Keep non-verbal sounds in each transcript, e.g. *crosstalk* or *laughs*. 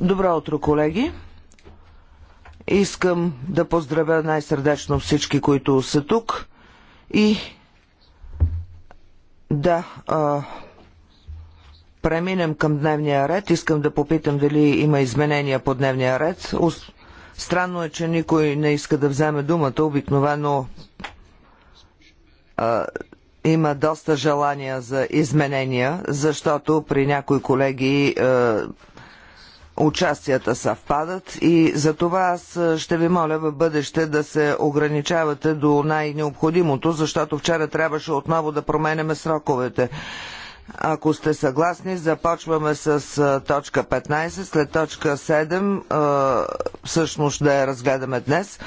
Добро утро, колеги. Искам да поздравя най-сърдечно всички, които са тук и да а, преминем към дневния ред. Искам да попитам дали има изменения по дневния ред. Странно е, че никой не иска да вземе думата. Обикновено а, има доста желания за изменения, защото при някои колеги е, участията съвпадат и за това аз е, ще ви моля в бъдеще да се ограничавате до най-необходимото, защото вчера трябваше отново да променяме сроковете. Ако сте съгласни, започваме с е, точка 15, след точка 7 е, всъщност да я разгледаме днес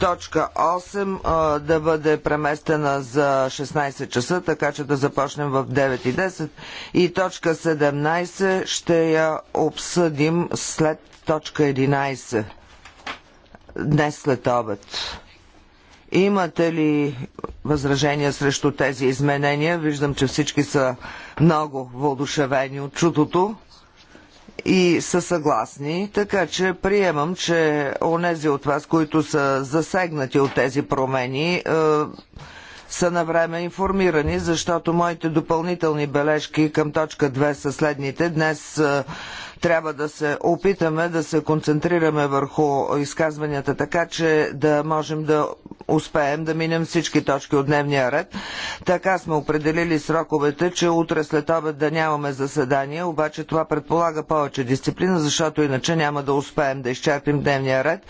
точка 8 да бъде преместена за 16 часа, така че да започнем в 9.10 и точка 17 ще я обсъдим след точка 11 днес след обед. Имате ли възражения срещу тези изменения? Виждам, че всички са много въодушевени от чутото и са съгласни, така че приемам, че онези от вас, които са засегнати от тези промени, са е, са навреме информирани, защото моите допълнителни бележки към точка 2 са следните. Днес е, трябва да се опитаме да се концентрираме върху изказванията така, че да можем да успеем да минем всички точки от дневния ред. Така сме определили сроковете, че утре след обед да нямаме заседание, обаче това предполага повече дисциплина, защото иначе няма да успеем да изчерпим дневния ред.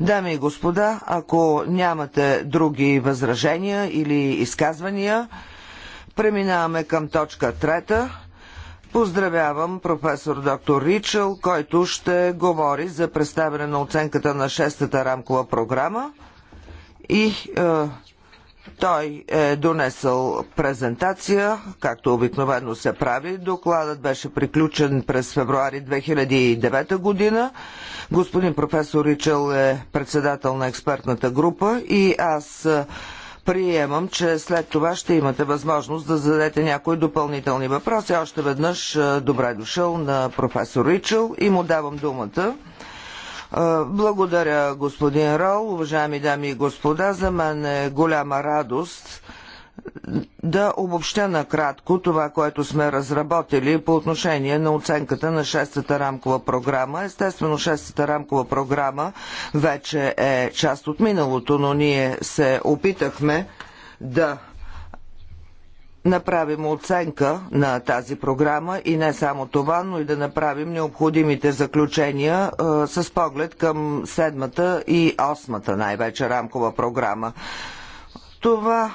Дами и господа, ако нямате други възражения или изказвания, преминаваме към точка трета. Поздравявам професор доктор Ричел, който ще говори за представяне на оценката на шестата рамкова програма и е, той е донесъл презентация, както обикновено се прави. Докладът беше приключен през февруари 2009 година. Господин професор Ричел е председател на експертната група и аз е, Приемам, че след това ще имате възможност да зададете някои допълнителни въпроси. Още веднъж е, добре дошъл на професор Ричел и му давам думата. Е, благодаря, господин Рол, уважаеми дами и господа. За мен е голяма радост да обобща накратко това, което сме разработили по отношение на оценката на шестата рамкова програма. Естествено, шестата рамкова програма вече е част от миналото, но ние се опитахме да направим оценка на тази програма и не само това, но и да направим необходимите заключения с поглед към седмата и осмата най-вече рамкова програма. Това,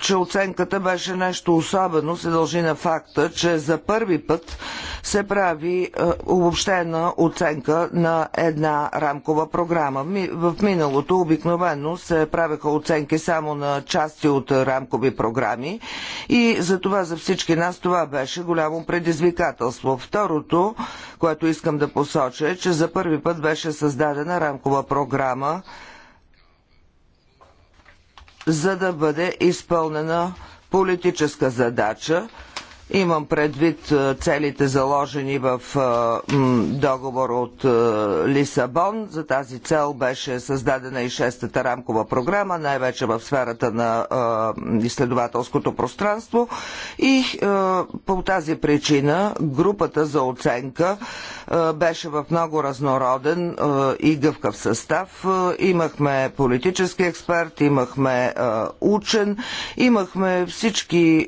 че оценката беше нещо особено, се дължи на факта, че за първи път се прави е, обобщена оценка на една рамкова програма. В миналото обикновено се правеха оценки само на части от рамкови програми и за това за всички нас това беше голямо предизвикателство. Второто, което искам да посоча е, че за първи път беше създадена рамкова програма за да бъде изпълнена политическа задача, Имам предвид целите заложени в договор от Лисабон. За тази цел беше създадена и шестата рамкова програма, най-вече в сферата на изследователското пространство. И по тази причина групата за оценка беше в много разнороден и гъвкав състав. Имахме политически експерт, имахме учен, имахме всички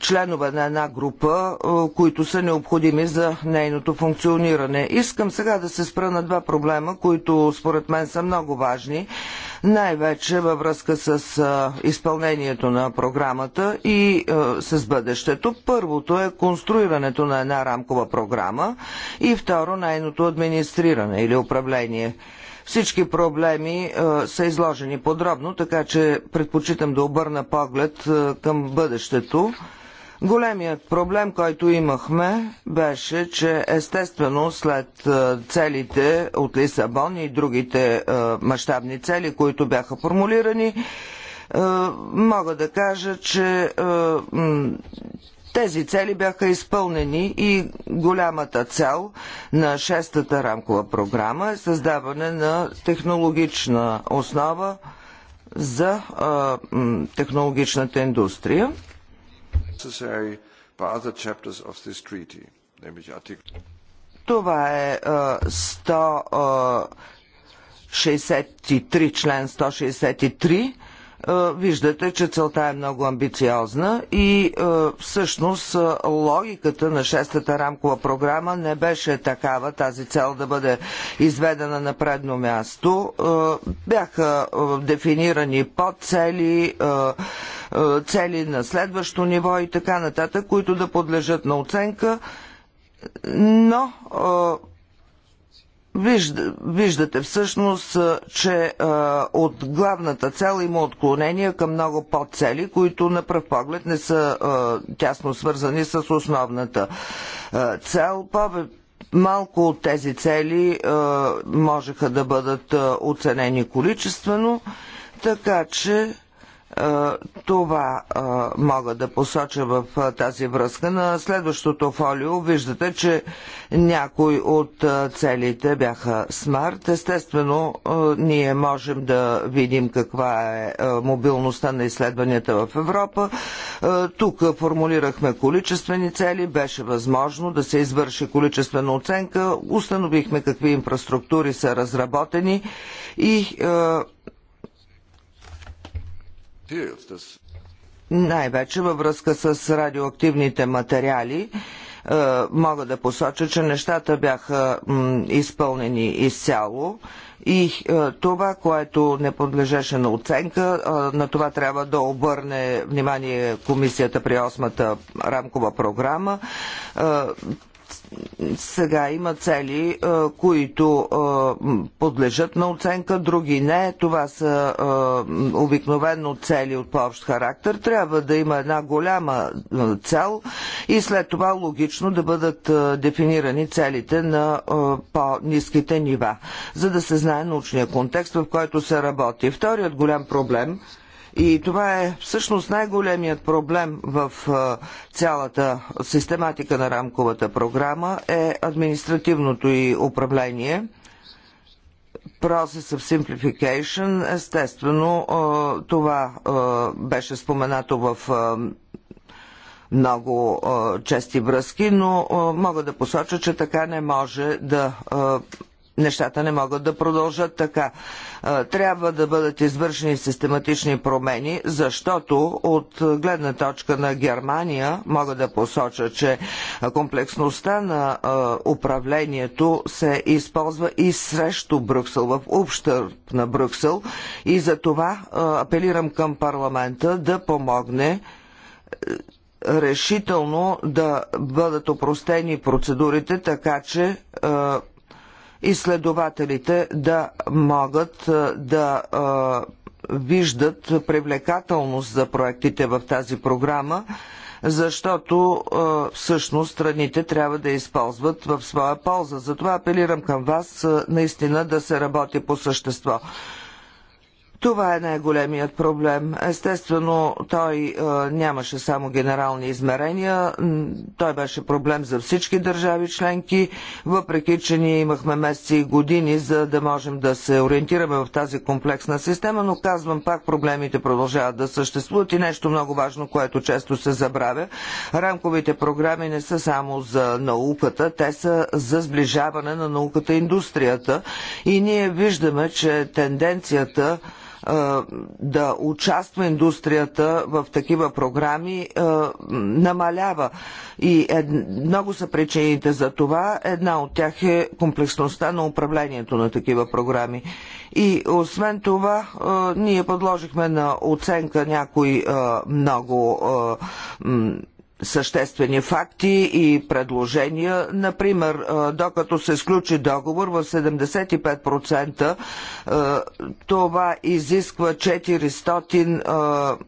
членове на една група, е, които са необходими за нейното функциониране. Искам сега да се спра на два проблема, които според мен са много важни, най-вече във връзка с е, изпълнението на програмата и е, с бъдещето. Първото е конструирането на една рамкова програма и второ нейното администриране или управление. Всички проблеми е, са изложени подробно, така че предпочитам да обърна поглед е, към бъдещето. Големият проблем, който имахме, беше, че естествено след е, целите от Лисабон и другите е, мащабни цели, които бяха формулирани, е, мога да кажа, че тези цели бяха изпълнени и голямата цел на шестата рамкова програма е създаване на технологична основа за технологичната индустрия necessary by other chapters of this treaty, nämlich Artikel. Това е 163 член 163 е, виждате, че целта е много амбициозна и е, всъщност е, логиката на шестата рамкова програма не беше такава, тази цел да бъде изведена на предно място. Бяха дефинирани подцели, цели на следващо ниво и така нататък, които да подлежат на оценка, но Вижда, виждате всъщност, че а, от главната цел има отклонения към много подцели, които на пръв поглед не са а, тясно свързани с основната а, цел. Пове, малко от тези цели а, можеха да бъдат а, оценени количествено, така че е, това е, мога да посоча в е, тази връзка. На следващото фолио виждате, че някои от целите бяха смарт. Естествено, ние можем да видим каква е мобилността на изследванията в Европа. Тук формулирахме количествени цели. Беше възможно да се извърши количествена оценка. Установихме какви инфраструктури са разработени и най-вече във връзка с радиоактивните материали е, мога да посоча, че нещата бяха изпълнени изцяло и е, това, което не подлежеше на оценка, е, на това трябва да обърне внимание комисията при осмата рамкова програма сега има цели, които подлежат на оценка, други не. Това са обикновено цели от по-общ характер. Трябва да има една голяма цел и след това логично да бъдат дефинирани целите на по-низките нива, за да се знае научния контекст, в който се работи. Вторият голям проблем – и това е всъщност най-големият проблем в цялата систематика на рамковата програма е административното и управление. Process of Simplification, естествено, това беше споменато в много чести връзки, но мога да посоча, че така не може да нещата не могат да продължат така. Трябва да бъдат извършени систематични промени, защото от гледна точка на Германия мога да посоча, че комплексността на управлението се използва и срещу Брюксел, в общърп на Брюксел и за това апелирам към парламента да помогне решително да бъдат опростени процедурите, така че изследователите да могат да виждат привлекателност за проектите в тази програма, защото всъщност страните трябва да използват в своя полза. Затова апелирам към вас наистина да се работи по същество. Това е най-големият проблем. Естествено, той е, нямаше само генерални измерения. Той беше проблем за всички държави членки, въпреки че ние имахме месеци и години, за да можем да се ориентираме в тази комплексна система, но казвам пак, проблемите продължават да съществуват и нещо много важно, което често се забравя. Рамковите програми не са само за науката, те са за сближаване на науката и индустрията. И ние виждаме, че тенденцията да участва индустрията в такива програми намалява. И ед... много са причините за това. Една от тях е комплексността на управлението на такива програми. И освен това, ние подложихме на оценка някои много съществени факти и предложения. Например, докато се сключи договор в 75% това изисква 450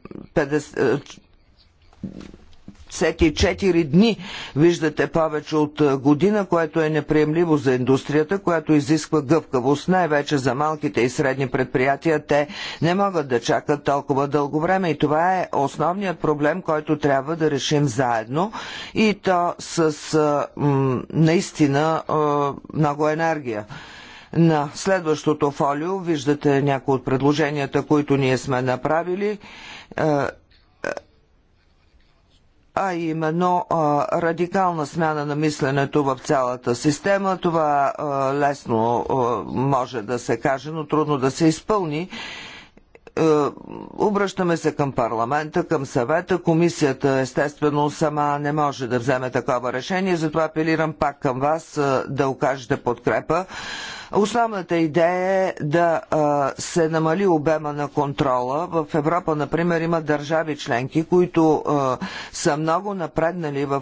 всеки 4 дни виждате повече от година, което е неприемливо за индустрията, която изисква гъвкавост, най-вече за малките и средни предприятия. Те не могат да чакат толкова дълго време и това е основният проблем, който трябва да решим заедно и то с наистина много енергия. На следващото фолио виждате някои от предложенията, които ние сме направили а именно а, радикална смяна на мисленето в цялата система. Това а, лесно а, може да се каже, но трудно да се изпълни. Обръщаме се към парламента, към съвета. Комисията естествено сама не може да вземе такова решение, затова апелирам пак към вас да окажете подкрепа Основната идея е да се намали обема на контрола. В Европа, например, има държави членки, които са много напреднали в,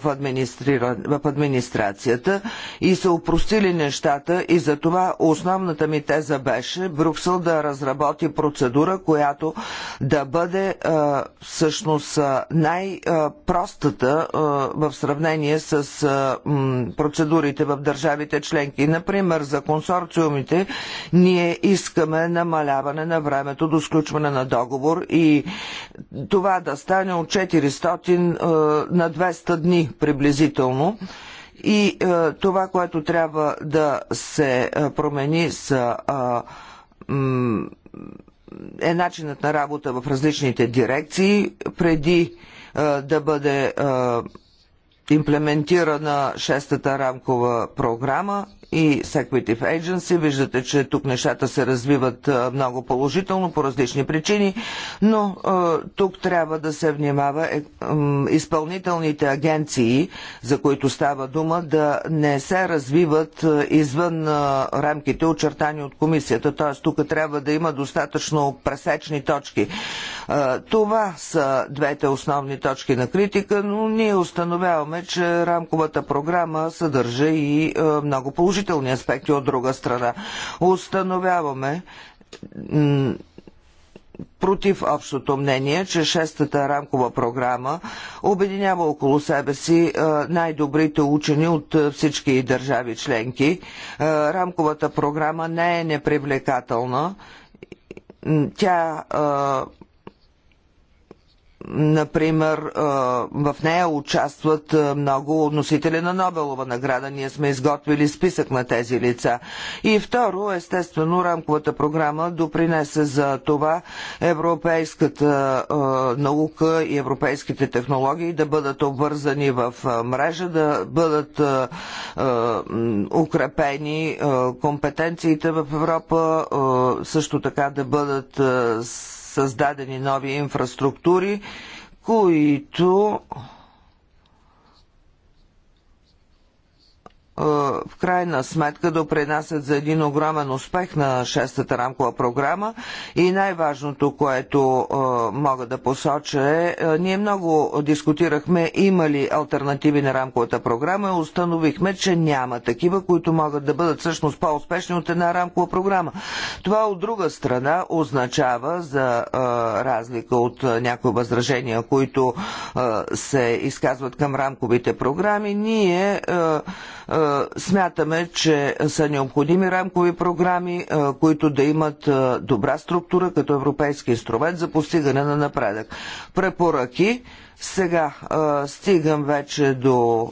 в администрацията и са упростили нещата и за това основната ми теза беше Брюксел да разработи процедура, която да бъде всъщност най-простата в сравнение с процедурите в държавите членки. Например, за консорциум консорциумите, ние искаме намаляване на времето до сключване на договор и това да стане от 400 е, на 200 дни приблизително. И е, това, което трябва да се е, промени с е начинът на работа в различните дирекции преди да бъде имплементирана шестата рамкова програма и Secretive Agency. Виждате, че тук нещата се развиват много положително по различни причини, но тук трябва да се внимава е, изпълнителните агенции, за които става дума, да не се развиват извън рамките, очертани от комисията. Т.е. тук трябва да има достатъчно пресечни точки. това са двете основни точки на критика, но ние установяваме, Виждаме, че рамковата програма съдържа и е, много положителни аспекти от друга страна. Установяваме против общото мнение, че шестата рамкова програма обединява около себе си е, най-добрите учени от е, всички държави членки. Рамковата програма не е непривлекателна. Тя Например, в нея участват много носители на Нобелова награда. Ние сме изготвили списък на тези лица. И второ, естествено, рамковата програма допринесе за това европейската наука и европейските технологии да бъдат обвързани в мрежа, да бъдат укрепени компетенциите в Европа, също така да бъдат създадени нови инфраструктури, които Е, в крайна сметка допринасят за един огромен успех на шестата рамкова програма и най-важното, което е, мога да посоча е, е, ние много дискутирахме има ли альтернативи на рамковата програма и установихме, че няма такива, които могат да бъдат всъщност по-успешни от една рамкова програма. Това от друга страна означава за разлика от някои възражения, които се изказват към рамковите програми, ние е, смятаме, че са необходими рамкови програми, е, които да имат е, добра структура като европейски инструмент за постигане на напредък. Препоръки. Сега стигам вече до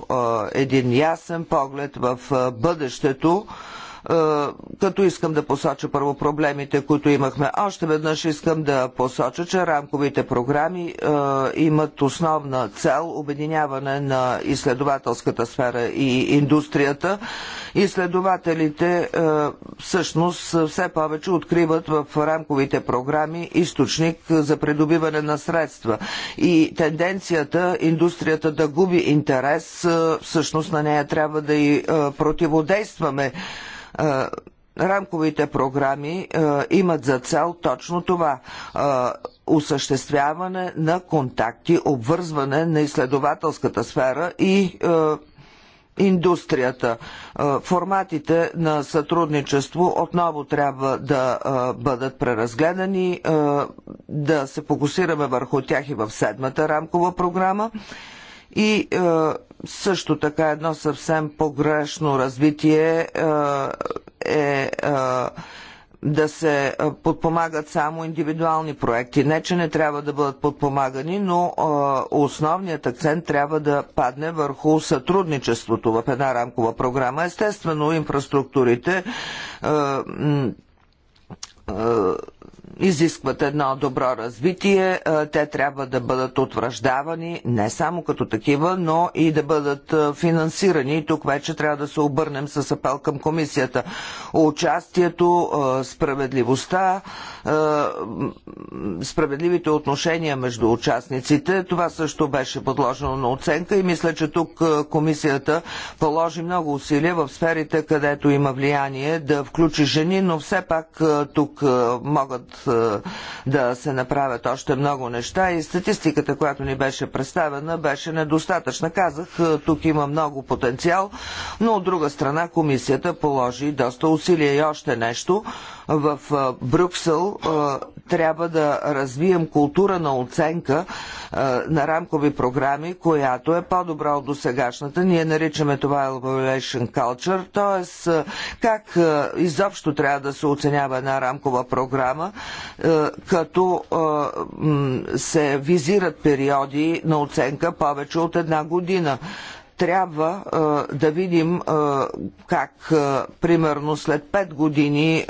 един ясен поглед в бъдещето. Е, като искам да посоча първо проблемите, които имахме. Още веднъж искам да посоча, че рамковите програми е, имат основна цел обединяване на изследователската сфера и индустрията. Изследователите е, всъщност все повече откриват в рамковите програми източник за придобиване на средства. И тенденцията индустрията да губи интерес, всъщност на нея трябва да и противодействаме. Е, рамковите програми е, имат за цел точно това е, осъществяване на контакти, обвързване на изследователската сфера и е, индустрията. Е, форматите на сътрудничество отново трябва да е, бъдат преразгледани, да се фокусираме върху тях и в седмата рамкова програма. И е, също така едно съвсем погрешно развитие е, е, е да се подпомагат само индивидуални проекти. Не, че не трябва да бъдат подпомагани, но е, основният акцент трябва да падне върху сътрудничеството в една рамкова програма. Естествено, инфраструктурите е, е, изискват едно добро развитие. Е, те трябва да бъдат утвърждавани не само като такива, но и да бъдат е, финансирани. И тук вече трябва да се обърнем с апел към комисията. Участието, е, справедливостта, справедливите отношения между участниците, това също беше подложено на оценка и мисля, че тук комисията положи много усилия в сферите, където има влияние да включи жени, но все пак тук могат е, да се направят още много неща и статистиката, която ни беше представена, беше недостатъчна. Казах, е, тук има много потенциал, но от друга страна комисията положи доста усилия и още нещо. В е, Брюксел трябва да развием култура на оценка е, на рамкови програми, която е по-добра от досегашната. Ние наричаме това evaluation culture, т.е. Е, как е, изобщо трябва да се оценява една рамкова програма, като се визират периоди на оценка повече от една година трябва а, да видим а, как а, примерно след 5 години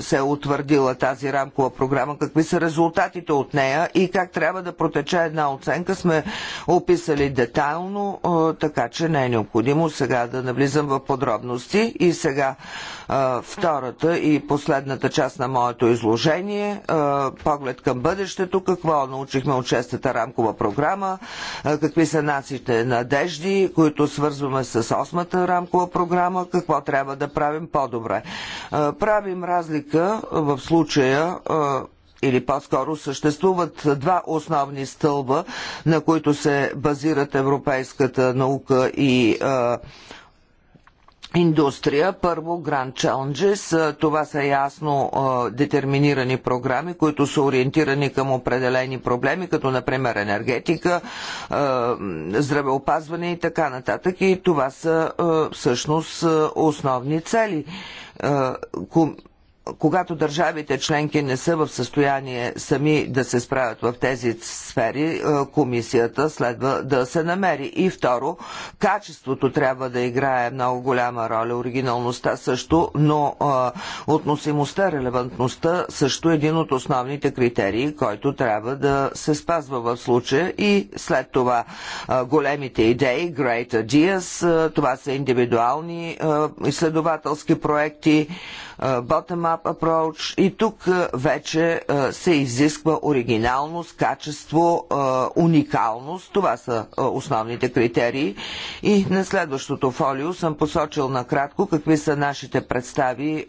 се е утвърдила тази рамкова програма, какви са резултатите от нея и как трябва да протече една оценка. Сме описали детайлно, така че не е необходимо сега да навлизам в подробности. И сега втората и последната част на моето изложение. Поглед към бъдещето, какво научихме от честата рамкова програма, какви са нашите надежди, които свързваме с осмата рамкова програма, какво трябва да правим по-добре. Е, правим разлика в случая е, или по-скоро съществуват два основни стълба, на които се базират европейската наука и а, е, индустрия. Първо Grand Challenges. Това са ясно детерминирани програми, които са ориентирани към определени проблеми, като например енергетика, здравеопазване и така нататък. И това са всъщност основни цели когато държавите членки не са в състояние сами да се справят в тези сфери, е, комисията следва да се намери. И второ, качеството трябва да играе много голяма роля, оригиналността също, но а, е, относимостта, релевантността също е един от основните критерии, който трябва да се спазва в случая. И след това а, е, големите идеи, Great Ideas, а, това са индивидуални изследователски проекти, bottom-up approach и тук вече се изисква оригиналност, качество, уникалност. Това са основните критерии. И на следващото фолио съм посочил накратко какви са нашите представи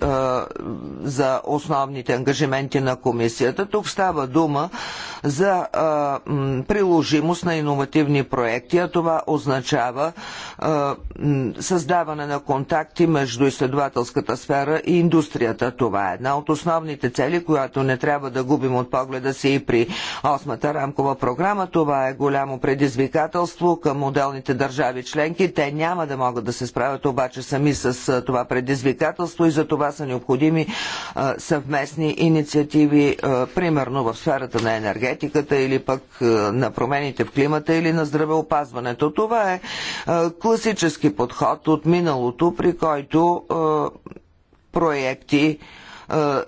за основните ангажименти на комисията. Тук става дума за приложимост на иновативни проекти, а това означава създаване на контакти между изследователската сфера и индустрията индустрията. Това е една от основните цели, която не трябва да губим от погледа си и при осмата рамкова програма. Това е голямо предизвикателство към отделните държави членки. Те няма да могат да се справят обаче сами с това предизвикателство и за това са необходими съвместни инициативи, примерно в сферата на енергетиката или пък на промените в климата или на здравеопазването. Това е класически подход от миналото, при който проекти,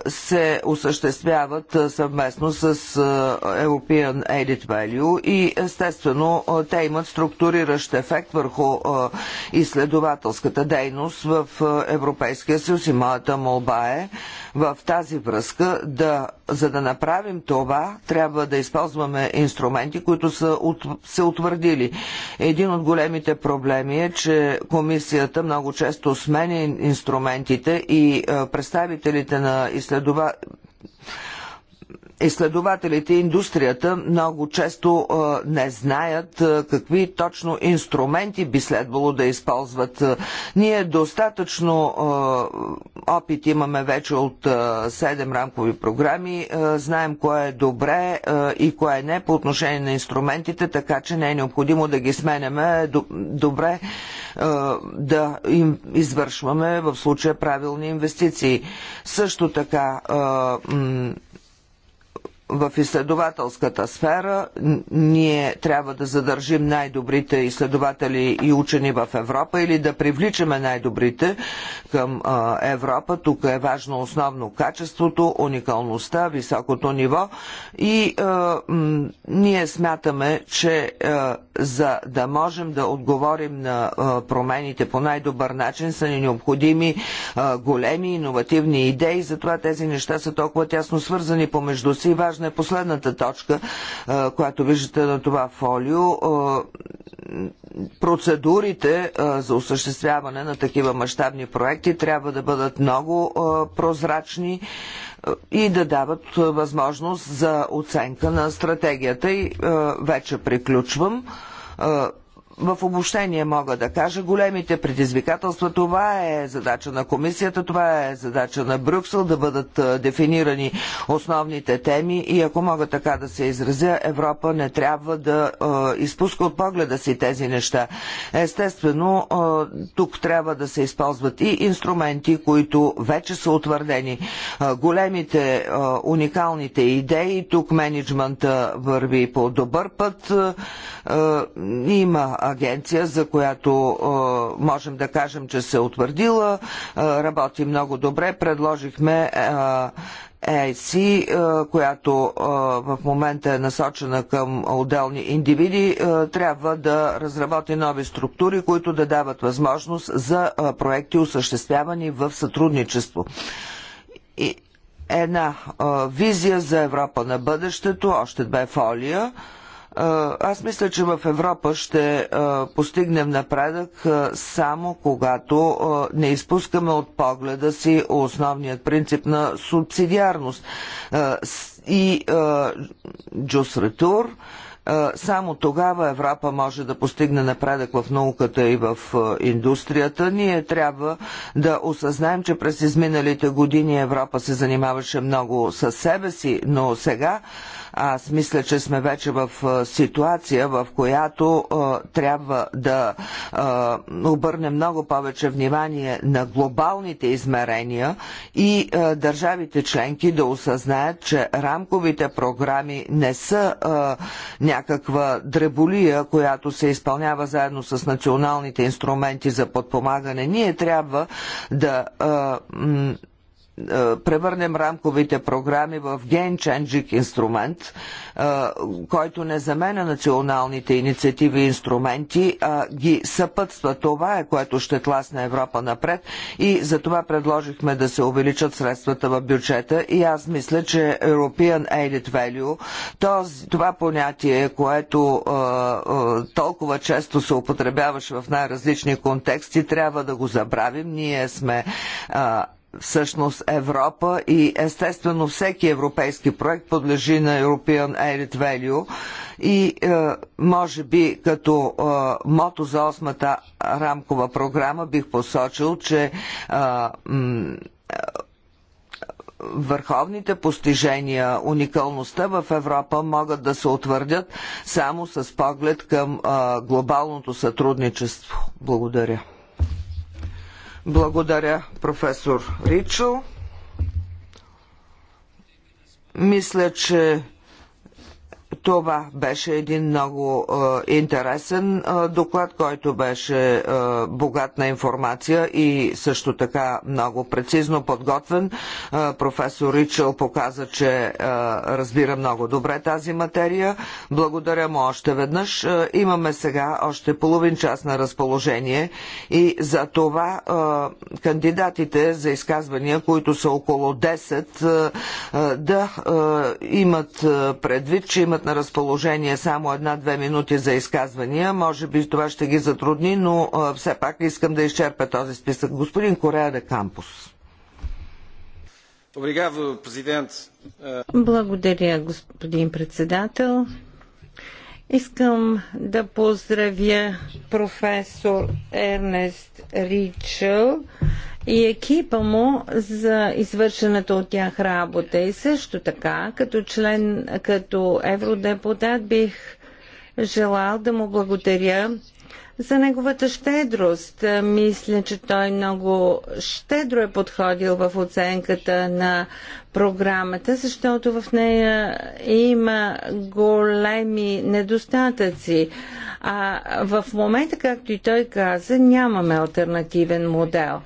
се осъществяват съвместно с European Added Value и естествено те имат структуриращ ефект върху изследователската дейност в Европейския съюз и моята молба е в тази връзка да за да направим това, трябва да използваме инструменти, които са от, се утвърдили. Един от големите проблеми е, че комисията много често сменя инструментите и представителите на на изследова изследователите и индустрията много често не знаят какви точно инструменти би следвало да използват. Ние достатъчно опит имаме вече от 7 рамкови програми. Знаем кое е добре и кое не по отношение на инструментите, така че не е необходимо да ги сменяме. Е добре да им извършваме в случая правилни инвестиции. Също така в изследователската сфера. Ние трябва да задържим най-добрите изследователи и учени в Европа или да привличаме най-добрите към Европа. Тук е важно основно качеството, уникалността, високото ниво и е, ние смятаме, че е, за да можем да отговорим на е, промените по най-добър начин са ни необходими големи иновативни идеи, затова тези неща са толкова тясно свързани помежду си. Важно е последната точка, която виждате на това фолио. Процедурите за осъществяване на такива мащабни проекти трябва да бъдат много прозрачни и да дават възможност за оценка на стратегията. И вече приключвам в обобщение мога да кажа големите предизвикателства. Това е задача на комисията, това е задача на Брюксел да бъдат дефинирани основните теми и ако мога така да се изразя, Европа не трябва да е, изпуска от погледа си тези неща. Естествено, е, тук трябва да се използват и инструменти, които вече са утвърдени. Е, големите, уникалните идеи, тук менеджмента върви по добър път. Има агенция, за която а, можем да кажем, че се е утвърдила, а, работи много добре. Предложихме а, AIC, която в момента е насочена към отделни индивиди, трябва да разработи нови структури, които да дават възможност за проекти, осъществявани в сътрудничество. И една визия за Европа на бъдещето, още две фолия – аз мисля, че в Европа ще постигнем напредък само когато не изпускаме от погледа си основният принцип на субсидиарност и джусретур. Само тогава Европа може да постигне напредък в науката и в индустрията. Ние трябва да осъзнаем, че през изминалите години Европа се занимаваше много със себе си, но сега аз мисля, че сме вече в ситуация, в която трябва да обърне много повече внимание на глобалните измерения и държавите членки да осъзнаят, че рамковите програми не са някаква дреболия, която се изпълнява заедно с националните инструменти за подпомагане. Ние трябва да е, превърнем рамковите програми в game-changing инструмент, е, който не заменя националните инициативи и инструменти, а ги съпътства. Това е което ще тласне Европа напред и за това предложихме да се увеличат средствата в бюджета и аз мисля, че European Aided Value, този, това понятие, което е, толкова често се употребяваше в най-различни контексти, трябва да го забравим. Ние сме всъщност Европа и естествено всеки европейски проект подлежи на European Added Value и е, може би като е, мото за осмата рамкова програма бих посочил, че е, е върховните постижения, уникалността в Европа могат да се утвърдят само с поглед към е, глобалното сътрудничество. Благодаря. Благодаря, професор Ричо. Мисля, че това беше един много е, интересен е, доклад, който беше е, богат на информация и също така много прецизно подготвен. Е, професор Ричел показа, че е, разбира много добре тази материя. Благодаря му още веднъж. Е, имаме сега още половин час на разположение и за това е, кандидатите за изказвания, които са около 10, е, е, да е, имат е, предвид, че имат имат на разположение само една-две минути за изказвания. Може би това ще ги затрудни, но все пак искам да изчерпя този списък. Господин Корея де Кампус. Благодаря, господин председател. Искам да поздравя професор Ернест Ричел и екипа му за извършената от тях работа. И също така, като член, като евродепутат, бих желал да му благодаря за неговата щедрост. Мисля, че той много щедро е подходил в оценката на програмата, защото в нея има големи недостатъци. А в момента, както и той каза, нямаме альтернативен модел.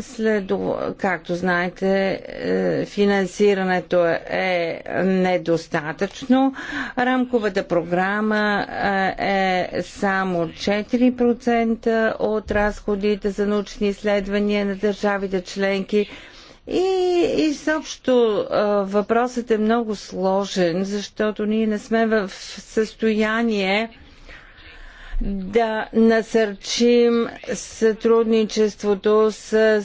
След, както знаете, е, финансирането е недостатъчно. Рамковата програма е, е само 4% от разходите за научни изследвания на държавите членки и съобщо въпросът е много сложен, защото ние не сме в състояние да насърчим сътрудничеството с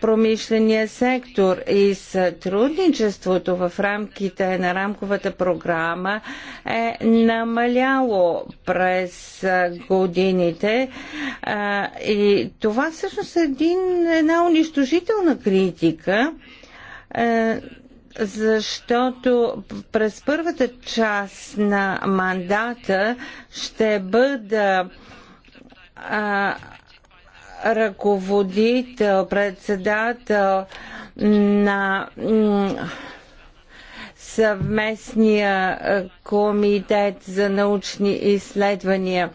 промишления сектор и сътрудничеството в рамките на рамковата програма е намаляло през годините и това всъщност е един, една унищожителна критика е, защото през първата част на мандата ще бъда а, ръководител, председател на съвместния комитет за научни изследвания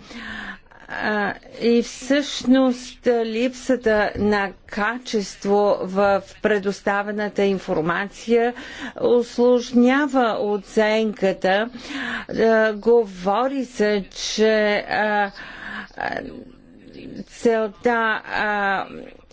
и всъщност липсата на качество в предоставената информация осложнява оценката. Говори се, че целта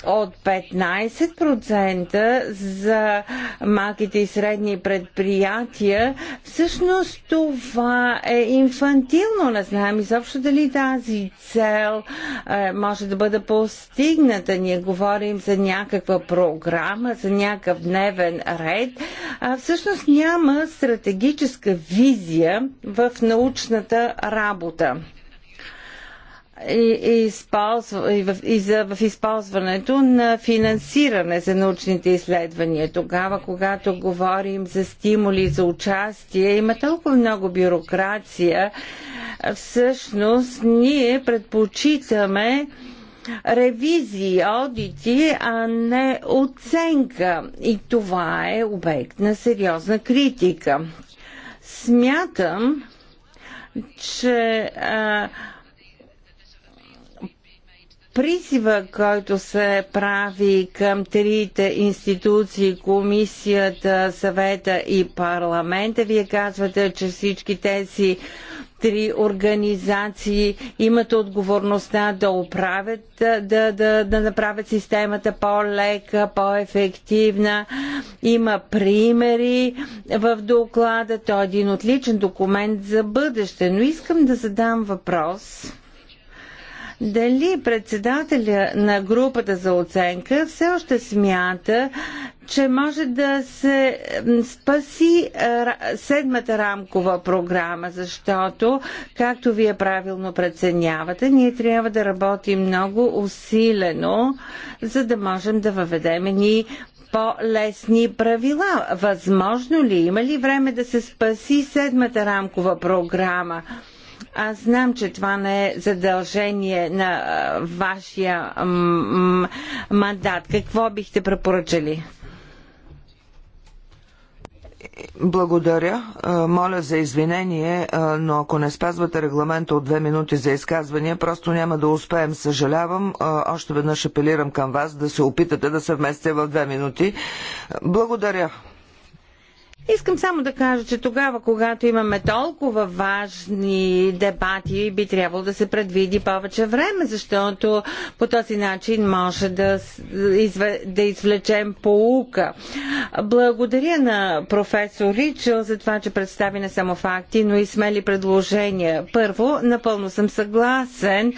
от 15% за малките и средни предприятия, всъщност това е инфантилно. Не знаем изобщо дали тази цел е, може да бъде постигната. Ние говорим за някаква програма, за някакъв дневен ред. А всъщност няма стратегическа визия в научната работа и, и, използва, и, в, и за, в използването на финансиране за научните изследвания. Тогава, когато говорим за стимули за участие, има толкова много бюрокрация. Всъщност, ние предпочитаме ревизии, одити, а не оценка. И това е обект на сериозна критика. Смятам, че а, призива, който се прави към трите институции, комисията, съвета и парламента, вие казвате, че всички тези три организации имат отговорността да управят, да, да, да направят системата по-лека, по-ефективна. Има примери в доклада. Той е един отличен документ за бъдеще. Но искам да задам въпрос дали председателя на групата за оценка все още смята, че може да се спаси седмата рамкова програма, защото, както вие правилно преценявате, ние трябва да работим много усилено, за да можем да въведем ни по-лесни правила. Възможно ли, има ли време да се спаси седмата рамкова програма? Аз знам, че това не е задължение на вашия мандат. Какво бихте препоръчали? Благодаря. Моля за извинение, но ако не спазвате регламента от две минути за изказвания, просто няма да успеем. Съжалявам. Още веднъж апелирам към вас да се опитате да се вместите в две минути. Благодаря. Искам само да кажа, че тогава, когато имаме толкова важни дебати, би трябвало да се предвиди повече време, защото по този начин може да, да извлечем поука. Благодаря на професор Ричел за това, че представи не само факти, но и смели предложения. Първо, напълно съм съгласен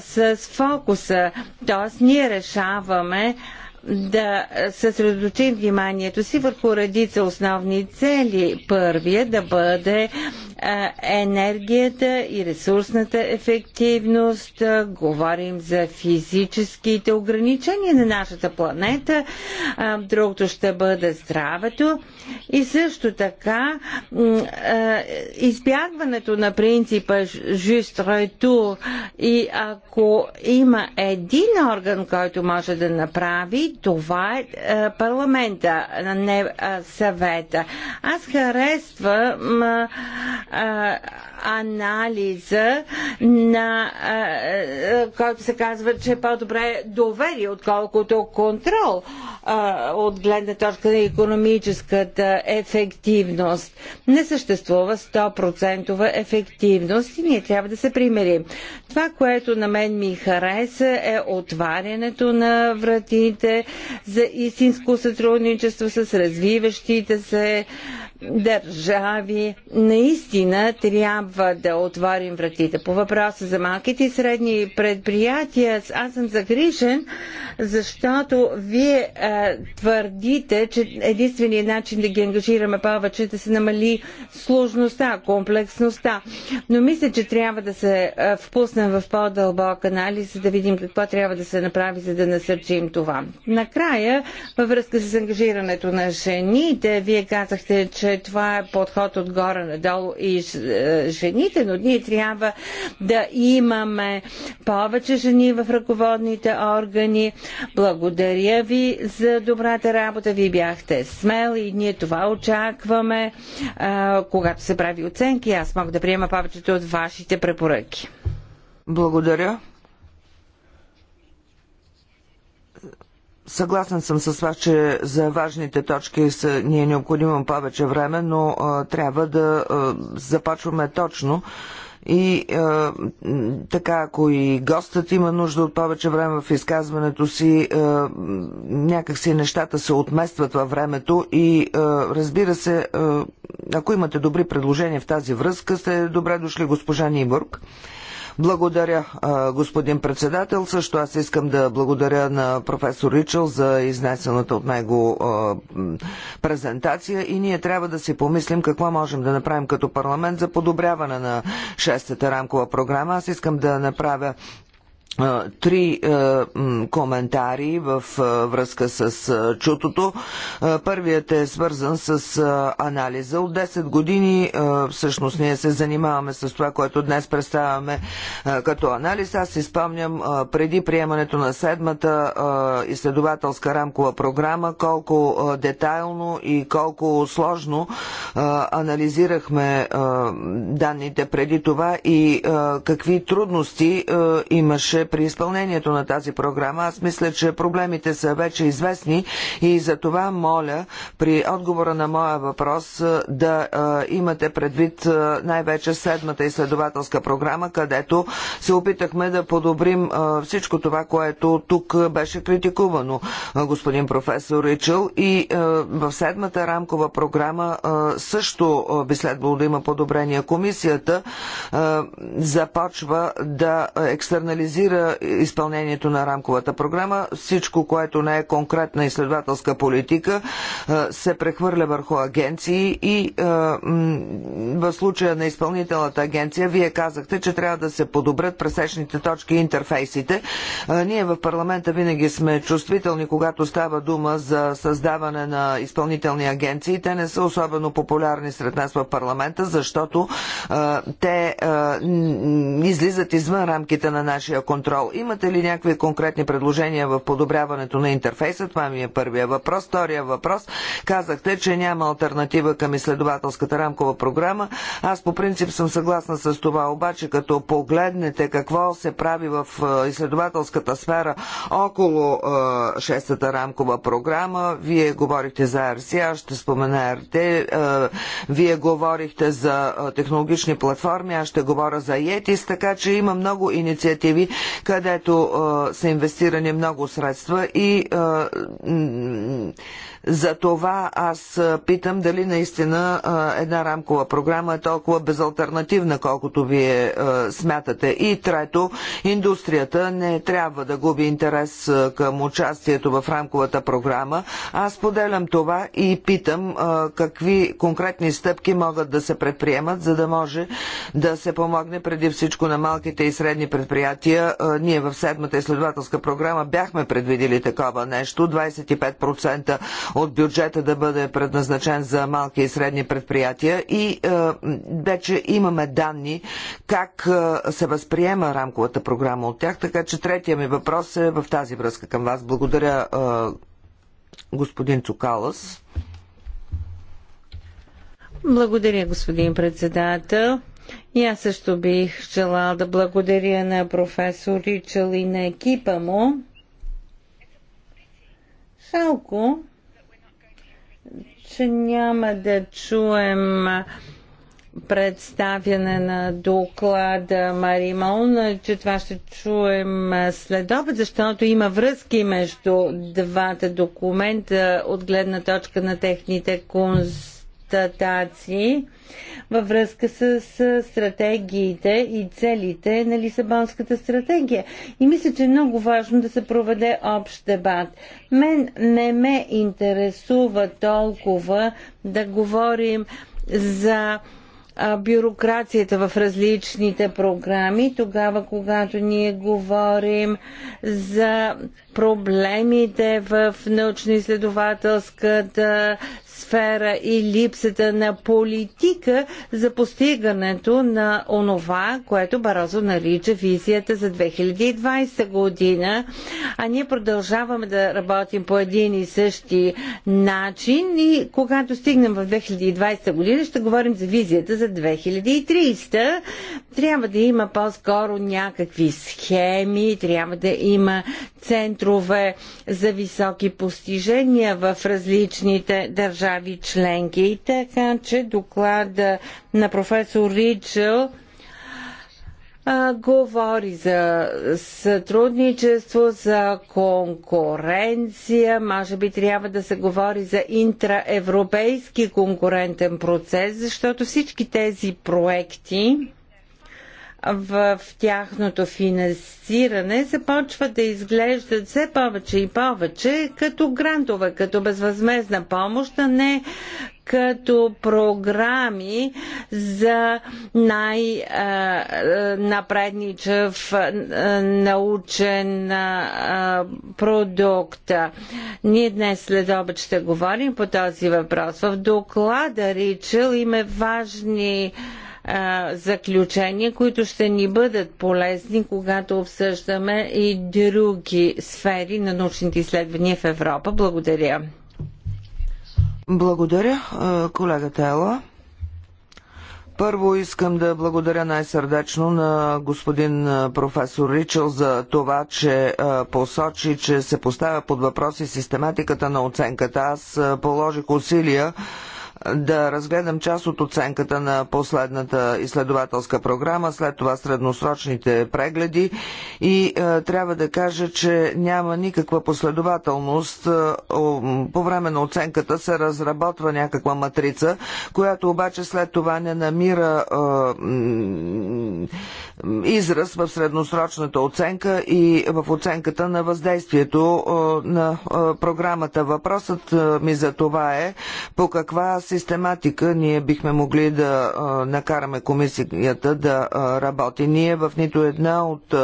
с фокуса, т.е. ние решаваме да съсредоточим вниманието си върху редица основни цели. Първият да бъде енергията и ресурсната ефективност, говорим за физическите ограничения на нашата планета, другото ще бъде здравето и също така избягването на принципа just retour и ако има един орган, който може да направи, това е парламента, не съвета. Аз харесвам анализа, на, а, който се казва, че е по-добре доверие, отколкото контрол а, от гледна точка на економическата ефективност. Не съществува 100% ефективност и ние трябва да се примерим. Това, което на мен ми хареса е отварянето на вратите за истинско сътрудничество с развиващите се държави, наистина трябва да отворим вратите. По въпроса за малките и средни предприятия, аз съм загрижен, защото вие а, е, твърдите, че единственият начин да ги ангажираме повече е да се намали сложността, комплексността. Но мисля, че трябва да се е, впуснем в по-дълбок анализ, за да видим какво трябва да се направи, за да насърчим това. Накрая, във връзка с ангажирането на жените, вие казахте, че това е подход отгоре надолу и е, жените, но ние трябва да имаме повече жени в ръководните органи. Благодаря ви за добрата работа. Вие бяхте смели и ние това очакваме. Когато се прави оценки, аз мога да приема повечето от вашите препоръки. Благодаря. Съгласен съм с вас, че за важните точки са, ни е необходимо повече време, но а, трябва да а, започваме точно. И а, така, ако и гостът има нужда от повече време в изказването си, а, някакси нещата се отместват във времето и а, разбира се, а, ако имате добри предложения в тази връзка, сте добре дошли госпожа Нибург. Благодаря, господин председател. Също аз искам да благодаря на професор Ричел за изнесената от него презентация и ние трябва да си помислим какво можем да направим като парламент за подобряване на шестата рамкова програма. Аз искам да направя три е, коментари в е, връзка с е, чутото. Е, първият е свързан с е, анализа. От 10 години е, всъщност ние се занимаваме с това, което днес представяме като анализ. Аз си спомням преди приемането на седмата изследователска рамкова програма, колко детайлно и колко сложно анализирахме данните преди това и какви трудности имаше при изпълнението на тази програма, аз мисля, че проблемите са вече известни и за това моля при отговора на моя въпрос да имате предвид най-вече седмата изследователска програма, където се опитахме да подобрим всичко това, което тук беше критикувано, господин професор Ричел. И в седмата рамкова програма също би следвало да има подобрение. Комисията започва да екстернализира финансира изпълнението на рамковата програма. Всичко, което не е конкретна изследователска политика, е, се прехвърля върху агенции и е, в случая на изпълнителната агенция вие казахте, че трябва да се подобрят пресечните точки и интерфейсите. Е, ние в парламента винаги сме чувствителни, когато става дума за създаване на изпълнителни агенции. Те не са особено популярни сред нас в парламента, защото те излизат извън рамките на нашия контрол контрол. Имате ли някакви конкретни предложения в подобряването на интерфейса? Това ми е първия въпрос. Втория въпрос. Казахте, че няма альтернатива към изследователската рамкова програма. Аз по принцип съм съгласна с това, обаче като погледнете какво се прави в е, изследователската сфера около е, шестата рамкова програма, вие говорихте за РС, аз ще спомена РТ, е, вие говорихте за технологични платформи, аз ще говоря за ЕТИС, така че има много инициативи, където са инвестирани много средства и за това аз питам дали наистина една рамкова програма е толкова безалтернативна, колкото вие смятате. И трето, индустрията не трябва да губи интерес към участието в рамковата програма. Аз поделям това и питам какви конкретни стъпки могат да се предприемат, за да може да се помогне преди всичко на малките и средни предприятия. Ние в седмата изследователска програма бяхме предвидили такова нещо. 25% от бюджета да бъде предназначен за малки и средни предприятия и е, вече имаме данни как е, се възприема рамковата програма от тях, така че третия ми въпрос е в тази връзка към вас. Благодаря, е, господин Цукалас. Благодаря, господин председател. И аз също бих желал да благодаря на професор Ричал и на екипа му. Жалко, че няма да чуем представяне на доклада Мари Молна, че това ще чуем след обед, защото има връзки между двата документа от гледна точка на техните консултации констатации във връзка с стратегиите и целите на Лисабонската стратегия. И мисля, че е много важно да се проведе общ дебат. Мен не ме интересува толкова да говорим за бюрокрацията в различните програми, тогава когато ние говорим за проблемите в научно-изследователската сфера и липсата на политика за постигането на онова, което Барозо нарича визията за 2020 година. А ние продължаваме да работим по един и същи начин и когато стигнем в 2020 година ще говорим за визията за 2300. Трябва да има по-скоро някакви схеми, трябва да има центрове за високи постижения в различните държави държави членки. Така че доклада на професор Ричел говори за сътрудничество, за конкуренция, може би трябва да се говори за интраевропейски конкурентен процес, защото всички тези проекти в тяхното финансиране започват да изглеждат все повече и повече като грантове, като безвъзмезна помощ, а не като програми за най-напредничав научен продукт. Ние днес след обед ще говорим по този въпрос. В доклада Ричел има важни а, заключения, които ще ни бъдат полезни, когато обсъждаме и други сфери на научните изследвания в Европа. Благодаря. Благодаря, колегата Ела. Първо искам да благодаря най-сърдечно на господин професор Ричел за това, че посочи, че се поставя под въпроси систематиката на оценката. Аз положих усилия да разгледам част от оценката на последната изследователска програма, след това средносрочните прегледи и е, трябва да кажа, че няма никаква последователност. Е, по време на оценката се разработва някаква матрица, която обаче след това не намира е, израз в средносрочната оценка и в оценката на въздействието е, на е, програмата. Въпросът ми за това е по каква си систематика ние бихме могли да накараме комисията да работи. Ние в нито една от,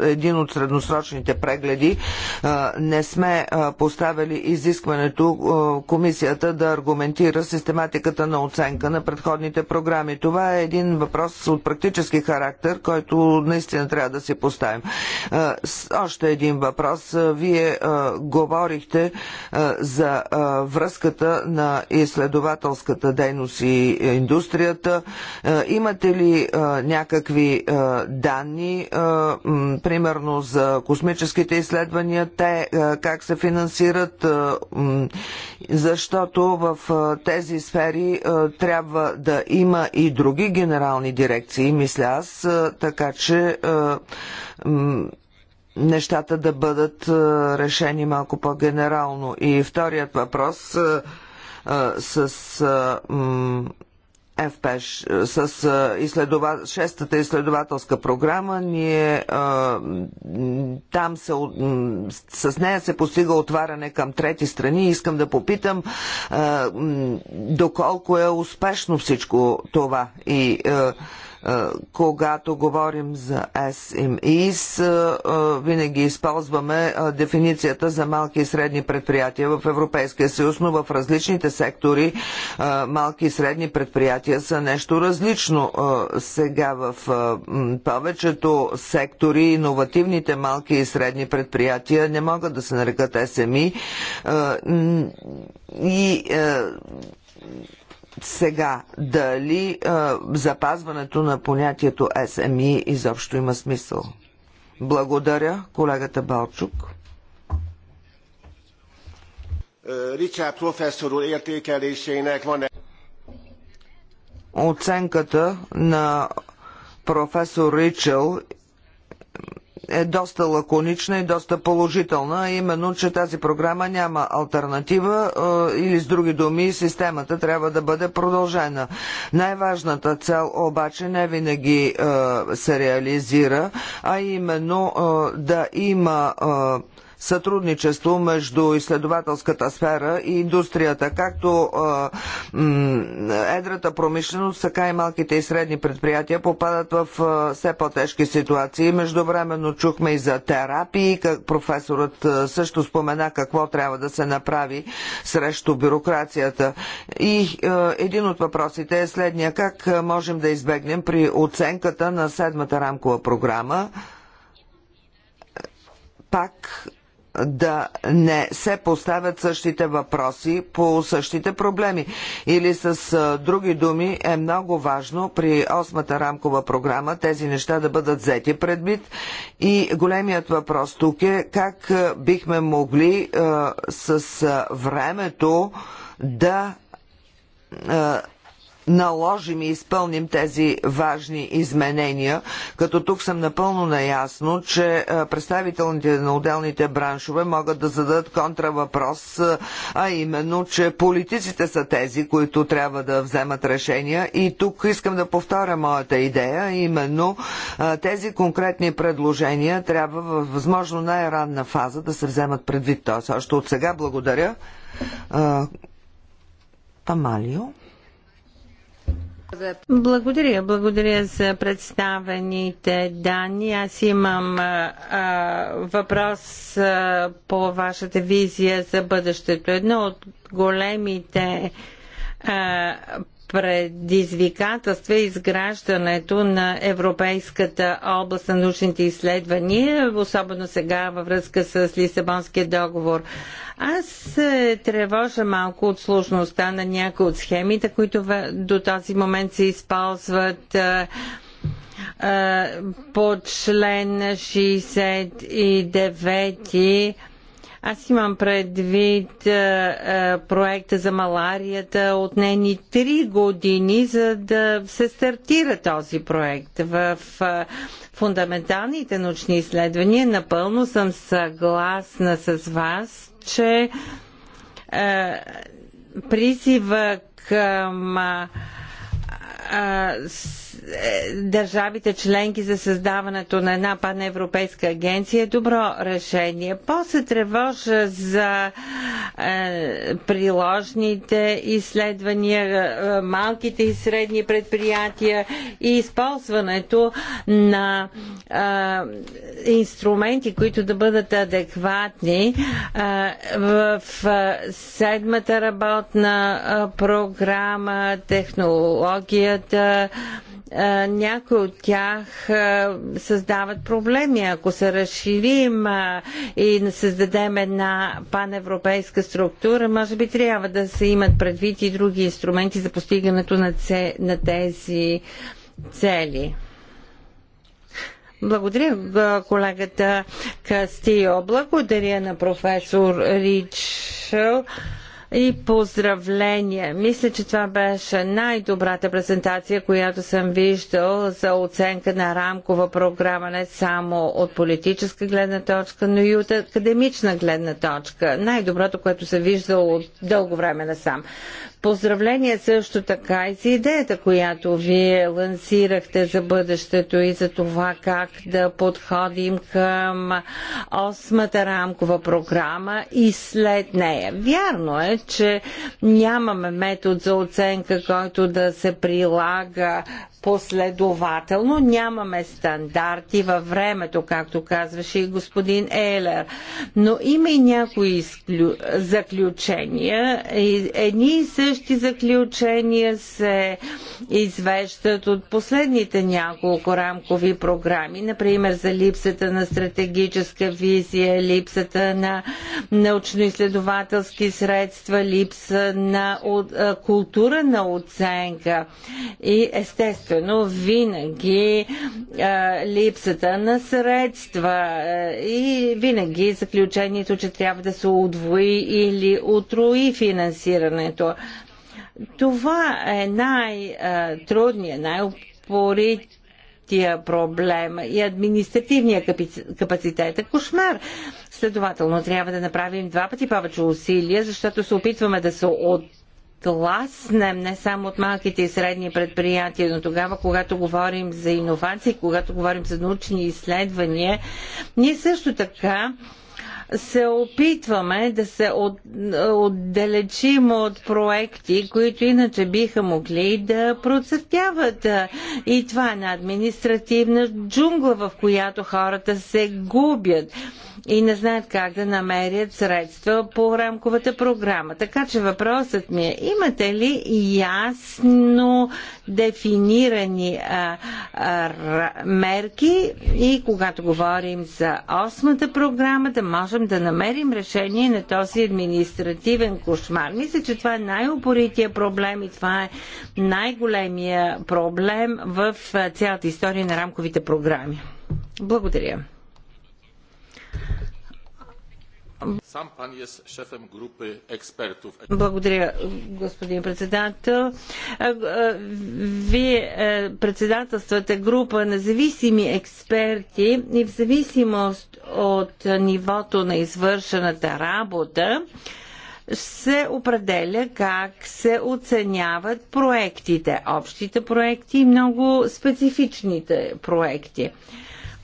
един от средносрочните прегледи не сме поставили изискването комисията да аргументира систематиката на оценка на предходните програми. Това е един въпрос от практически характер, който наистина трябва да си поставим. Още един въпрос. Вие говорихте за връзката на изследователството земеделската дейност и индустрията. Е, имате ли е, някакви е, данни, примерно за космическите изследвания, те как се финансират, защото в тези сфери трябва да има и други генерални дирекции, мисля аз, така че нещата да бъдат решени малко по-генерално. И вторият въпрос с ФПЕШ, с изследова... шестата изследователска програма, ние а, там се, с нея се постига отваряне към трети страни. Искам да попитам а, доколко е успешно всичко това и а, когато говорим за SMEs, винаги използваме дефиницията за малки и средни предприятия в Европейския съюз, но в различните сектори малки и средни предприятия са нещо различно. Сега в повечето сектори иновативните малки и средни предприятия не могат да се нарекат SME и сега, дали а, запазването на понятието СМИ изобщо има смисъл? Благодаря, колегата Балчук. Е, Ричард професор Оценката на професор Ричел е доста лаконична и доста положителна, именно, че тази програма няма альтернатива е, или с други думи системата трябва да бъде продължена. Най-важната цел обаче не винаги е, се реализира, а именно е, да има сътрудничество между изследователската сфера и индустрията, както едрата промишленост, така и малките и средни предприятия попадат в все по-тежки ситуации. Междувременно чухме и за терапии, как професорът също спомена какво трябва да се направи срещу бюрокрацията. И един от въпросите е следния. Как можем да избегнем при оценката на седмата рамкова програма пак да не се поставят същите въпроси по същите проблеми. Или с други думи е много важно при осмата рамкова програма тези неща да бъдат взети предвид и големият въпрос тук е как бихме могли с времето да наложим и изпълним тези важни изменения, като тук съм напълно наясно, че представителните на отделните браншове могат да зададат контравъпрос, а именно, че политиците са тези, които трябва да вземат решения. И тук искам да повторя моята идея, именно тези конкретни предложения трябва в възможно най-ранна фаза да се вземат предвид. Тоест, още от сега благодаря. Тамалио. Благодаря. Благодаря за представените данни. Аз имам а, въпрос а, по вашата визия за бъдещето. Едно от големите а, предизвикателства е изграждането на Европейската област на научните изследвания, особено сега във връзка с Лисабонския договор. Аз се тревожа малко от сложността на някои от схемите, които до този момент се използват по член 69 аз имам предвид а, е, а, е, проекта за маларията. от ни три години, за да се стартира този проект. В а, е, фундаменталните научни изследвания напълно съм съгласна с вас, че а, призива към. А, е, държавите членки за създаването на една паневропейска агенция е добро решение. После тревожа за е, приложните изследвания, е, малките и средни предприятия и използването на е, инструменти, които да бъдат адекватни е, в е, седмата работна е, програма, технологията, да някои от тях създават проблеми. Ако се разширим и създадем една паневропейска структура, може би трябва да се имат предвид и други инструменти за постигането на, це, на тези цели. Благодаря колегата Кастио. Благодаря на професор Ричел и поздравления. Мисля, че това беше най-добрата презентация, която съм виждал за оценка на рамкова програма не само от политическа гледна точка, но и от академична гледна точка. Най-доброто, което се виждал от дълго време насам. Поздравление също така и за идеята, която вие лансирахте за бъдещето и за това как да подходим към осмата рамкова програма и след нея. Вярно е, че нямаме метод за оценка, който да се прилага последователно, нямаме стандарти във времето, както казваше и господин Елер. Но има и някои изклю... заключения. Едни и се същи заключения се извеждат от последните няколко рамкови програми, например за липсата на стратегическа визия, липсата на научно-изследователски средства, липса на култура на оценка и естествено винаги липсата на средства и винаги заключението, че трябва да се удвои или утрои финансирането. Това е най-трудният, най-упорит проблем и административния капацитет е кошмар. Следователно, трябва да направим два пъти повече усилия, защото се опитваме да се от тласнем не само от малките и средни предприятия, но тогава, когато говорим за иновации, когато говорим за научни изследвания, ние също така се опитваме да се от, отдалечим от проекти, които иначе биха могли да процъфтяват. И това е една административна джунгла, в която хората се губят и не знаят как да намерят средства по рамковата програма. Така че въпросът ми е, имате ли ясно дефинирани а, а, мерки и когато говорим за осмата програма, да можем да намерим решение на този административен кошмар. Мисля, че това е най-упорития проблем и това е най-големия проблем в цялата история на рамковите програми. Благодаря. Благодаря, господин председател. Вие председателствате група независими експерти и в зависимост от нивото на извършената работа, се определя как се оценяват проектите, общите проекти и много специфичните проекти.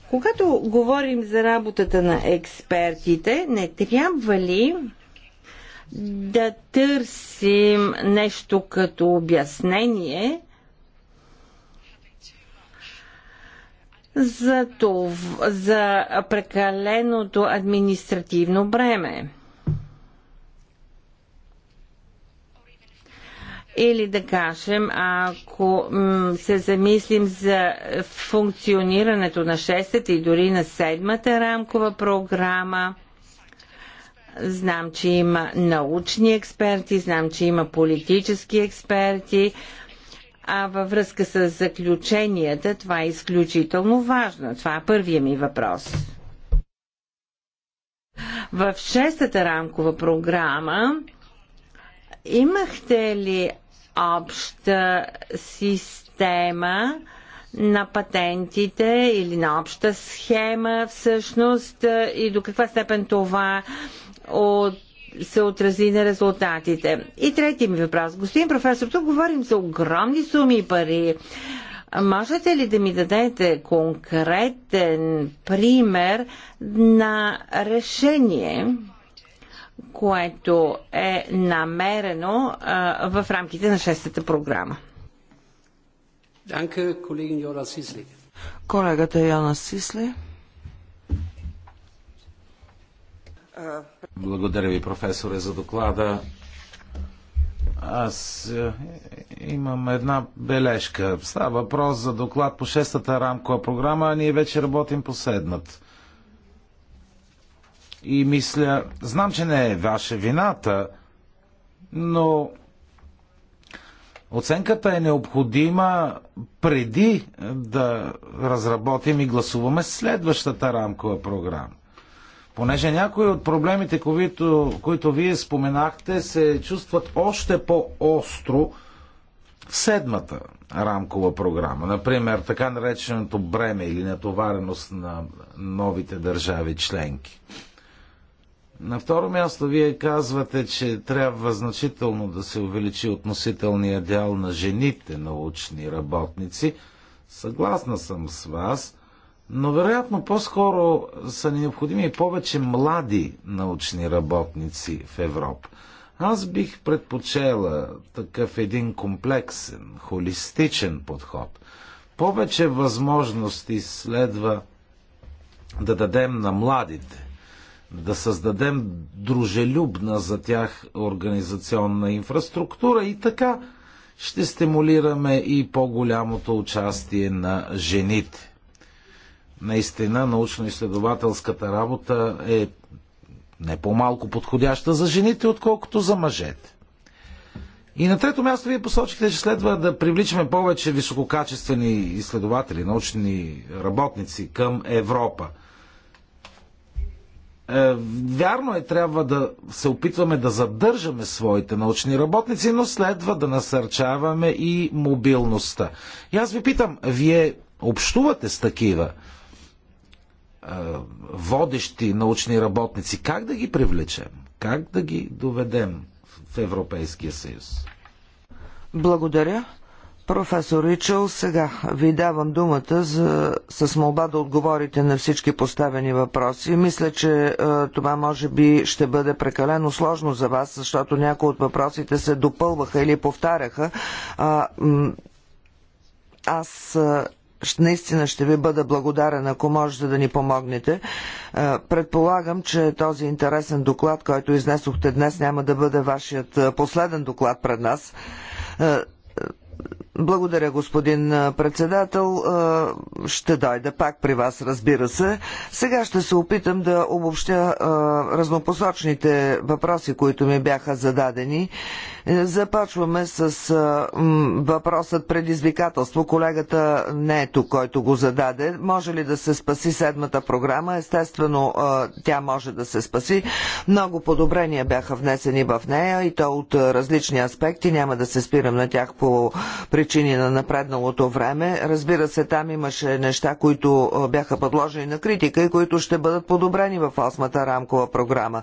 Когато говорим за работата на експертите, не трябва ли да търсим нещо като обяснение за, това, за прекаленото административно бреме? Или да кажем, ако се замислим за функционирането на шестата и дори на седмата рамкова програма, знам, че има научни експерти, знам, че има политически експерти, а във връзка с заключенията, това е изключително важно. Това е първия ми въпрос. В шестата рамкова програма имахте ли обща система на патентите или на обща схема всъщност и до каква степен това от се отрази на резултатите. И трети ми въпрос. Господин професор, тук говорим за огромни суми пари. Можете ли да ми дадете конкретен пример на решение, което е намерено в рамките на шестата програма. колегин Сисли. Колегата Йона Сисли. Благодаря ви, професоре, за доклада. Аз е, имам една бележка. Става въпрос за доклад по шестата рамкова програма, а ние вече работим по седната. И мисля, знам, че не е ваша вината, но оценката е необходима преди да разработим и гласуваме следващата рамкова програма. Понеже някои от проблемите, които, които вие споменахте, се чувстват още по-остро в седмата рамкова програма. Например, така нареченото бреме или натовареност на новите държави членки. На второ място, вие казвате, че трябва значително да се увеличи относителния дял на жените научни работници. Съгласна съм с вас, но вероятно по-скоро са ни необходими повече млади научни работници в Европа. Аз бих предпочела такъв един комплексен, холистичен подход. Повече възможности следва да дадем на младите да създадем дружелюбна за тях организационна инфраструктура и така ще стимулираме и по-голямото участие на жените. Наистина, научно-изследователската работа е не по-малко подходяща за жените, отколкото за мъжете. И на трето място вие посочихте, че следва да привличаме повече висококачествени изследователи, научни работници към Европа – е, вярно е, трябва да се опитваме да задържаме своите научни работници, но следва да насърчаваме и мобилността. И аз ви питам, вие общувате с такива е, водещи научни работници, как да ги привлечем? Как да ги доведем в Европейския съюз? Благодаря. Професор Ричел, сега ви давам думата за, с молба да отговорите на всички поставени въпроси. Мисля, че е, това може би ще бъде прекалено сложно за вас, защото някои от въпросите се допълваха или повтаряха. А, аз е, наистина ще ви бъда благодарен, ако можете да ни помогнете. Е, предполагам, че този интересен доклад, който изнесохте днес, няма да бъде вашият е, последен доклад пред нас. Е, благодаря, господин председател. Ще дойда пак при вас, разбира се. Сега ще се опитам да обобщя разнопосочните въпроси, които ми бяха зададени. Е, започваме с въпросът предизвикателство. Колегата не е тук, който го зададе. Може ли да се спаси седмата програма? Естествено, тя може да се спаси. Много подобрения бяха внесени в нея и то от различни аспекти. Няма да се спирам на тях по причина причини на напредналото време. Разбира се, там имаше неща, които бяха подложени на критика и които ще бъдат подобрени в 8-та рамкова програма.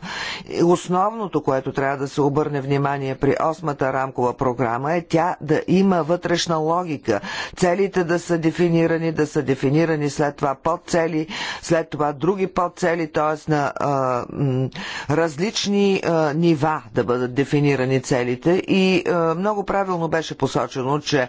И Основното, което трябва да се обърне внимание при 8-та рамкова програма е тя да има вътрешна логика. Целите да са дефинирани, да са дефинирани след това подцели, след това други подцели, т.е. на а, различни а, нива да бъдат дефинирани целите и а, много правилно беше посочено, че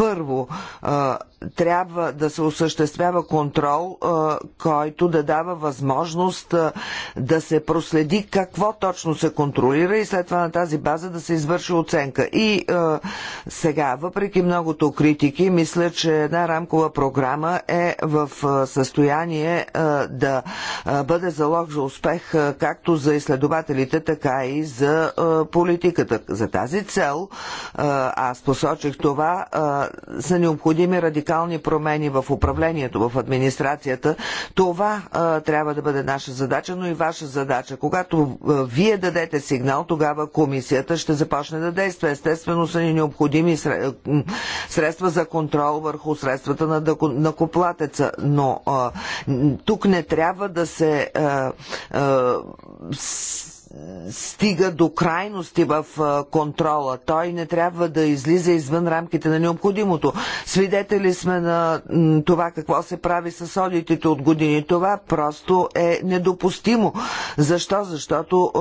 Първо, трябва да се осъществява контрол, който да дава възможност да се проследи какво точно се контролира и след това на тази база да се извърши оценка. И сега, въпреки многото критики, мисля, че една рамкова програма е в състояние да бъде залог за успех както за изследователите, така и за политиката. За тази цел, аз посочих това, са необходими радикални промени в управлението, в администрацията. Това а, трябва да бъде наша задача, но и ваша задача. Когато а, вие дадете сигнал, тогава комисията ще започне да действа. Естествено са ни необходими средства за контрол върху средствата на коплатеца. но а, тук не трябва да се а, а, стига до крайности в контрола. Той не трябва да излиза извън рамките на необходимото. Свидетели сме на това какво се прави с одитите от години. Това просто е недопустимо. Защо? Защото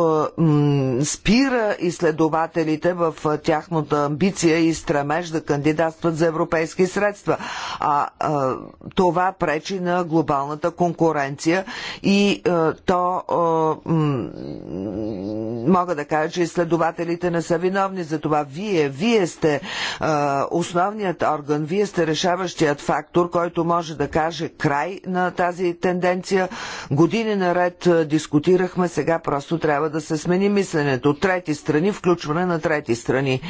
спира изследователите в тяхната амбиция и стремеж да кандидатстват за европейски средства. А това пречи на глобалната конкуренция и то мога да кажа, че изследователите не са виновни за това. Вие, вие сте а, основният орган, вие сте решаващият фактор, който може да каже край на тази тенденция. Години наред дискутирахме, сега просто трябва да се смени мисленето. Трети страни, включване на трети страни.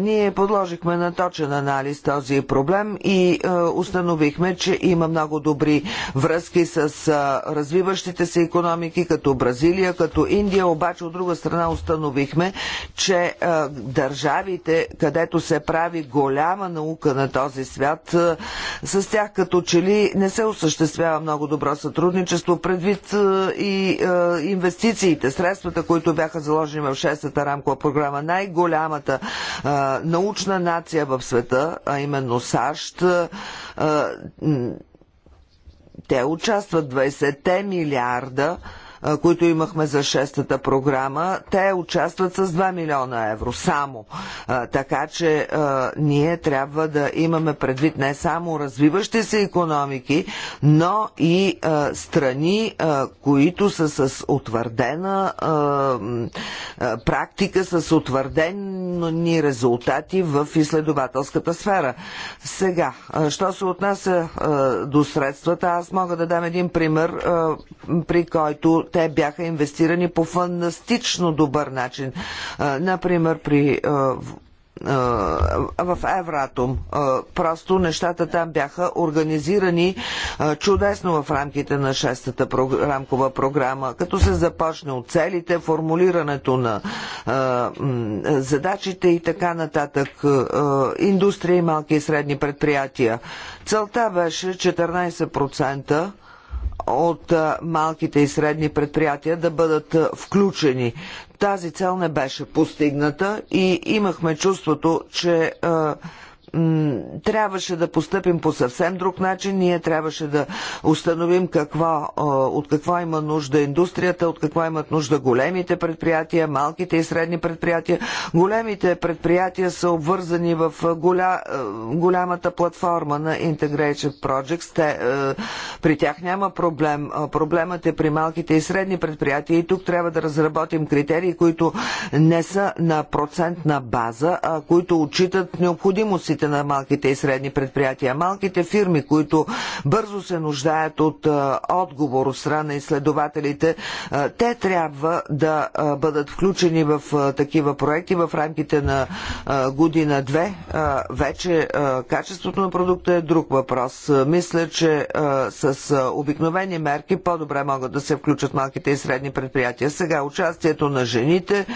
Ние подложихме на точен анализ този проблем и установихме, че има много добри връзки с развиващите се економики, като Бразилия, като Индия, обаче от друга страна установихме, че държавите, където се прави голяма наука на този свят, с тях като че ли не се осъществява много добро сътрудничество предвид и инвестициите, средствата, които бяха заложени в шестата рамкова програма. Най-голямата научна нация в света, а именно САЩ, те участват 20 милиарда които имахме за шестата програма, те участват с 2 милиона евро само. Така че ние трябва да имаме предвид не само развиващи се економики, но и страни, които са с утвърдена практика, с утвърдени резултати в изследователската сфера. Сега, що се отнася до средствата, аз мога да дам един пример, при който те бяха инвестирани по фантастично добър начин. Например, при в Евратом. Просто нещата там бяха организирани чудесно в рамките на шестата рамкова програма, като се започне от целите, формулирането на задачите и така нататък. Индустрия и малки и средни предприятия. Целта беше 14% от малките и средни предприятия да бъдат включени. Тази цел не беше постигната и имахме чувството, че трябваше да постъпим по съвсем друг начин. Ние трябваше да установим какво, от какво има нужда индустрията, от какво имат нужда големите предприятия, малките и средни предприятия. Големите предприятия са обвързани в голя, голямата платформа на Integrated Projects. Те, при тях няма проблем. Проблемът е при малките и средни предприятия и тук трябва да разработим критерии, които не са на процентна база, а които отчитат необходимостите нуждите на малките и средни предприятия. Малките фирми, които бързо се нуждаят от отговор от страна на изследователите, те трябва да бъдат включени в такива проекти в рамките на година-две. Вече качеството на продукта е друг въпрос. Мисля, че с обикновени мерки по-добре могат да се включат малките и средни предприятия. Сега участието на жените,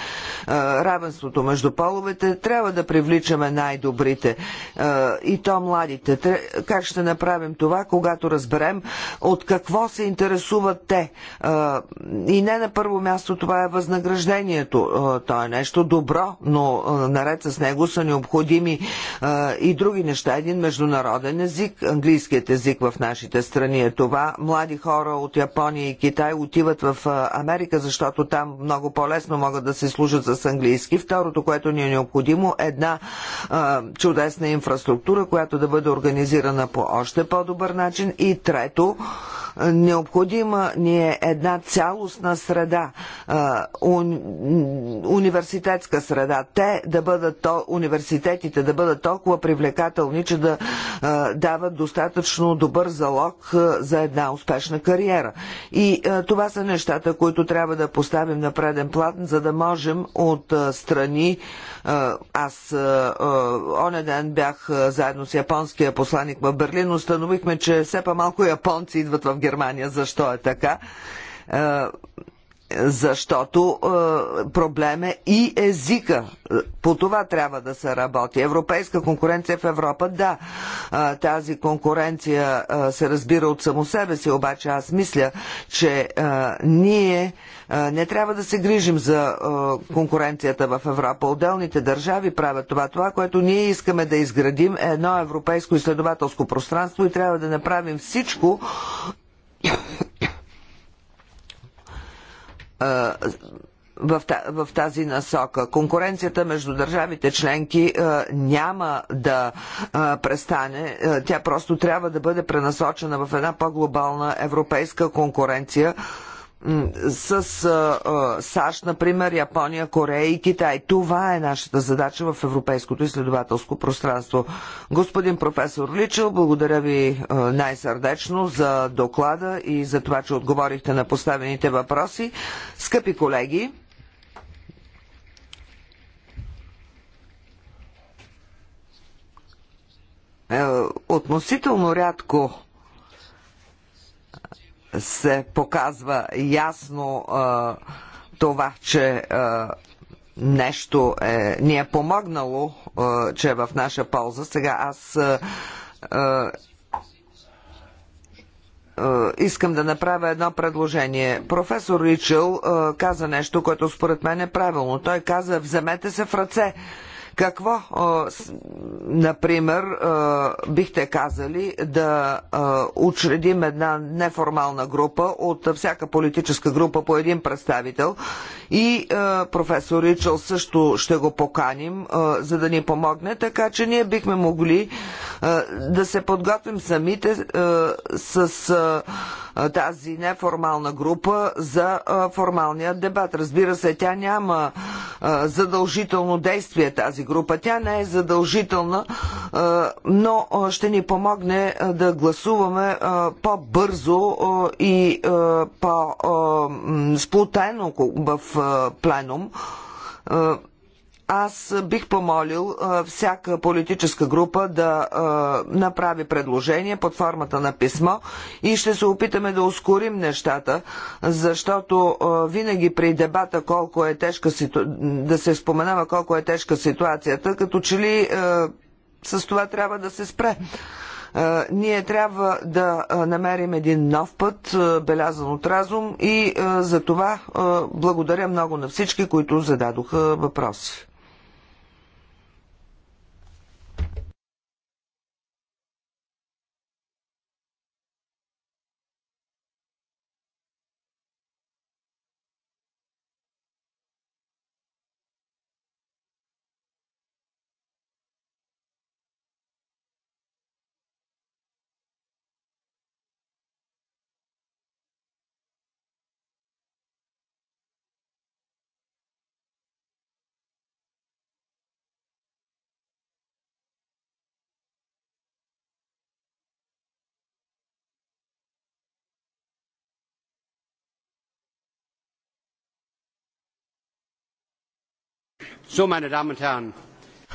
равенството между половете, трябва да привличаме най-добрите и то младите. Как ще направим това, когато разберем от какво се интересуват те? И не на първо място това е възнаграждението. То е нещо добро, но наред с него са необходими и други неща. Един международен език, английският език в нашите страни е това. Млади хора от Япония и Китай отиват в Америка, защото там много по-лесно могат да се служат с английски. Второто, което ни е необходимо, е една чудесна съответна инфраструктура, която да бъде организирана по още по-добър начин. И трето, необходима ни е една цялостна среда, университетска среда. Те да бъдат, то, университетите да бъдат толкова привлекателни, че да дават достатъчно добър залог за една успешна кариера. И това са нещата, които трябва да поставим на преден план, за да можем от страни, аз оня ден ден бях заедно с японския посланник в Берлин. Установихме, че все по-малко японци идват в Германия. Защо е така? защото е, проблем е и езика. По това трябва да се работи. Европейска конкуренция в Европа, да, е, тази конкуренция е, се разбира от само себе си, обаче аз мисля, че е, ние е, не трябва да се грижим за е, конкуренцията в Европа. Отделните държави правят това. Това, което ние искаме да изградим е едно европейско изследователско пространство и трябва да направим всичко в тази насока. Конкуренцията между държавите членки няма да престане. Тя просто трябва да бъде пренасочена в една по-глобална европейска конкуренция, с а, а, САЩ, например, Япония, Корея и Китай. Това е нашата задача в европейското изследователско пространство. Господин професор Личел, благодаря ви най-сърдечно за доклада и за това, че отговорихте на поставените въпроси. Скъпи колеги, е, относително рядко се показва ясно а, това, че а, нещо е, ни е помогнало, а, че е в наша полза. Сега аз а, а, искам да направя едно предложение. Професор Ричел каза нещо, което според мен е правилно. Той каза, вземете се в ръце. Какво, например, бихте казали да учредим една неформална група от всяка политическа група по един представител и е, професор Ричел също ще го поканим, е, за да ни помогне, така че ние бихме могли е, да се подготвим самите с тази неформална група за формалния дебат. Разбира се, тя няма задължително действие тази група. Тя не е задължителна, но ще ни помогне да гласуваме по-бързо и по-сплутено в пленум. Аз бих помолил всяка политическа група да направи предложение под формата на писмо и ще се опитаме да ускорим нещата, защото винаги при дебата колко е тежка ситу... да се споменава колко е тежка ситуацията, като че ли с това трябва да се спре. Ние трябва да намерим един нов път, белязан от разум и за това благодаря много на всички, които зададоха въпроси.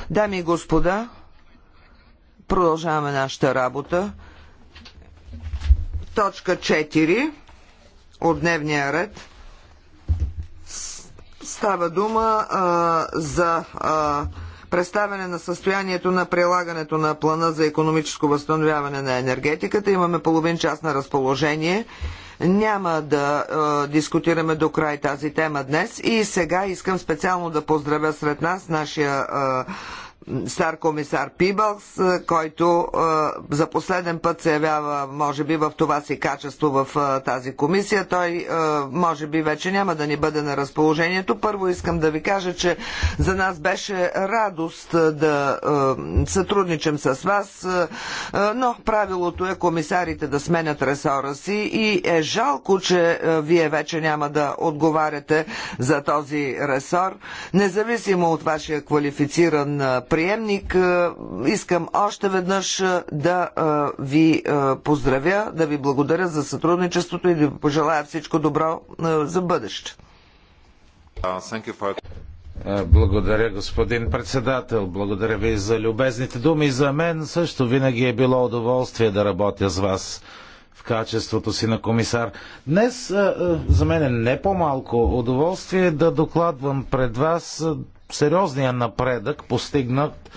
Дами и господа, продължаваме нашата работа. Точка 4 от дневния ред. Става дума а, за а, представяне на състоянието на прилагането на плана за економическо възстановяване на енергетиката. Имаме половин час на разположение. Няма да е, дискутираме до край тази тема днес и сега искам специално да поздравя сред нас нашия е, стар комисар Пибълс, е, който е, за последен път се явява, може би, в това си качество в е, тази комисия. Той, може би, вече няма да ни бъде на разположението. Първо искам да ви кажа, че за нас беше радост да сътрудничам с вас, но правилото е комисарите да сменят ресора си и е жалко, че вие вече няма да отговаряте за този ресор, независимо от вашия квалифициран приемник. Искам още веднъж да ви поздравя, да ви благодаря за сътрудничеството и да ви пожелая всичко добро за бъдеще. Благодаря, господин председател. Благодаря ви за любезните думи. За мен също винаги е било удоволствие да работя с вас в качеството си на комисар. Днес за мен е не по-малко удоволствие да докладвам пред вас сериозния напредък, постигнат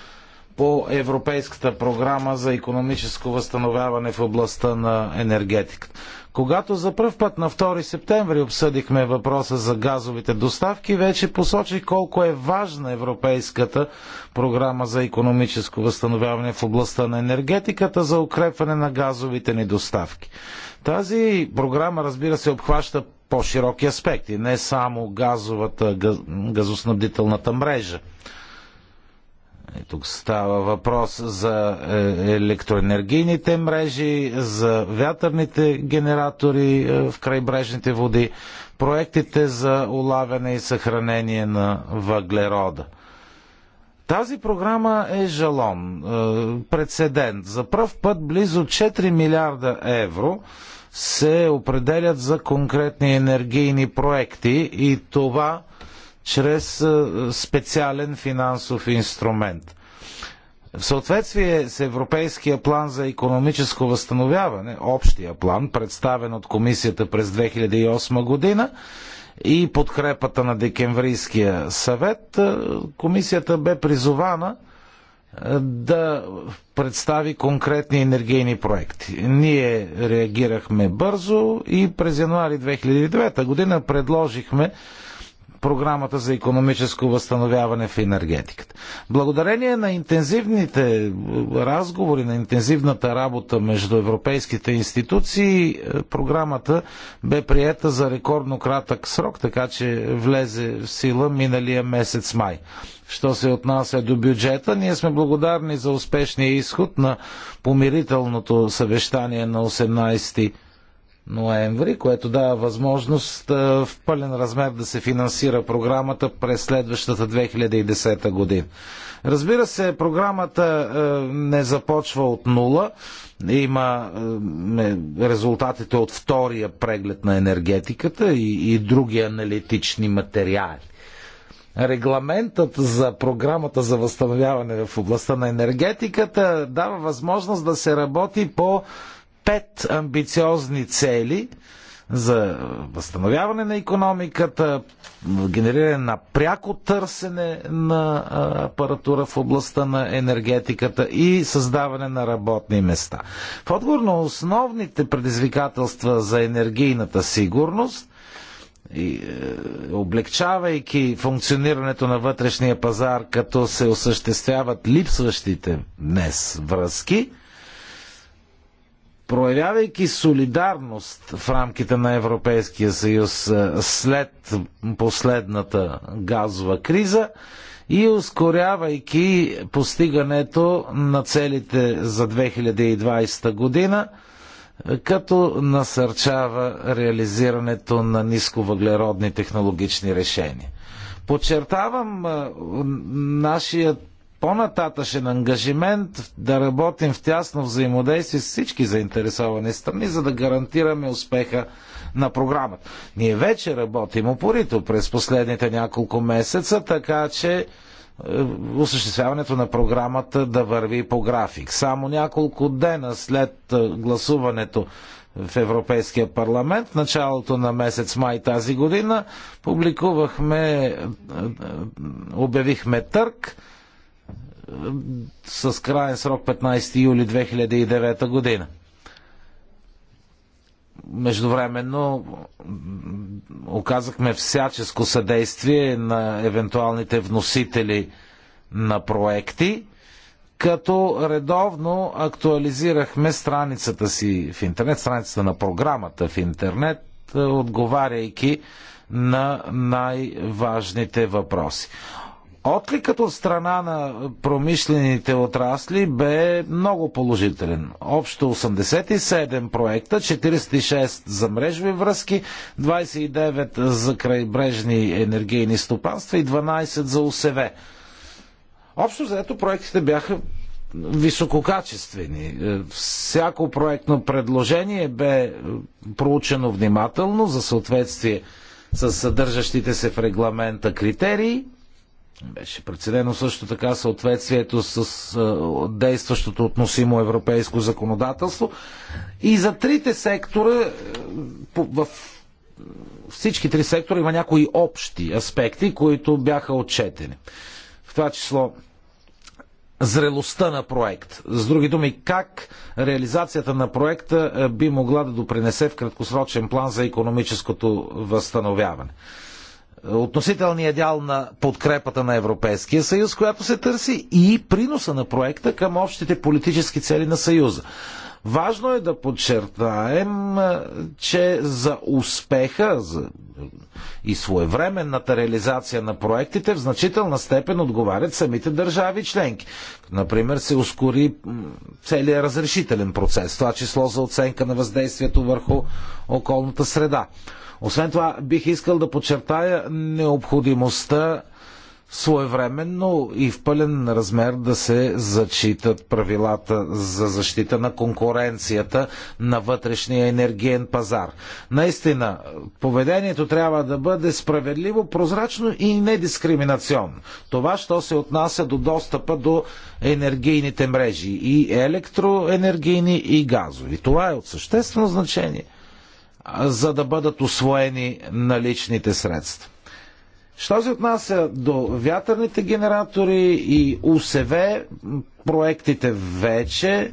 по Европейската програма за економическо възстановяване в областта на енергетиката. Когато за първ път на 2 септември обсъдихме въпроса за газовите доставки, вече посочих колко е важна Европейската програма за економическо възстановяване в областта на енергетиката за укрепване на газовите ни доставки. Тази програма, разбира се, обхваща по-широки аспекти, не само газовата, газ, газоснабдителната мрежа. И тук става въпрос за е, електроенергийните мрежи, за вятърните генератори е, в крайбрежните води, проектите за улавяне и съхранение на въглерода. Тази програма е жалон, е, прецедент. За пръв път близо 4 милиарда евро се определят за конкретни енергийни проекти и това чрез е, специален финансов инструмент. В съответствие с Европейския план за економическо възстановяване, общия план, представен от комисията през 2008 година и подкрепата на Декемврийския съвет, е, комисията бе призована да представи конкретни енергийни проекти. Ние реагирахме бързо и през януари 2009 година предложихме програмата за економическо възстановяване в енергетиката. Благодарение на интензивните е, разговори, на интензивната работа между европейските институции, е, програмата бе приета за рекордно кратък срок, така че влезе в сила миналия месец май. Що се отнася до бюджета, ние сме благодарни за успешния изход на помирителното съвещание на 18 ноември, което дава възможност в пълен размер да се финансира програмата през следващата 2010 година. Разбира се, програмата не започва от нула. Има резултатите от втория преглед на енергетиката и, и други аналитични материали. Регламентът за програмата за възстановяване в областта на енергетиката дава възможност да се работи по пет амбициозни цели за възстановяване на економиката, генериране на пряко търсене на апаратура в областта на енергетиката и създаване на работни места. В отговор на основните предизвикателства за енергийната сигурност, и, е, облегчавайки функционирането на вътрешния пазар, като се осъществяват липсващите днес връзки – проявявайки солидарност в рамките на Европейския съюз след последната газова криза и ускорявайки постигането на целите за 2020 година, като насърчава реализирането на нисковъглеродни технологични решения. Подчертавам нашият по-нататъчен ангажимент да работим в тясно взаимодействие с всички заинтересовани страни, за да гарантираме успеха на програмата. Ние вече работим упорито през последните няколко месеца, така че е, осъществяването на програмата да върви по график. Само няколко дена след е, гласуването в Европейския парламент. В началото на месец май тази година публикувахме, е, обявихме търк с крайен срок 15 юли 2009 година. Междувременно оказахме всяческо съдействие на евентуалните вносители на проекти, като редовно актуализирахме страницата си в интернет, страницата на програмата в интернет, е, отговаряйки на най-важните въпроси. Отликът от страна на промишлените отрасли бе много положителен. Общо 87 проекта, 46 за мрежови връзки, 29 за крайбрежни енергийни стопанства и 12 за ОСВ. Общо заето проектите бяха висококачествени. Е, всяко проектно предложение бе проучено внимателно за съответствие с съдържащите се в регламента критерии беше преценено също така съответствието с действащото относимо европейско законодателство. И за трите сектора, е, в е, всички три сектора има някои общи аспекти, които бяха отчетени. В това число зрелостта на проект. С други думи, как реализацията на проекта е, би могла да допринесе в краткосрочен план за економическото възстановяване относителния дял на подкрепата на Европейския съюз, която се търси и приноса на проекта към общите политически цели на съюза. Важно е да подчертаем, че за успеха и своевременната реализация на проектите в значителна степен отговарят самите държави членки. Например, се ускори целият разрешителен процес, това число за оценка на въздействието върху околната среда. Освен това, бих искал да подчертая необходимостта своевременно и в пълен размер да се зачитат правилата за защита на конкуренцията на вътрешния енергиен пазар. Наистина, поведението трябва да бъде справедливо, прозрачно и недискриминационно. Това, що се отнася до достъпа до енергийните мрежи и електроенергийни и газови. Това е от съществено значение за да бъдат освоени наличните средства. Що се отнася до вятърните генератори и УСВ, проектите вече е,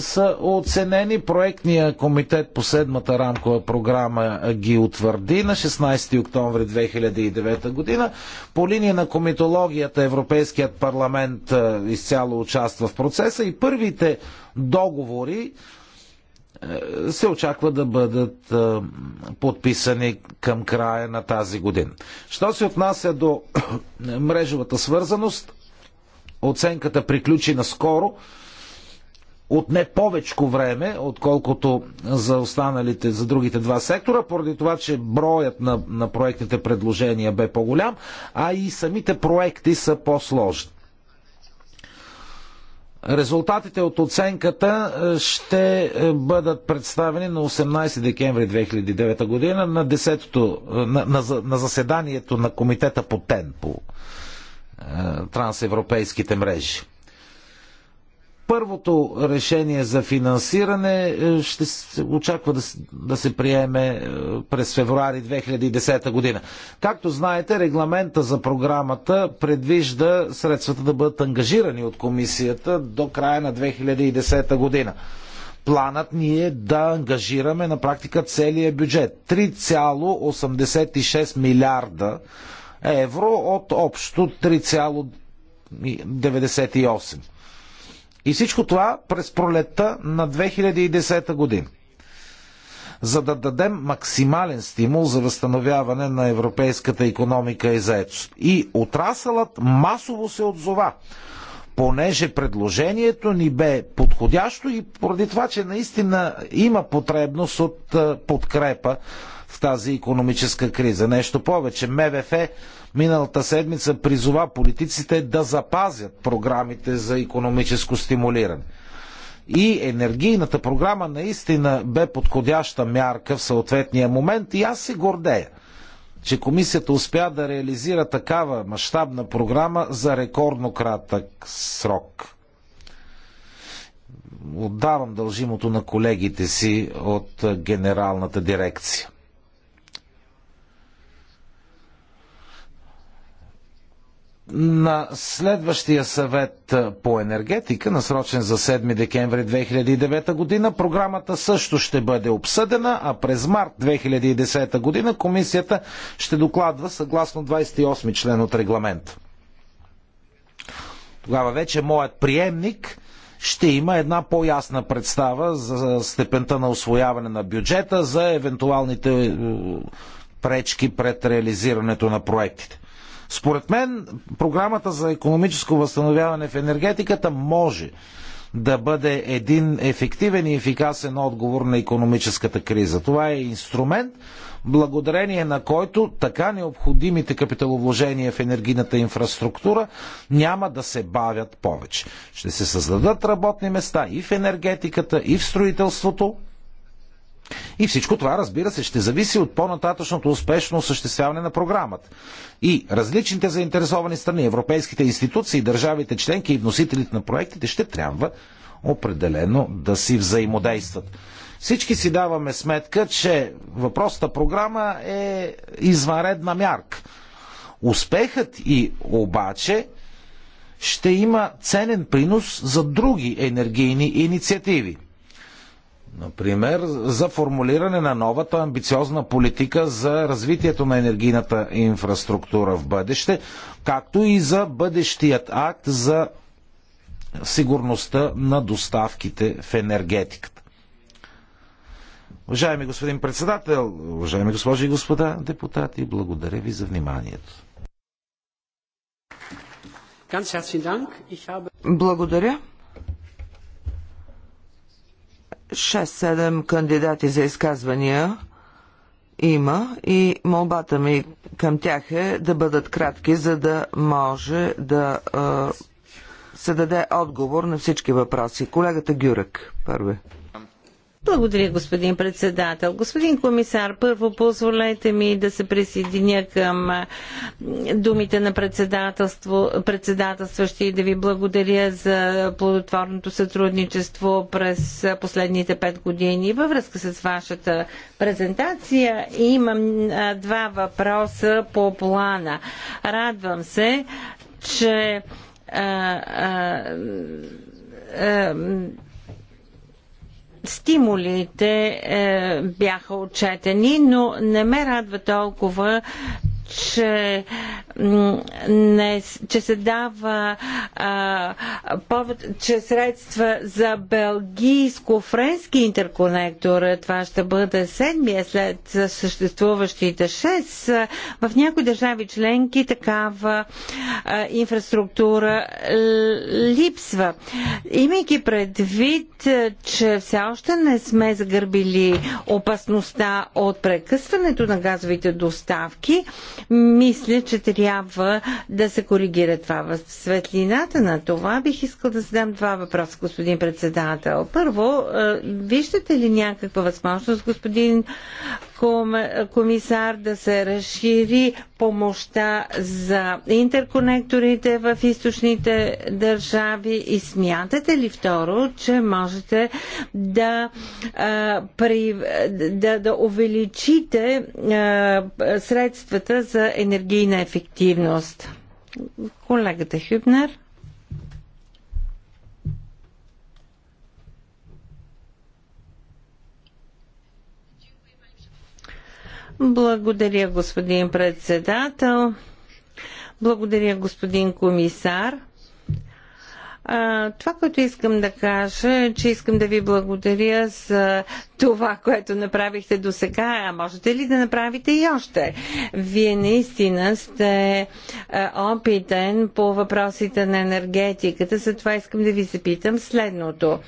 са оценени. Проектния комитет по седмата рамкова програма ги утвърди на 16 октомври 2009 година. По линия на комитологията Европейският парламент е, изцяло участва в процеса и първите договори се очаква да бъдат подписани към края на тази година. Що се отнася до *clears throat* мрежовата свързаност, оценката приключи наскоро. Отне повече време, отколкото за останалите, за другите два сектора, поради това, че броят на, на проектните предложения бе по-голям, а и самите проекти са по-сложни. Резултатите от оценката е, ще е, бъдат представени на 18 декември 2009 година на, е, на, на, на заседанието на комитета по ТЕН по е, трансевропейските мрежи. Първото решение за финансиране е, ще се очаква да, да се приеме е, през февруари 2010 година. Както знаете, регламента за програмата предвижда средствата да бъдат ангажирани от комисията до края на 2010 година. Планът ни е да ангажираме на практика целия бюджет. 3,86 милиарда евро от общо 3,98. И всичко това през пролетта на 2010 година за да дадем максимален стимул за възстановяване на европейската економика и заедност. И отрасълът масово се отзова, понеже предложението ни бе подходящо и поради това, че наистина има потребност от е, подкрепа в тази економическа криза. Нещо повече, МВФ миналата седмица призова политиците да запазят програмите за економическо стимулиране. И енергийната програма наистина бе подходяща мярка в съответния момент и аз се гордея, че комисията успя да реализира такава мащабна програма за рекордно кратък срок отдавам дължимото на колегите си от генералната дирекция. на следващия съвет по енергетика, насрочен за 7 декември 2009 година, програмата също ще бъде обсъдена, а през март 2010 година комисията ще докладва съгласно 28 член от регламент. Тогава вече моят приемник ще има една по-ясна представа за степента на освояване на бюджета, за евентуалните е, пречки пред реализирането на проектите. Според мен програмата за економическо възстановяване в енергетиката може да бъде един ефективен и ефикасен отговор на економическата криза. Това е инструмент, благодарение на който така необходимите капиталовложения в енергийната инфраструктура няма да се бавят повече. Ще се създадат работни места и в енергетиката, и в строителството, и всичко това, разбира се, ще зависи от по-нататъчното успешно осъществяване на програмата. И различните заинтересовани страни, европейските институции, държавите членки и вносителите на проектите ще трябва определено да си взаимодействат. Всички си даваме сметка, че въпросната програма е извънредна мярка. Успехът и обаче ще има ценен принос за други енергийни инициативи например, за формулиране на новата амбициозна политика за развитието на енергийната инфраструктура в бъдеще, както и за бъдещият акт за сигурността на доставките в енергетиката. Уважаеми господин председател, уважаеми госпожи и господа депутати, благодаря ви за вниманието. Благодаря. 6-7 кандидати за изказвания има и молбата ми към тях е да бъдат кратки, за да може да се даде отговор на всички въпроси. Колегата Гюрек, първи. Благодаря, господин председател. Господин комисар, първо позволете ми да се присъединя към думите на председателство, председателстващи и да ви благодаря за плодотворното сътрудничество през последните пет години. Във връзка с вашата презентация имам два въпроса по плана. Радвам се, че а, а, а, стимулите е, бяха отчетени, но не ме радва толкова че, не, че се дава а, повод, че средства за белгийско-френски интерконектор, това ще бъде седмия след съществуващите шест, в някои държави членки такава а, инфраструктура липсва. Имайки предвид, че все още не сме загърбили опасността от прекъсването на газовите доставки, мисля, че трябва да се коригира това. В светлината на това бих искал да задам два въпроса, господин председател. Първо, е, виждате ли някаква възможност, господин комисар, да се разшири помощта за интерконекторите в източните държави и смятате ли второ, че можете да, а, при, да, да увеличите а, средствата за енергийна ефективност? Колегата Хюбнер. Благодаря, господин председател. Благодаря, господин комисар. А, това, което искам да кажа, е, че искам да ви благодаря за това, което направихте до сега, а можете ли да направите и още? Вие наистина сте опитен по въпросите на енергетиката, затова искам да ви запитам следното.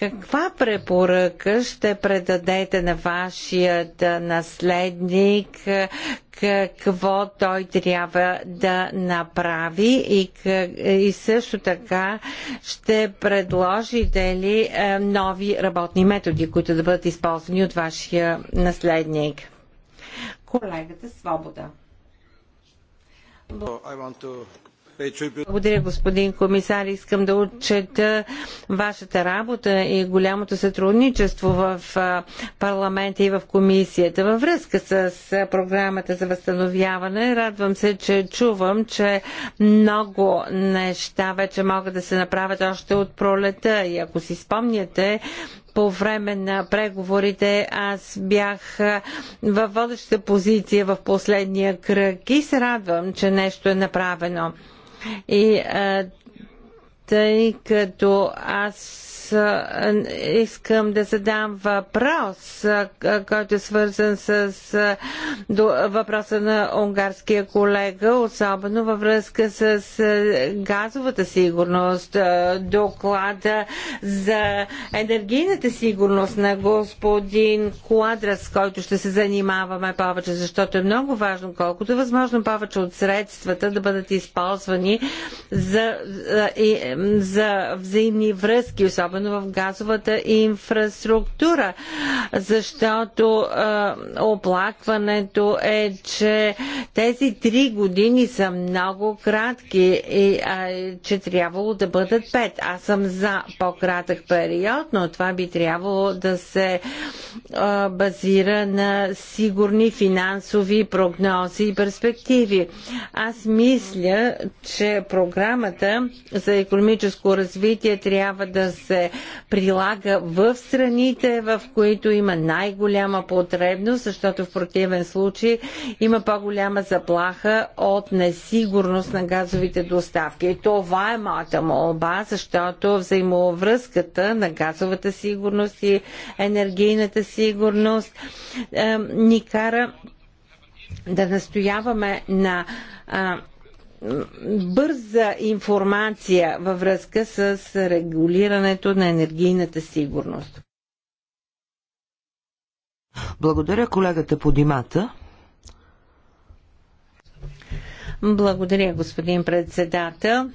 Каква препоръка ще предадете на вашият наследник, какво той трябва да направи и, и също така ще предложите ли е, нови работни методи, които да бъдат използвани от вашия наследник? Колегата Свобода. Благодаря, господин комисар. Искам да отчета вашата работа и голямото сътрудничество в парламента и в комисията. Във връзка с програмата за възстановяване, радвам се, че чувам, че много неща вече могат да се направят още от пролета. И ако си спомняте, по време на преговорите аз бях във водеща позиция в последния кръг и се радвам, че нещо е направено. И а, тъй като аз е, искам да задам въпрос, е, който е свързан с въпроса на унгарския колега, особено във връзка с е, газовата сигурност, доклада за енергийната сигурност на господин Куадрас, който ще се занимаваме повече, защото е много важно, колкото е възможно повече от средствата да бъдат използвани за, за взаимни връзки, особено особено в газовата инфраструктура, защото а, оплакването е, че тези три години са много кратки и а, е, че трябвало да бъдат пет. Аз съм за по-кратък период, но това би трябвало да се а, базира на сигурни финансови прогнози и перспективи. Аз мисля, че програмата за економическо развитие трябва да се прилага в страните, в които има най-голяма потребност, защото в противен случай има по-голяма заплаха от несигурност на газовите доставки. И това е моята молба, защото взаимовръзката на газовата сигурност и енергийната сигурност е, ни кара да настояваме на бърза информация във връзка с регулирането на енергийната сигурност. Благодаря колегата по димата. Благодаря, господин председател.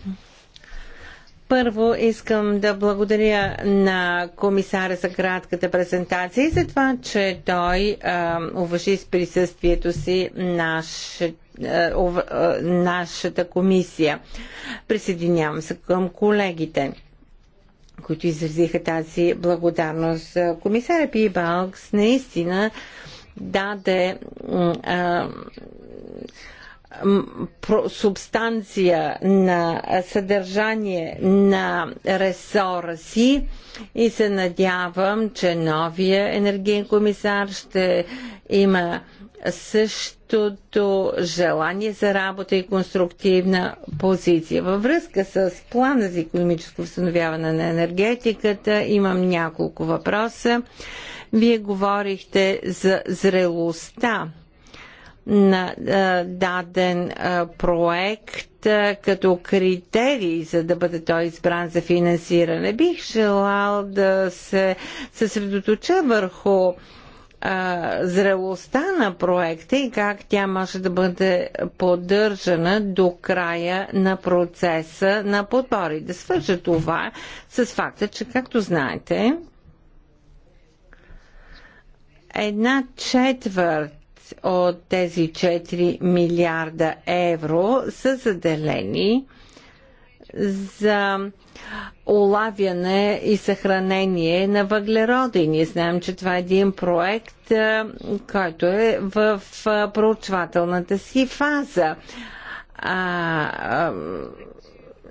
Първо искам да благодаря на комисаря за кратката презентация и за това, че той а, уважи с присъствието си нашето е, е, нашата комисия. Присъединявам се към колегите които изразиха тази благодарност. Комисаря Балкс наистина даде а, субстанция на съдържание на ресора си и се надявам, че новия енергиен комисар ще има същото желание за работа и конструктивна позиция. Във връзка с плана за економическо установяване на енергетиката имам няколко въпроса. Вие говорихте за зрелостта на даден проект като критерий, за да бъде той избран за финансиране. Бих желал да се съсредоточа върху а, зрелостта на проекта и как тя може да бъде поддържана до края на процеса на подбор. И да свържа това с факта, че, както знаете, една четвърт от тези 4 милиарда евро са заделени а, за олавяне и съхранение на въглерода. И ние знаем, че това е един проект, е, който е в е, проучвателната си фаза. А,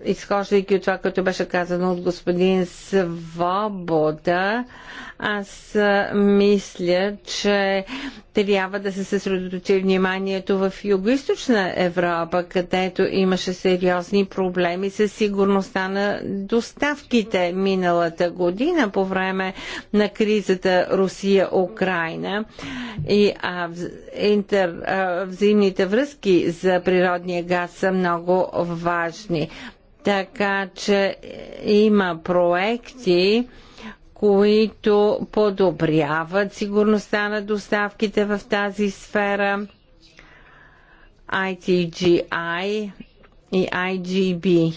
изхождайки от това, което беше казано от господин Свобода, аз мисля, че трябва да се съсредоточи вниманието в Юго-Источна Европа, където имаше сериозни проблеми с сигурността на доставките миналата година по време на кризата Русия-Украина и а, интер, а, взаимните връзки за природния газ са много важни. Така че е, има проекти, които подобряват сигурността на доставките в тази сфера. ITGI и IGB.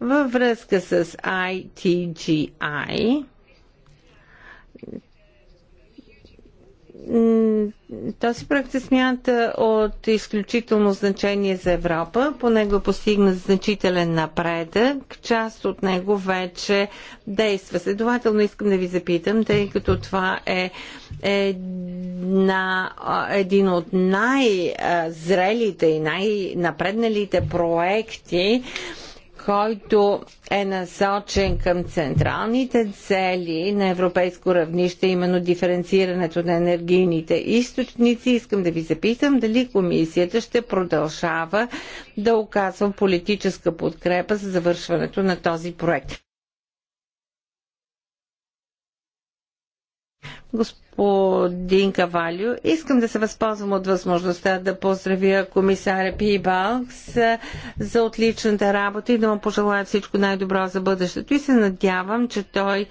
Във връзка с ITGI този проект се смята от изключително значение за Европа. По него е постигнат значителен напредък. Част от него вече действа. Следователно искам да ви запитам, тъй като това е една, един от най-зрелите и най-напредналите проекти, който е насочен към централните цели на европейско равнище, именно диференцирането на енергийните източници, искам да ви запитам дали комисията ще продължава да оказва политическа подкрепа за завършването на този проект. Господин Кавалю, искам да се възползвам от възможността да поздравя комисаря Балкс за отличната работа и да му пожелая всичко най-добро за бъдещето и се надявам, че той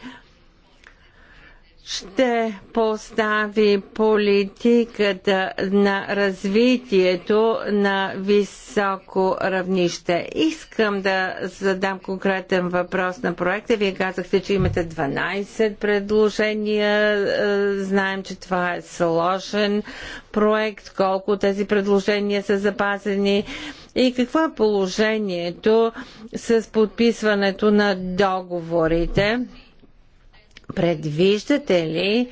ще постави политиката на развитието на високо равнище. Искам да задам конкретен въпрос на проекта. Вие казахте, че имате 12 предложения. Е, знаем, че това е сложен проект. Колко тези предложения са запазени? И какво е положението с подписването на договорите? Предвиждате ли,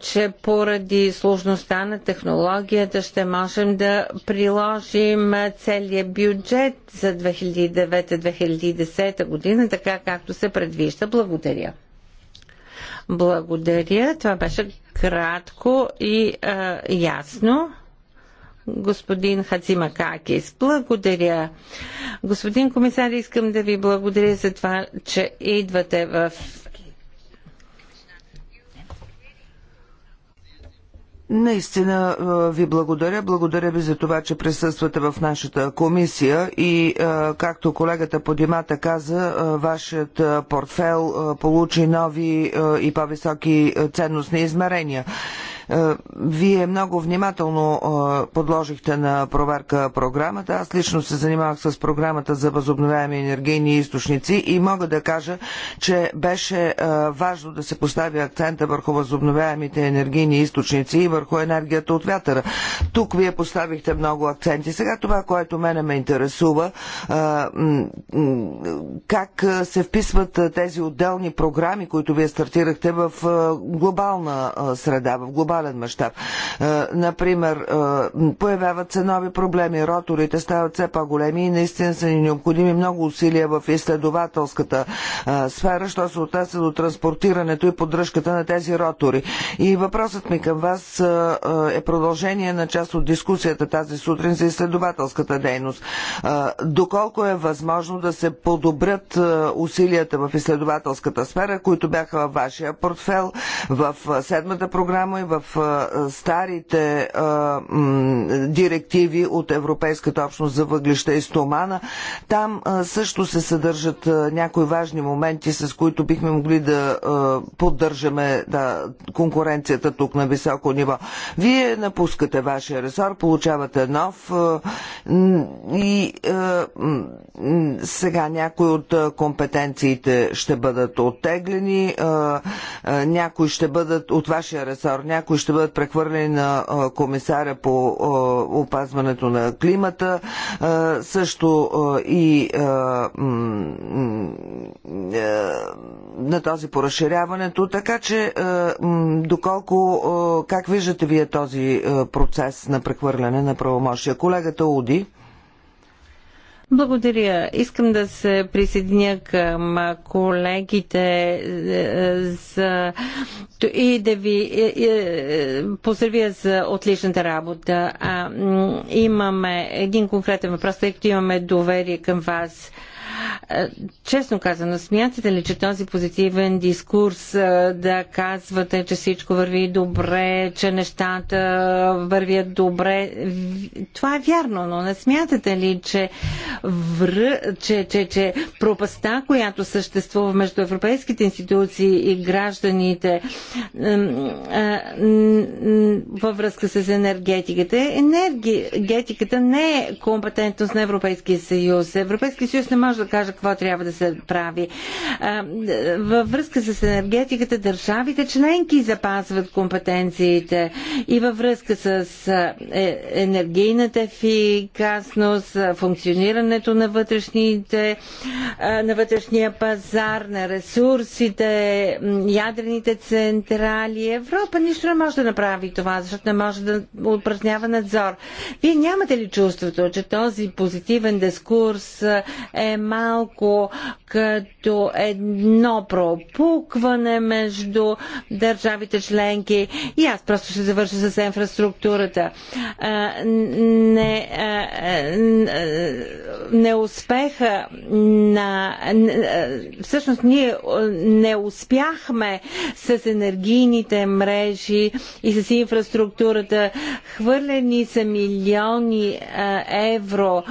че поради сложността на технологията ще можем да приложим целият бюджет за 2009-2010 година, така както се предвижда? Благодаря. Благодаря. Това беше кратко и а, ясно. Господин Хацимакакис, благодаря. Господин комисар, искам да ви благодаря за това, че идвате в Наистина ви благодаря. Благодаря ви за това, че присъствате в нашата комисия и както колегата Подимата каза, вашият портфел получи нови и по-високи ценностни измерения. Е, вие много внимателно е, подложихте на проверка програмата. Аз лично се занимавах с програмата за възобновяеми енергийни източници и мога да кажа, че беше е, важно да се постави акцента върху възобновяемите енергийни източници и върху енергията от вятъра. Тук вие поставихте много акценти. Сега това, което мене ме интересува, как се вписват тези отделни програми, които вие стартирахте в глобална среда, в глобална глобален мащаб. Е, например, е, появяват се нови проблеми, роторите стават все по-големи и наистина са ни необходими много усилия в изследователската е, сфера, що се отнася до транспортирането и поддръжката на тези ротори. И въпросът ми към вас е продължение на част от дискусията тази сутрин за изследователската дейност. Доколко е възможно да се подобрят усилията в изследователската сфера, които бяха във вашия портфел, в седмата програма и в в старите директиви от Европейската общност за въглища и стомана. Там също се съдържат някои важни моменти, с които бихме могли да поддържаме да, конкуренцията тук на високо ниво. Вие напускате вашия ресор, получавате нов и сега някои от компетенциите ще бъдат оттеглени, някои ще бъдат от вашия ресор, някои ще бъдат прехвърлени на комисаря по опазването на климата, също и на този по разширяването, така че доколко, как виждате вие този процес на прехвърляне на правомощия? Колегата Уди. Благодаря. Искам да се присъединя към колегите е, е, за... и да ви е, поздравя за отличната работа. Имаме един конкретен въпрос, тъй като имаме доверие към вас е, честно казано, смятате ли, че този позитивен дискурс е, да казвате, че всичко върви добре, че нещата вървят добре, това е вярно, но не смятате ли, че, вър... че, че, че пропаста, която съществува между европейските институции и гражданите е, във връзка с енергетиката, енергетиката не е компетентност на Европейския съюз. Европейския съюз не може да кажа какво трябва да се прави. Във връзка с енергетиката, държавите членки запазват компетенциите и във връзка с е, енергийната ефикасност, функционирането на вътрешните, на вътрешния пазар, на ресурсите, ядрените централи. Европа нищо не може да направи това, защото не може да упражнява надзор. Вие нямате ли чувството, че този позитивен дискурс е малко като едно пропукване между държавите членки. И аз просто ще завърша с инфраструктурата. Не, не успеха на... Всъщност ние не успяхме с енергийните мрежи и с инфраструктурата. Хвърлени са милиони евро.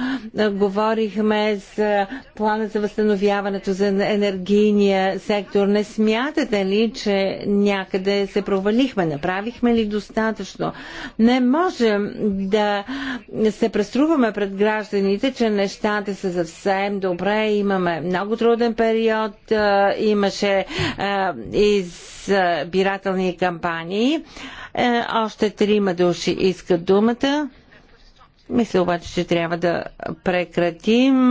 Говорихме за плана за възстановяването за енергийния сектор. Не смятате ли, че някъде се провалихме? Направихме ли достатъчно? Не можем да се преструваме пред гражданите, че нещата са съвсем добре. Имаме много труден период. Имаше избирателни кампании. Е, още трима души искат думата. Мисля обаче, че трябва да прекратим.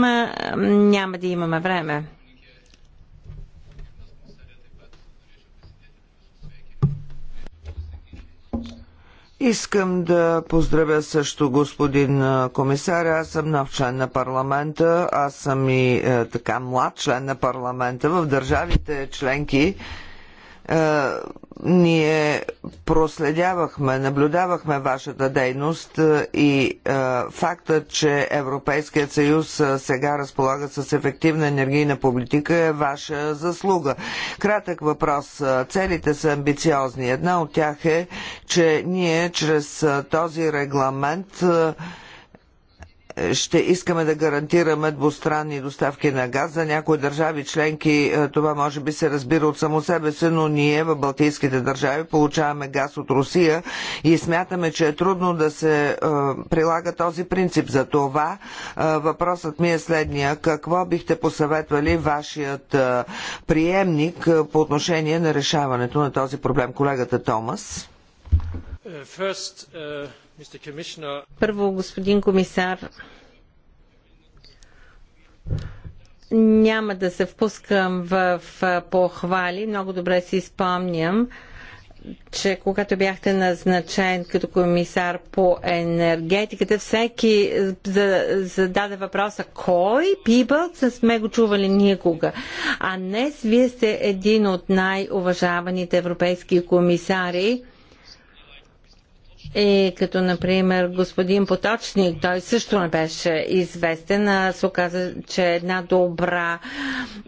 Няма да имаме време. Искам да поздравя също господин комисар. Аз съм нов член на парламента. Аз съм и е, така млад член на парламента в държавите членки. Е, ние проследявахме, наблюдавахме вашата дейност е, и е, факта, че Европейският съюз е, сега разполага с ефективна енергийна политика е ваша заслуга. Кратък въпрос. Целите са амбициозни. Една от тях е, че ние чрез този регламент е, ще искаме да гарантираме двустранни доставки на газ. За някои държави членки е, това може би се разбира от само себе си, но ние в Балтийските държави получаваме газ от Русия и смятаме, че е трудно да се е, прилага този принцип. За това е, въпросът ми е следния. Какво бихте посъветвали вашият приемник по отношение на решаването на този проблем? Колегата Томас. First, uh... Първо, господин комисар, няма да се впускам в похвали. Много добре си спомням, че когато бяхте назначен като комисар по енергетиката, всеки зададе въпроса кой пибълт не сме го чували никога. А днес вие сте един от най-уважаваните европейски комисари и е като, например, господин Поточник, той също не беше известен, а се оказа, че е една добра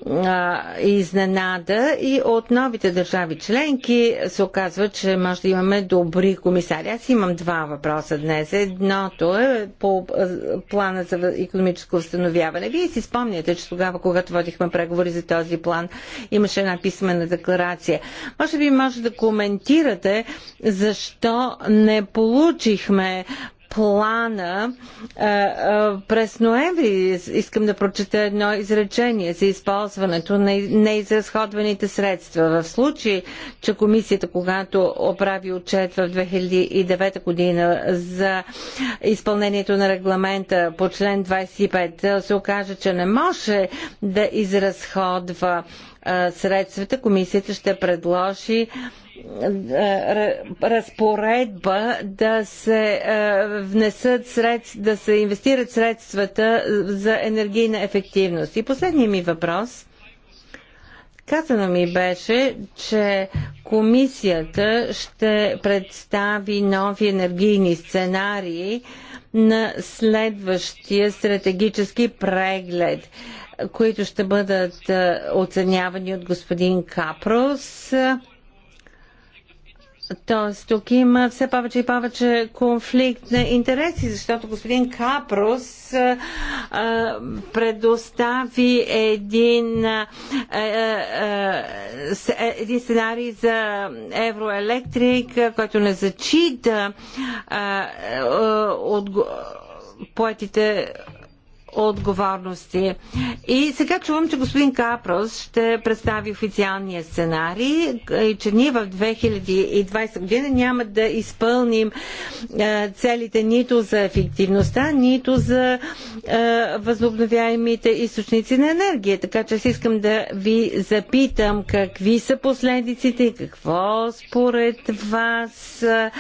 а, изненада и от новите държави членки се оказва, че може да имаме добри комисари. Аз имам два въпроса днес. Едното е по плана за економическо установяване. Вие си спомняте, че тогава, когато водихме преговори за този план, имаше една писмена декларация. Може би може да коментирате защо не получихме плана през ноември. Искам да прочета едно изречение за използването на неизразходваните средства. В случай, че комисията, когато оправи отчет в 2009 година за изпълнението на регламента по член 25, се окаже, че не може да изразходва средствата, комисията ще предложи разпоредба да се е, внесат средства, да се инвестират средствата за енергийна ефективност. И последният ми въпрос. Казано ми беше, че комисията ще представи нови енергийни сценарии на следващия стратегически преглед които ще бъдат е, оценявани от господин Капрос Тоест, тук има все повече и повече конфликт на интереси, защото господин Капрос а, предостави един, а, а, е, един сценарий за евроелектрик, който не зачита а, от, поетите отговорности. И сега чувам, че господин Капрос ще представи официалния сценарий и че ние в 2020 година няма да изпълним е, целите нито за ефективността, нито за е, възобновяемите източници на енергия. Така че аз искам да ви запитам какви са последиците и какво според вас е,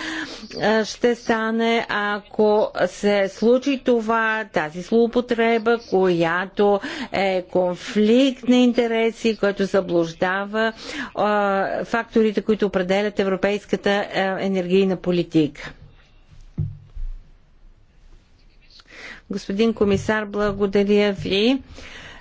ще стане, ако се случи това, тази злоупотреба употреба, която е конфликт на интереси, който заблуждава а, факторите, които определят европейската а, енергийна политика. Господин комисар, благодаря ви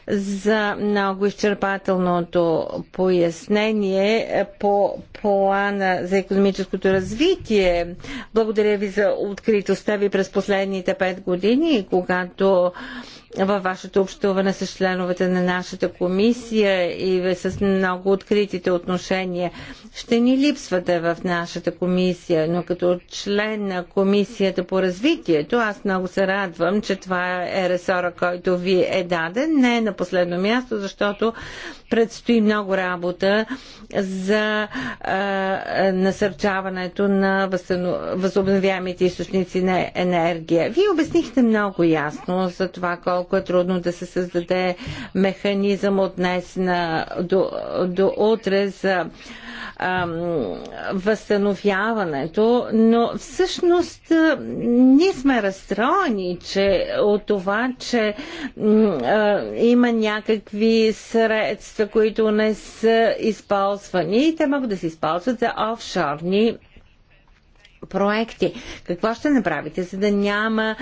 за много изчерпателното пояснение по плана за економическото развитие. Благодаря ви за откритостта ви през последните пет години, когато във вашето общуване с членовете на нашата комисия и с много откритите отношения. Ще ни липсвате в нашата комисия, но като член на комисията по развитието, аз много се радвам, че това е ресора, който ви е даден. Не е на последно място, защото предстои много работа за а, насърчаването на възобновяемите източници на енергия. Вие обяснихте много ясно за това колко е трудно да се създаде механизъм от днес на, до, до утре за възстановяването, но всъщност ние сме разстроени, че от това, че има някакви средства, които не са използвани те могат да се използват за офшорни проекти. Какво ще направите, за да няма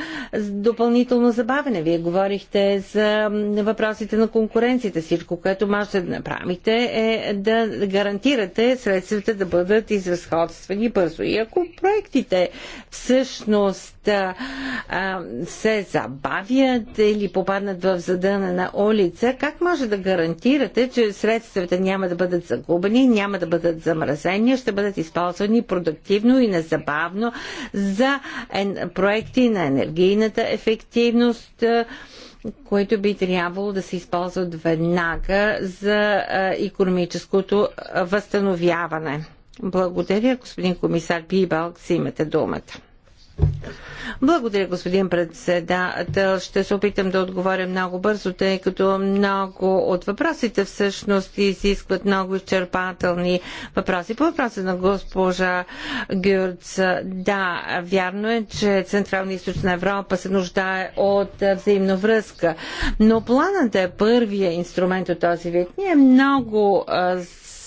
допълнително забавене? Вие говорихте за въпросите на конкуренцията. Всичко, което можете да направите е да гарантирате средствата да бъдат изразходствани бързо. И ако проектите всъщност а, се забавят или попаднат в задъна на улица, как може да гарантирате, че средствата няма да бъдат загубени, няма да бъдат замразени, ще бъдат използвани продуктивно и незабавно? незабавно за проекти на енергийната ефективност, които би трябвало да се използват веднага за економическото възстановяване. Благодаря, господин комисар Бибалк, си имате думата. Благодаря, господин председател. Ще се опитам да отговоря много бързо, тъй като много от въпросите всъщност изискват много изчерпателни въпроси. По въпроса на госпожа Гюрц, да, вярно е, че Централна и Източна Европа се нуждае от взаимно връзка, но планът е първия инструмент от този вид. Ние много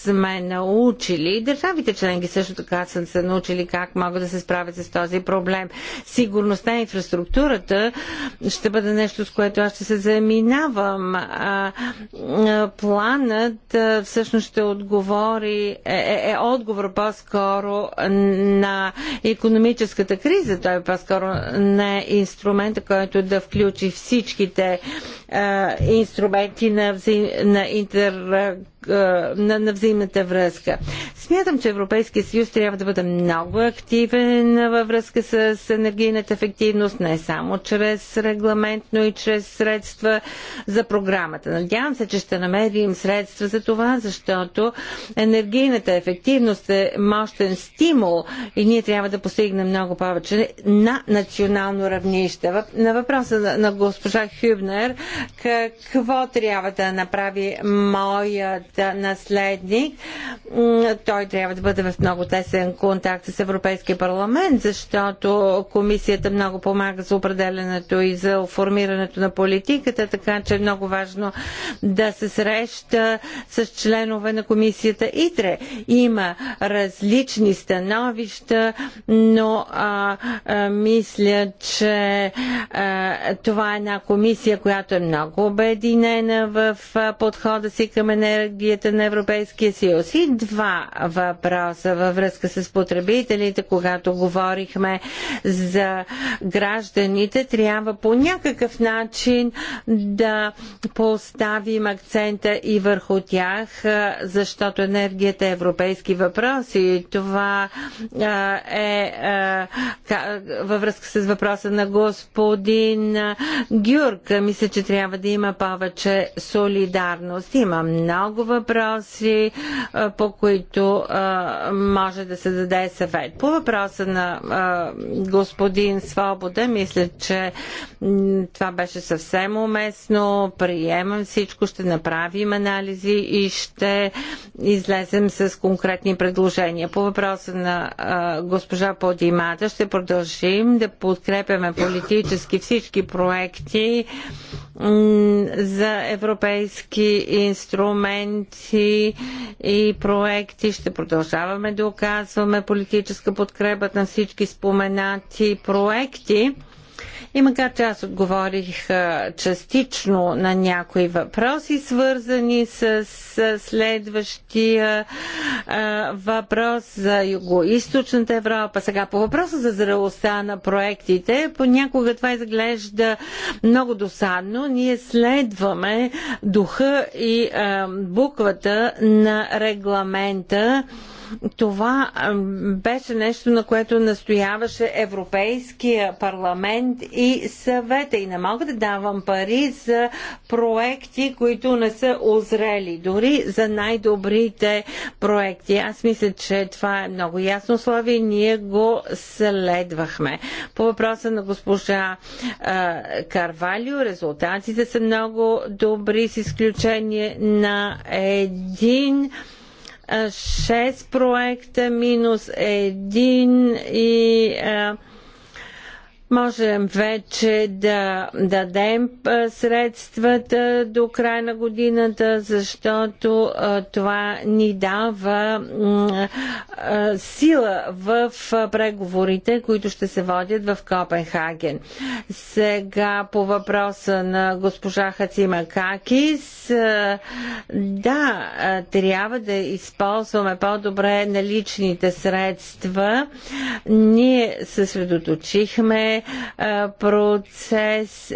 сме научили, държавите членки също така са се научили как могат да се справят с този проблем. Сигурността на инфраструктурата ще бъде нещо, с което аз ще се заминавам. Планът всъщност ще отговори, е, е, е отговор по-скоро на економическата криза. Той е по-скоро не инструмента, който да включи всичките а, инструменти на, на интер на, на взаимната връзка. Смятам, че Европейския съюз трябва да бъде много активен във връзка с енергийната ефективност, не само чрез регламент, но и чрез средства за програмата. Надявам се, че ще намерим средства за това, защото енергийната ефективност е мощен стимул и ние трябва да постигнем много повече на национално равнище. На въпроса на, на госпожа Хюбнер, какво трябва да направи моят наследник, той трябва да бъде в много тесен контакт с Европейския парламент, защото комисията много помага за определенето и за формирането на политиката, така че е много важно да се среща с членове на комисията ИТРЕ. Има различни становища, но а, а, мисля, че а, това е една комисия, която е много обединена в подхода си към енергия енергията на Европейския съюз. И два въпроса във връзка с потребителите, когато говорихме за гражданите, трябва по някакъв начин да поставим акцента и върху тях, защото енергията е европейски въпрос и това е във връзка с въпроса на господин Гюрк. Мисля, че трябва да има повече солидарност. Има много въпроси, по които може да се даде съвет. По въпроса на господин Свобода, мисля, че това беше съвсем уместно. Приемам всичко, ще направим анализи и ще излезем с конкретни предложения. По въпроса на госпожа Подимата ще продължим да подкрепяме политически всички проекти за европейски инструмент инструменти и проекти. Ще продължаваме да оказваме политическа подкрепа на всички споменати проекти и макар че аз отговорих частично на някои въпроси, свързани с следващия въпрос за Юго-Источната Европа, сега по въпроса за зрелостта на проектите, понякога това изглежда много досадно. Ние следваме духа и буквата на регламента това беше нещо, на което настояваше Европейския парламент и съвета. И не мога да давам пари за проекти, които не са озрели, дори за най-добрите проекти. Аз мисля, че това е много ясно Слави, Ние го следвахме. По въпроса на госпожа е, Карвалио, резултатите са много добри, с изключение на един 6 проекта минус 1 и а, Можем вече да дадем средствата до края на годината, защото това ни дава сила в преговорите, които ще се водят в Копенхаген. Сега по въпроса на госпожа Хацима Какис. Да, трябва да използваме по-добре наличните средства. Ние съсредоточихме процес,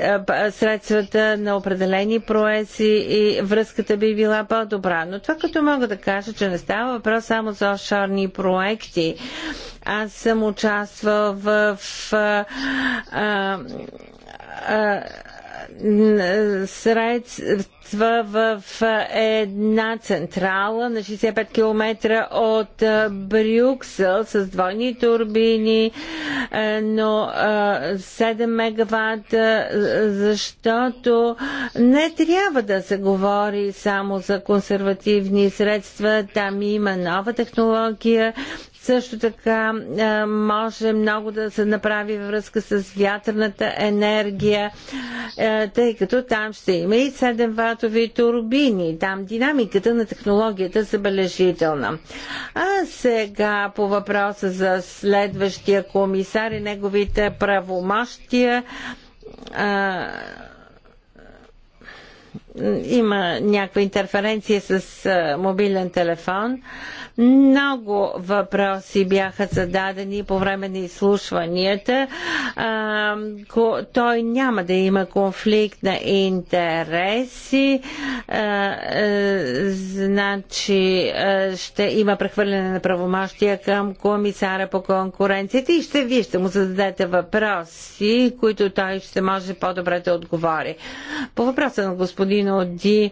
средствата на определени проекти и връзката би била по-добра. Но това като мога да кажа, че не става въпрос само за офшорни проекти. Аз съм участвал в, в а, а, средства в една централа на 65 км от Брюксел с двойни турбини, е, но 7 мегаватта, е, защото не трябва да се говори само за консервативни средства. Там има нова технология също така може много да се направи във връзка с вятърната енергия, тъй като там ще има и 7 ватови турбини. Там динамиката на технологията е забележителна. А сега по въпроса за следващия комисар и неговите правомощия има някаква интерференция с мобилен телефон. Много въпроси бяха зададени по време на изслушванията. той няма да има конфликт на интереси. значи ще има прехвърляне на правомощия към комисара по конкуренцията и ще вие ще му зададете въпроси, които той ще може по-добре да отговори. По въпроса на господин минути.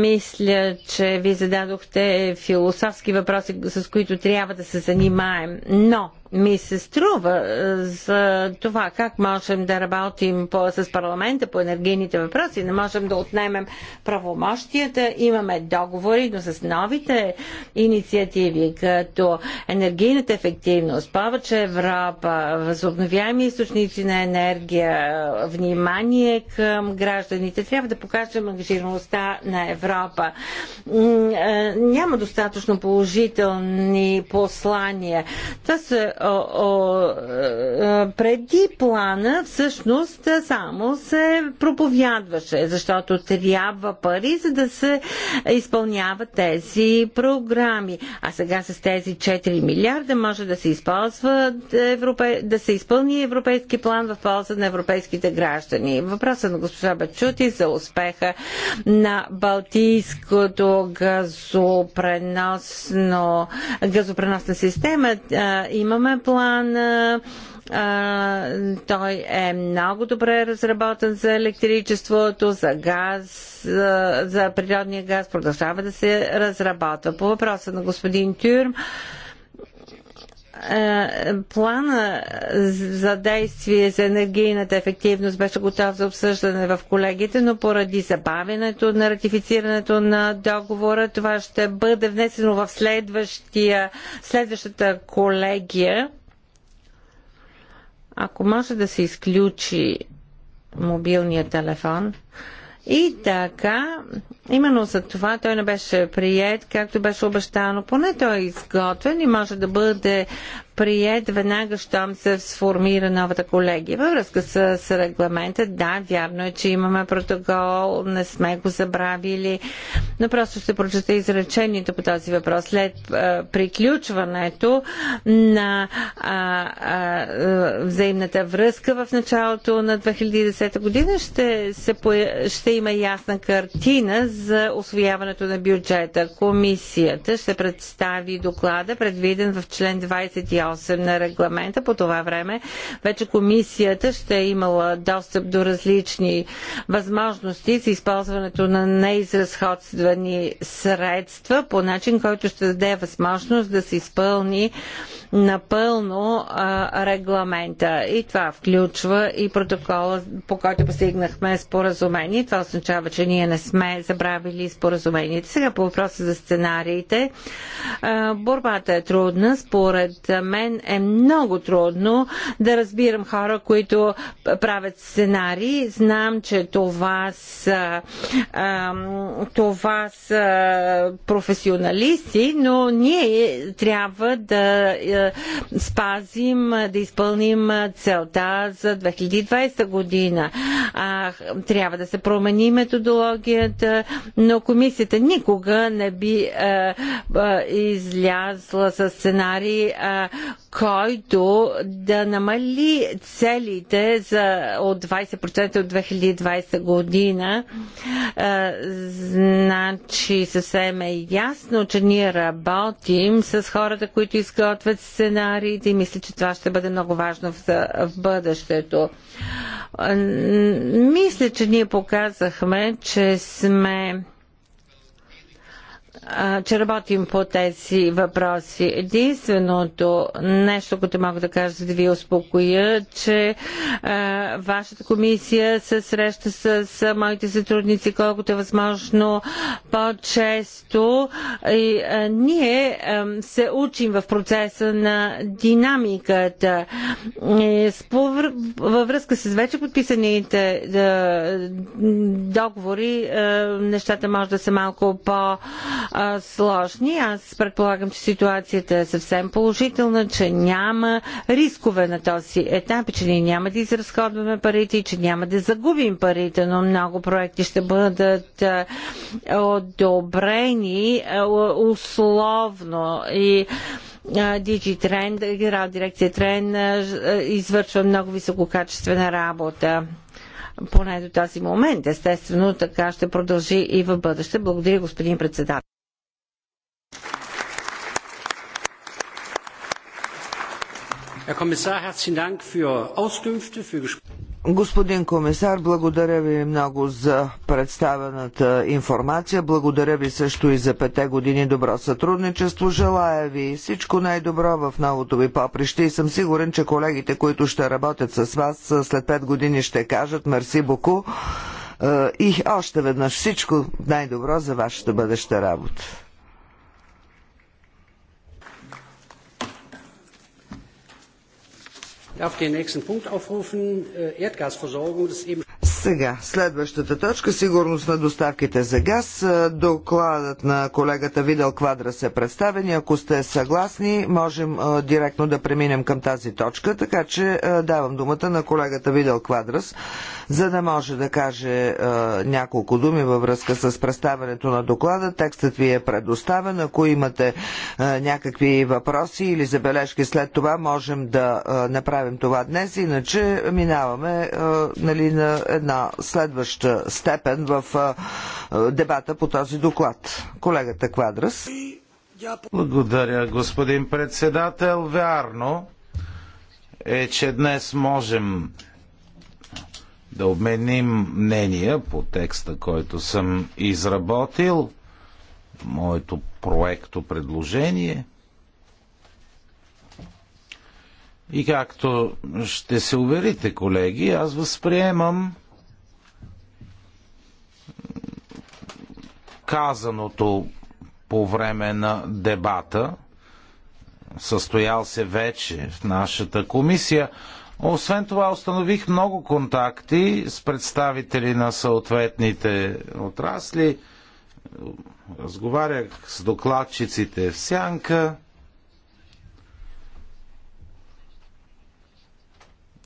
Мисля, че ви зададохте философски въпроси, с които трябва да се занимаем. Но ми се струва е, за това как можем да работим по, с парламента по енергийните въпроси. Не можем да отнемем правомощията. Имаме договори, но с новите инициативи, като енергийната ефективност, повече Европа, възобновяеми източници на енергия, внимание към гражданите. Трябва да покажем ангажираността на Европа. Е, няма достатъчно положителни послания. Това са о, е, преди плана всъщност само се проповядваше, защото трябва пари, за да се изпълняват тези програми. А сега с тези 4 милиарда може да се използва европе... да се изпълни европейски план в полза на европейските граждани. Въпросът на госпожа Бачути за успеха на Балтийското газопреносно газопреносна система е, имаме Имаме план. А, той е много добре разработен за електричеството, за газ, за, за природния газ. Продължава да се разработва. По въпроса на господин Тюрм. А, е, плана за действие за енергийната ефективност беше готов за обсъждане в колегите, но поради забавянето на ратифицирането на договора, това ще бъде внесено в следващата колегия. Ако може да се изключи мобилния телефон. И така, именно за това той не беше прият, както беше обещано. Поне той е изготвен и може да бъде прият веднага, щом се сформира новата колегия. Във връзка с, с регламента, да, вярно е, че имаме протокол, не сме го забравили, но просто ще прочета изречението по този въпрос. След а, приключването на а, а, взаимната връзка в началото на 2010 година ще, се, ще има ясна картина за освояването на бюджета. Комисията ще представи доклада, предвиден в член 28 28 на регламента. По това време вече комисията ще е имала достъп до различни възможности за използването на неизразходствани средства по начин, който ще даде възможност да се изпълни напълно а, регламента. И това включва и протокола, по който постигнахме споразумение. Това означава, че ние не сме забравили споразумението. Сега по въпроса за сценариите. А, борбата е трудна. Според мен е много трудно да разбирам хора, които правят сценарии. Знам, че това са, а, това са професионалисти, но ние трябва да да спазим, да изпълним целта за 2020 година. А, трябва да се промени методологията, но комисията никога не би а, е, а, е, излязла с сценарий, а, е, който да намали целите за, от 20% от 2020 година. значи съвсем е ясно, че ние работим с хората, които изготвят сценариите и мисля, че това ще бъде много важно в, в бъдещето. мисля, че ние показахме, че сме че работим по тези въпроси. Единственото нещо, което мога да кажа, за да ви успокоя, че а, вашата комисия се среща с, с моите сътрудници колкото е възможно по-често и а, ние а, се учим в процеса на динамиката. И, спор, във връзка с вече подписаните договори, а, нещата може да са малко по- а, сложни. Аз предполагам, че ситуацията е съвсем положителна, че няма рискове на този етап, че ние няма да изразходваме парите и че няма да загубим парите, но много проекти ще бъдат одобрени условно и тренд, генерал дирекция Трен извършва много висококачествена работа поне до този момент. Естествено, така ще продължи и в бъдеще. Благодаря, господин председател. Господин комисар, благодаря ви много за представената информация. Благодаря ви също и за пете години добро сътрудничество. Желая ви всичко най-добро в новото ви поприще и съм сигурен, че колегите, които ще работят с вас след пет години ще кажат мерси боку и още веднъж всичко най-добро за вашата бъдеща работа. darf den nächsten Punkt aufrufen, Erdgasversorgung ist eben сега, следващата точка сигурност на доставките за газ. Е, докладът на колегата Видел Квадра е представен ако сте съгласни, можем е, директно да преминем към тази точка, така че е, давам думата на колегата Видел Квадрас, за да може да каже няколко думи във връзка с представенето на доклада. Текстът ви е предоставен. Ако имате някакви въпроси или забележки след това, можем да направим това днес, иначе минаваме нали, на една на следваща степен в дебата по този доклад. Колегата Квадрас. Благодаря, господин председател. Вярно е, че днес можем да обменим мнения по текста, който съм изработил, моето проекто предложение. И както ще се уверите, колеги, аз възприемам казаното по време на дебата, състоял се вече в нашата комисия. Освен това, установих много контакти с представители на съответните отрасли. Разговарях с докладчиците в Сянка.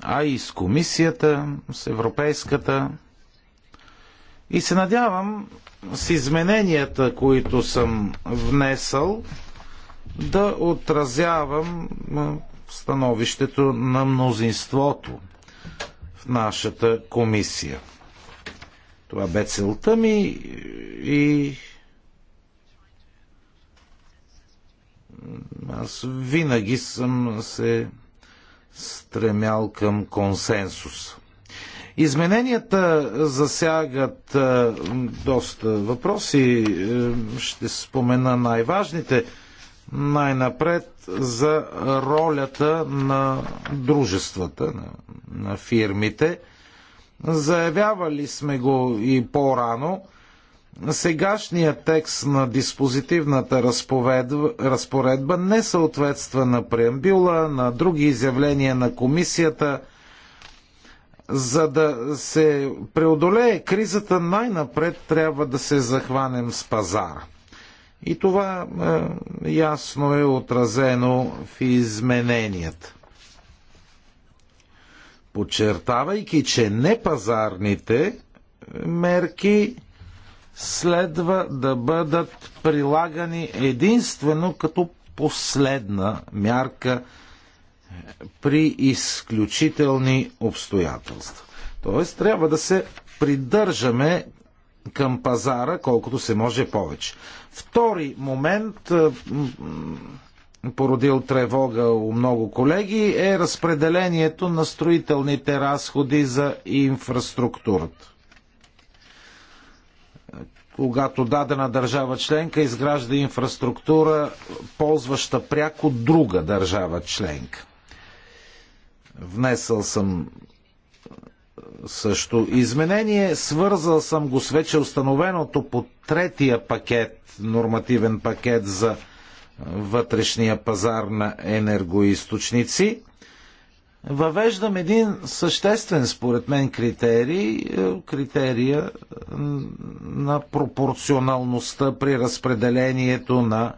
а и с комисията, с европейската. И се надявам с измененията, които съм внесъл, да отразявам становището на мнозинството в нашата комисия. Това бе целта ми и аз винаги съм се стремял към консенсуса. Измененията е, засягат е, доста въпроси. Е, ще спомена най-важните. Най-напред за ролята на дружествата, на фирмите. Заявявали сме го и по-рано. Сегашният текст на диспозитивната разпоредба не съответства на преамбюла, на други изявления на комисията – за да се преодолее кризата, най-напред трябва да се захванем с пазара. И това е, ясно е отразено в измененията. Подчертавайки, че непазарните е, мерки следва да бъдат прилагани единствено като последна мярка – при изключителни обстоятелства. Тоест, трябва да се придържаме към пазара колкото се може повече. Втори момент, е, породил тревога у много колеги, е разпределението на строителните разходи за инфраструктурата. Когато дадена държава членка изгражда инфраструктура, ползваща пряко друга държава членка. Внесъл съм също изменение. Свързал съм го с вече установеното по третия пакет, нормативен пакет за вътрешния пазар на енергоисточници. Въвеждам един съществен, според мен, критерий, е, критерия на пропорционалността при разпределението на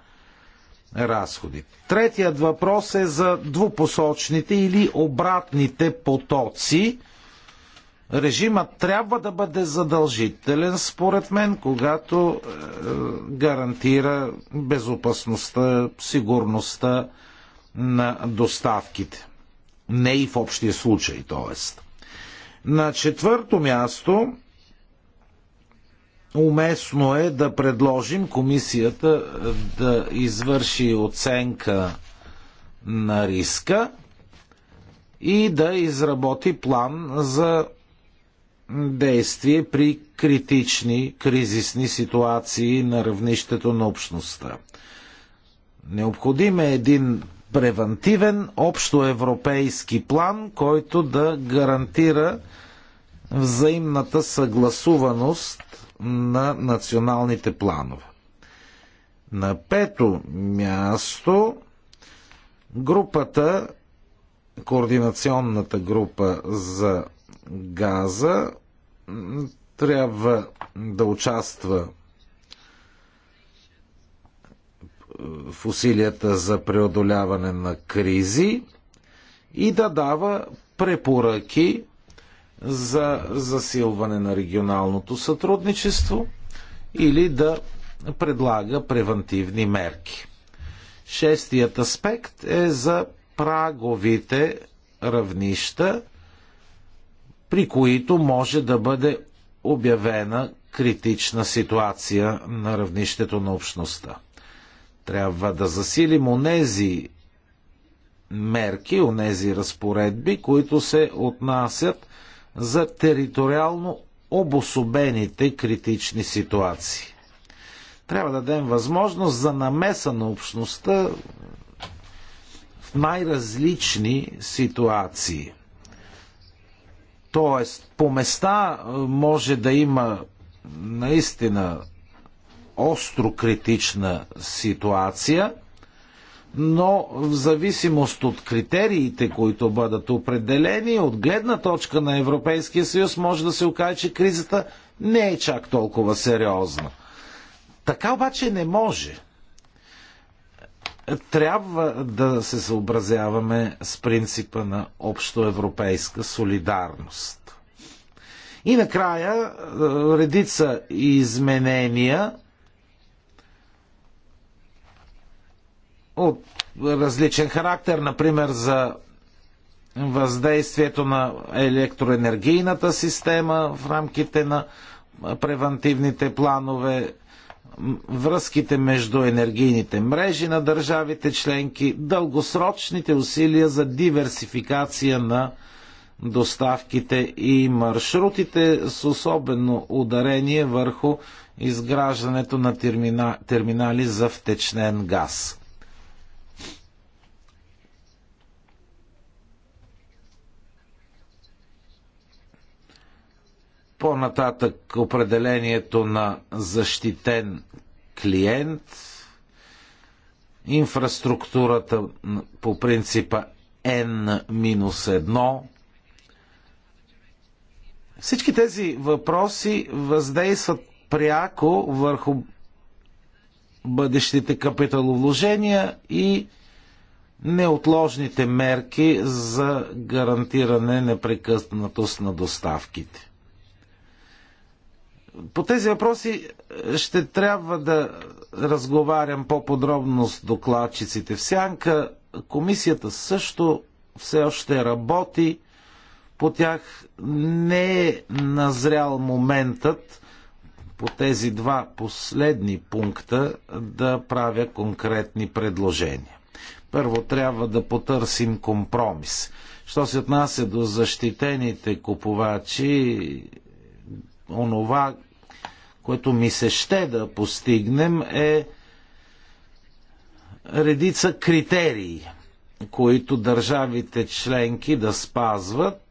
разходи. Третият въпрос е за двупосочните или обратните потоци. Режимът трябва да бъде задължителен, според мен, когато е, гарантира безопасността, сигурността на доставките. Не и в общия случай, т.е. На четвърто място уместно е да предложим комисията е, да извърши оценка на риска и да изработи план за действие при критични кризисни ситуации на равнището на общността. Необходим е един превантивен общоевропейски план, който да гарантира взаимната съгласуваност на националните планове. На пето място групата, координационната група за газа трябва да участва в усилията за преодоляване на кризи и да дава препоръки за засилване на регионалното сътрудничество или да предлага превентивни мерки. Шестият аспект е за праговите равнища, при които може да бъде обявена критична ситуация на равнището на общността. Трябва да засилим онези мерки, онези разпоредби, които се отнасят за териториално обособените критични ситуации. Трябва да дадем възможност за намеса на общността в най-различни ситуации. Тоест, по места е, може да има наистина остро критична ситуация – но в зависимост от критериите, които бъдат определени, от гледна точка на Европейския съюз може да се окаже, че кризата не е чак толкова сериозна. Така обаче не може. Трябва да се съобразяваме с принципа на общоевропейска солидарност. И накрая е, редица изменения – от различен характер, например за въздействието на електроенергийната система в рамките на превантивните планове, връзките между енергийните мрежи на държавите членки, дългосрочните усилия за диверсификация на доставките и маршрутите с особено ударение върху изграждането на терминали за втечнен газ. По-нататък определението на защитен клиент, инфраструктурата по принципа N-1, всички тези въпроси въздействат пряко върху бъдещите капиталовложения и неотложните мерки за гарантиране непрекъснатост на доставките. По тези въпроси е, ще трябва да разговарям по-подробно с докладчиците в сянка. Комисията също все още работи по тях. Не е назрял моментът по тези два последни пункта да правя конкретни предложения. Първо трябва да потърсим компромис. Що се отнася до защитените купувачи онова, което ми се ще да постигнем е редица критерии, които държавите членки да спазват,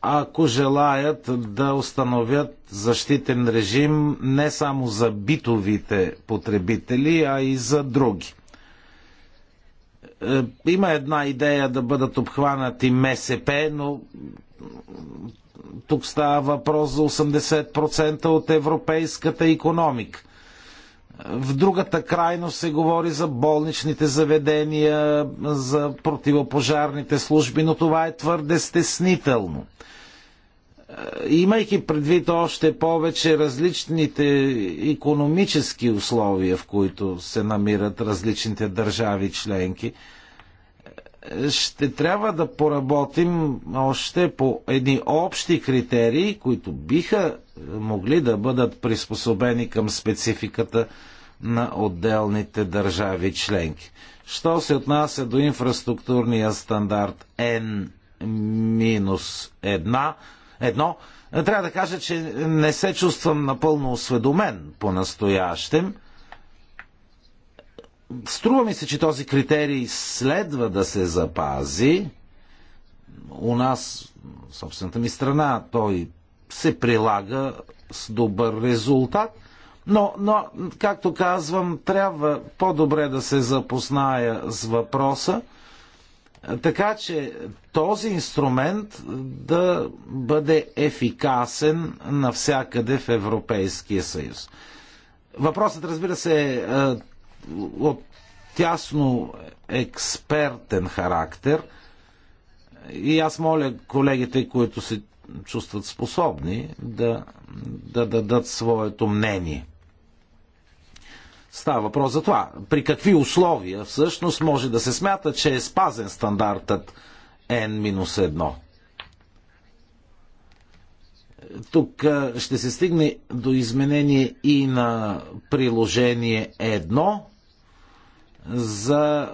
ако желаят да установят защитен режим не само за битовите потребители, а и за други. Е, има една идея да бъдат обхванати МСП, но тук става въпрос за 80% от европейската економика. В другата крайност се говори за болничните заведения, за противопожарните служби, но това е твърде стеснително имайки предвид още повече различните економически условия, в които се намират различните държави членки, ще трябва да поработим още по едни общи критерии, които биха могли да бъдат приспособени към спецификата на отделните държави членки. Що се отнася до инфраструктурния стандарт N-1, едно, трябва да кажа, че не се чувствам напълно осведомен по-настоящем. Струва ми се, че този критерий следва да се запази. У нас, в собствената ми страна, той се прилага с добър резултат. Но, но както казвам, трябва по-добре да се запозная с въпроса така че този инструмент да бъде ефикасен навсякъде в Европейския съюз. Въпросът, разбира се, е, е от тясно експертен характер. И аз моля колегите, които се чувстват способни, да, да дадат своето мнение. Става въпрос за това. При какви условия всъщност може да се смята, че е спазен стандартът N-1? Тук ще се стигне до изменение и на приложение 1 за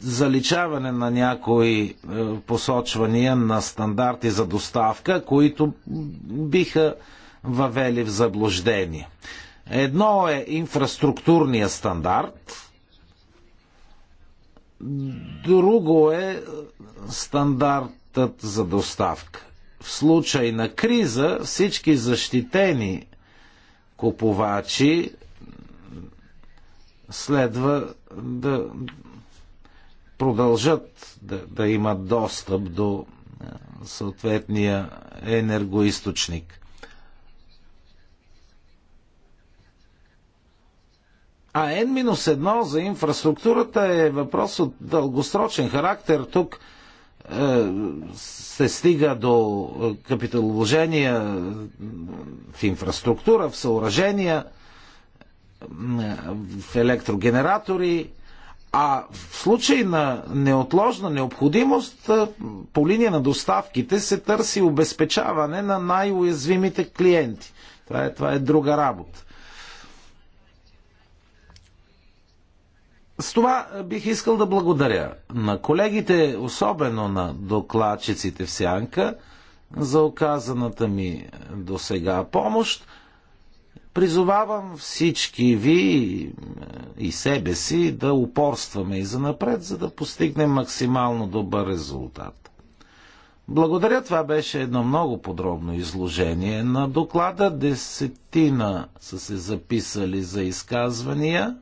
заличаване на някои е, посочвания на стандарти за доставка, които биха въвели в заблуждение. Едно е инфраструктурния стандарт, друго е стандартът за доставка. В случай на криза всички защитени купувачи следва да продължат да, да имат достъп до е, съответния енергоисточник. А N-1 за инфраструктурата е въпрос от дългосрочен характер. Тук е, се стига до капиталовложения в инфраструктура, в съоръжения, в електрогенератори, а в случай на неотложна необходимост е, по линия на доставките се търси обезпечаване на най-уязвимите клиенти. Това е, това е друга работа. С това бих искал да благодаря на колегите, особено на докладчиците в Сянка, за оказаната ми до сега помощ. Призовавам всички ви и себе си да упорстваме и за напред, за да постигнем максимално добър резултат. Благодаря, това беше едно много подробно изложение на доклада. Десетина са се записали за изказвания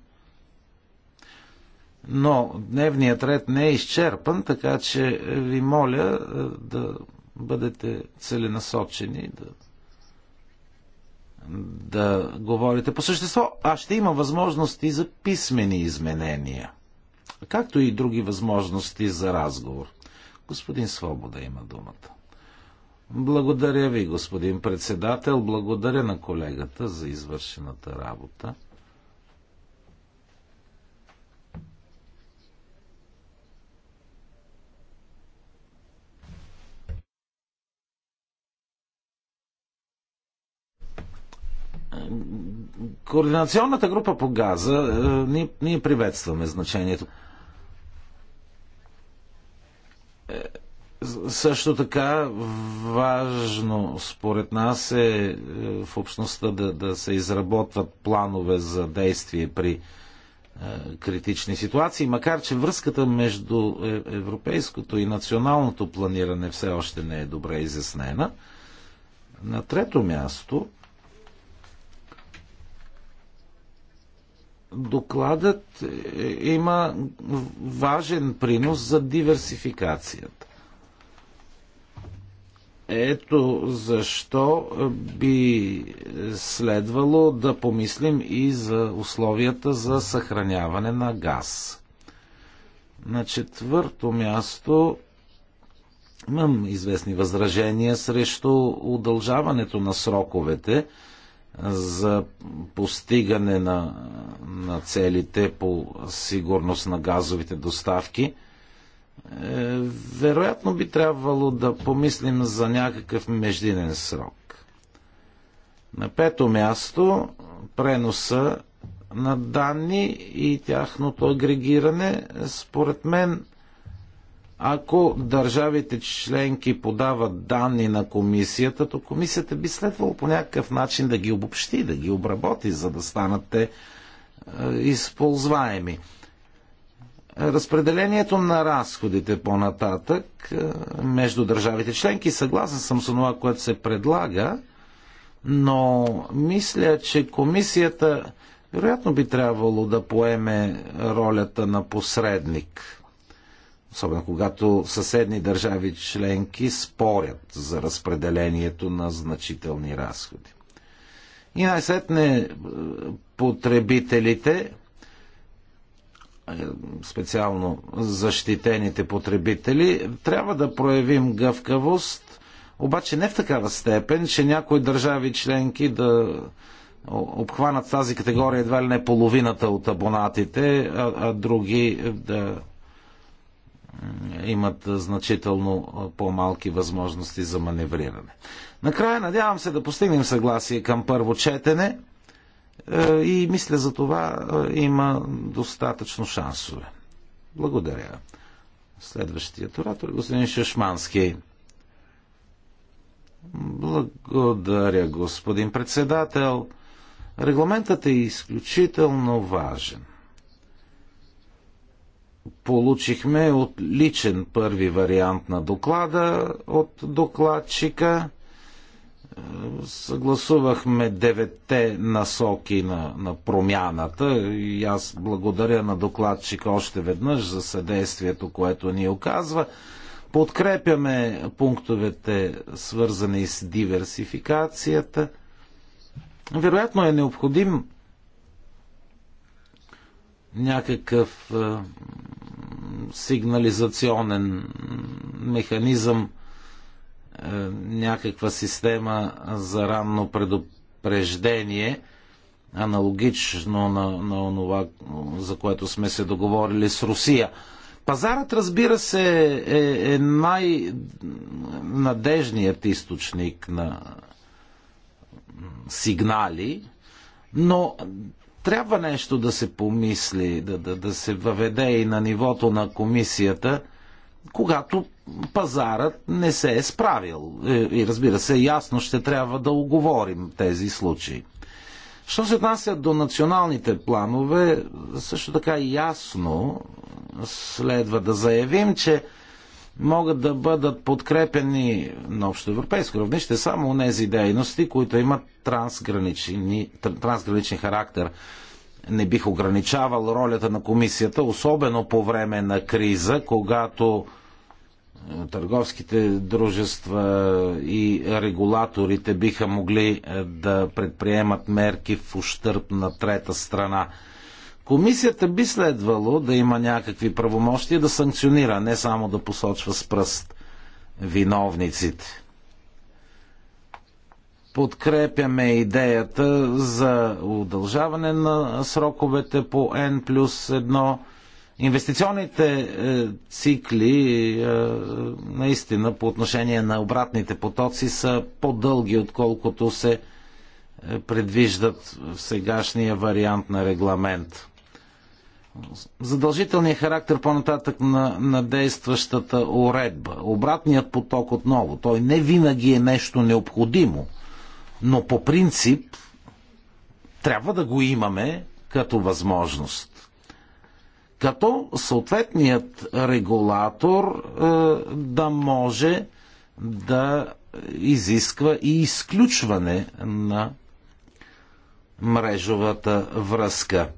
но дневният ред не е изчерпан, така че ви моля е, да бъдете целенасочени, да, да говорите по същество. А ще има възможности за писмени изменения, както и други възможности за разговор. Господин Свобода има думата. Благодаря ви, господин председател. Благодаря на колегата за извършената работа. Координационната група по газа, е, ние, ние приветстваме значението. Е, също така важно според нас е, е в общността да, да се изработват планове за действие при е, критични ситуации, макар че връзката между европейското и националното планиране все още не е добре изяснена. На трето място докладът е, има важен принос за диверсификацията. Ето защо би следвало да помислим и за условията за съхраняване на газ. На четвърто място имам известни възражения срещу удължаването на сроковете, за постигане на, на целите по сигурност на газовите доставки, е, вероятно би трябвало да помислим за някакъв междинен срок. На пето място преноса на данни и тяхното агрегиране, според мен, ако държавите членки подават данни на комисията, то комисията би следвало по някакъв начин да ги обобщи, да ги обработи, за да станат те е, използваеми. Разпределението на разходите по-нататък е, между държавите членки, съгласен съм с това, което се предлага, но мисля, че комисията вероятно би трябвало да поеме ролята на посредник – Особено когато съседни държави членки спорят за разпределението на значителни разходи. И най-сетне е, потребителите, е, специално защитените потребители, трябва да проявим гъвкавост, обаче не в такава степен, че някои държави членки да обхванат тази категория едва ли не половината от абонатите, а, а други да имат значително по-малки възможности за маневриране. Накрая надявам се да постигнем съгласие към първо четене е, и мисля за това е, има достатъчно шансове. Благодаря. Следващият оратор, господин Шашмански. Благодаря, господин председател. Регламентът е изключително важен – получихме отличен първи вариант на доклада от докладчика. Е, съгласувахме девете насоки на, на промяната и аз благодаря на докладчика още веднъж за съдействието, което ни оказва. Подкрепяме пунктовете, свързани с диверсификацията. Вероятно е необходим някакъв сигнализационен механизъм, някаква система за ранно предупреждение, аналогично на, на онова, за което сме се договорили с Русия. Пазарът, разбира се, е, е най-надежният източник на сигнали, но трябва нещо да се помисли, да, да, да се въведе и на нивото на комисията, когато пазарът не се е справил. Е, и разбира се, ясно ще трябва да оговорим тези случаи. Що се отнася до националните планове, също така ясно следва да заявим, че могат да бъдат подкрепени на общо европейско равнище само тези дейности, които имат трансграничен, трансграничен характер. Не бих ограничавал ролята на комисията, особено по време на криза, когато е, търговските дружества и регулаторите биха могли е, да предприемат мерки в ущърп на трета страна. Комисията би следвало да има някакви правомощия да санкционира, не само да посочва с пръст виновниците. Подкрепяме идеята за удължаване на сроковете по N плюс 1. Инвестиционните е, цикли е, наистина по отношение на обратните потоци са по-дълги, отколкото се е, предвиждат в сегашния вариант на регламент. Задължителният характер по-нататък на, на действащата уредба. Обратният поток отново. Той не винаги е нещо необходимо, но по принцип трябва да го имаме като възможност. Като съответният регулатор е, да може да изисква и изключване на мрежовата връзка.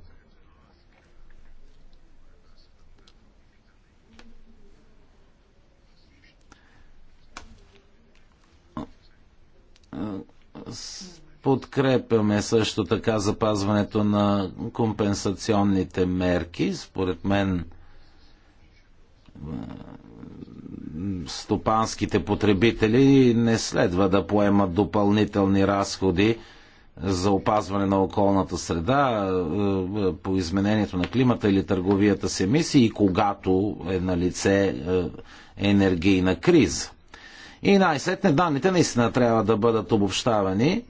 Подкрепяме също така запазването на компенсационните мерки. Според мен стопанските потребители не следва да поемат допълнителни разходи за опазване на околната среда по изменението на климата или търговията с емисии, когато е на лице енергийна криза. И най-сетне данните наистина трябва да бъдат обобщавани,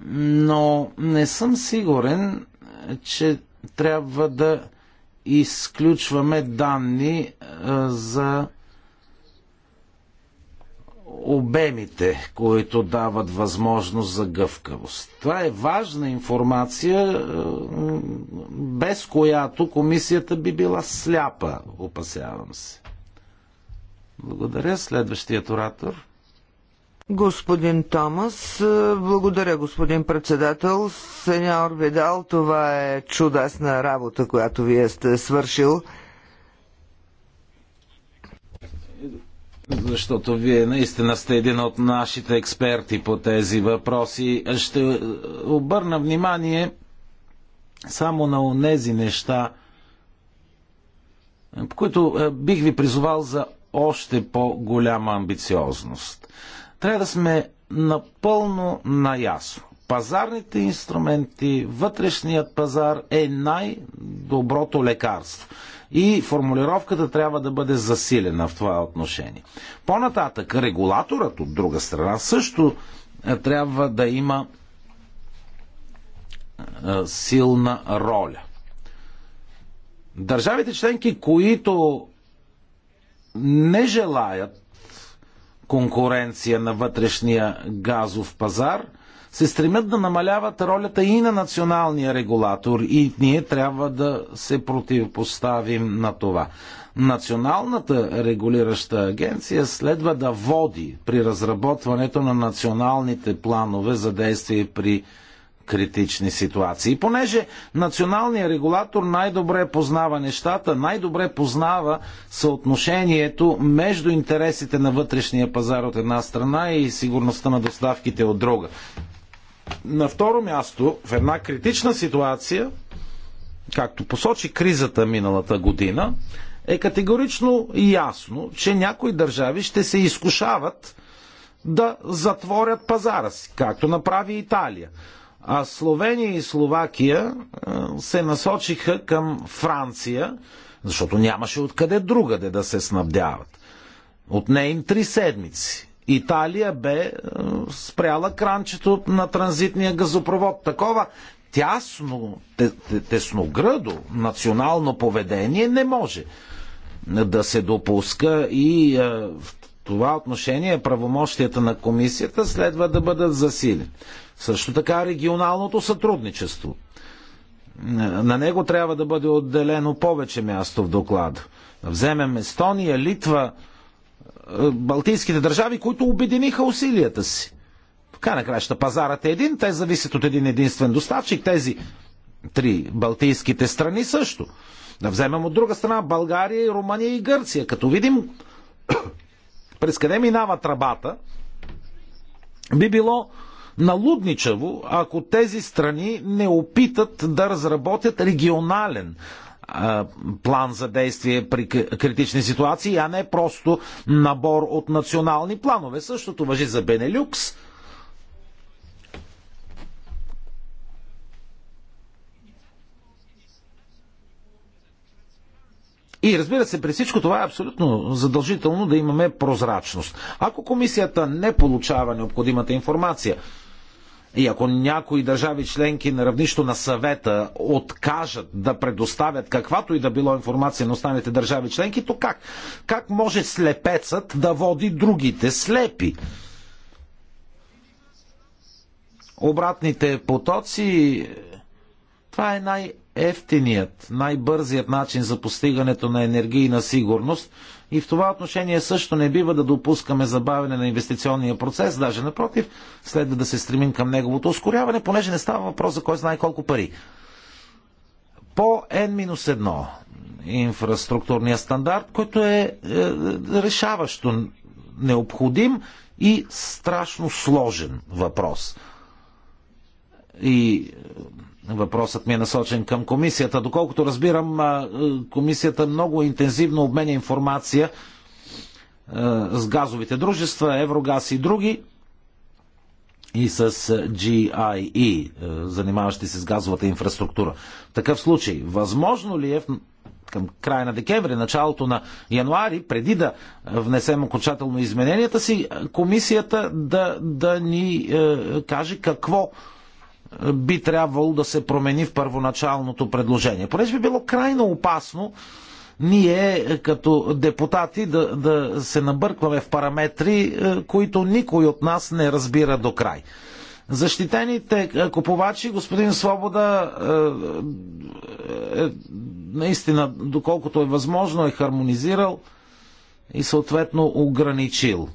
но не съм сигурен, че трябва да изключваме данни е, за обемите, които дават възможност за гъвкавост. Това е важна информация, е, без която комисията би била сляпа, опасявам се. Благодаря. Следващият оратор. Господин Томас, е, благодаря господин председател. Сеньор Видал, това е чудесна работа, която вие сте свършил. Защото вие наистина сте един от нашите експерти по тези въпроси. Ще обърна внимание само на онези неща, по които е, бих ви призовал за още по-голяма амбициозност. Трябва да сме напълно наясно. Пазарните инструменти, вътрешният пазар е най-доброто лекарство. И формулировката трябва да бъде засилена в това отношение. По-нататък, регулаторът от друга страна също е, трябва да има е, силна роля. Държавите членки, които не желаят конкуренция на вътрешния газов пазар, се стремят да намаляват ролята и на националния регулатор и ние трябва да се противопоставим на това. Националната регулираща агенция следва да води при разработването на националните планове за действие при критични ситуации. И понеже националният регулатор най-добре познава нещата, най-добре познава съотношението между интересите на вътрешния пазар от една страна и сигурността на доставките от друга. На второ място, в една критична ситуация, както посочи кризата миналата година, е категорично ясно, че някои държави ще се изкушават да затворят пазара си, както направи Италия а Словения и Словакия е, се насочиха към Франция, защото нямаше откъде другаде да се снабдяват. От нея им три седмици. Италия бе е, спряла кранчето на транзитния газопровод. Такова тясно, тесноградо национално поведение не може да се допуска и е, в това отношение правомощията на комисията следва да бъдат засилени. Също така регионалното сътрудничество. На него трябва да бъде отделено повече място в доклада. Вземем Естония, Литва, е, Балтийските държави, които обединиха усилията си. Така накрая ще пазарът е един, те зависят от един единствен доставчик, тези три балтийските страни също. Да вземем от друга страна България, Румъния и Гърция. Като видим през къде минава тръбата, би било налудничаво, ако тези страни не опитат да разработят регионален план за действие при критични ситуации, а не просто набор от национални планове. Същото въжи за Бенелюкс, И разбира се, при всичко това е абсолютно задължително да имаме прозрачност. Ако комисията не получава необходимата информация, и ако някои държави членки на равнището на съвета откажат да предоставят каквато и да било информация на останалите държави членки, то как? Как може слепецът да води другите слепи? Обратните потоци. Това е най- най-ефтиният, най-бързият начин за постигането на енергийна сигурност и в това отношение също не бива да допускаме забавяне на инвестиционния процес, даже напротив, следва да се стремим към неговото ускоряване, понеже не става въпрос за кой знае колко пари. По N-1 инфраструктурния стандарт, който е, е решаващо необходим и страшно сложен въпрос. И Въпросът ми е насочен към комисията. Доколкото разбирам, е, комисията много интензивно обменя информация е, с газовите дружества, Еврогаз и други, и с е, GIE, занимаващи се с газовата инфраструктура. В такъв случай, възможно ли е към края на декември, началото на януари, преди да внесем окончателно измененията си, комисията да, да ни е, каже какво би трябвало да се промени в първоначалното предложение. Понеже би било крайно опасно ние като депутати да, да се набъркваме в параметри, е, които никой от нас не разбира до край. Защитените е, купувачи, господин Свобода, е, е, наистина, доколкото е възможно, е хармонизирал и съответно ограничил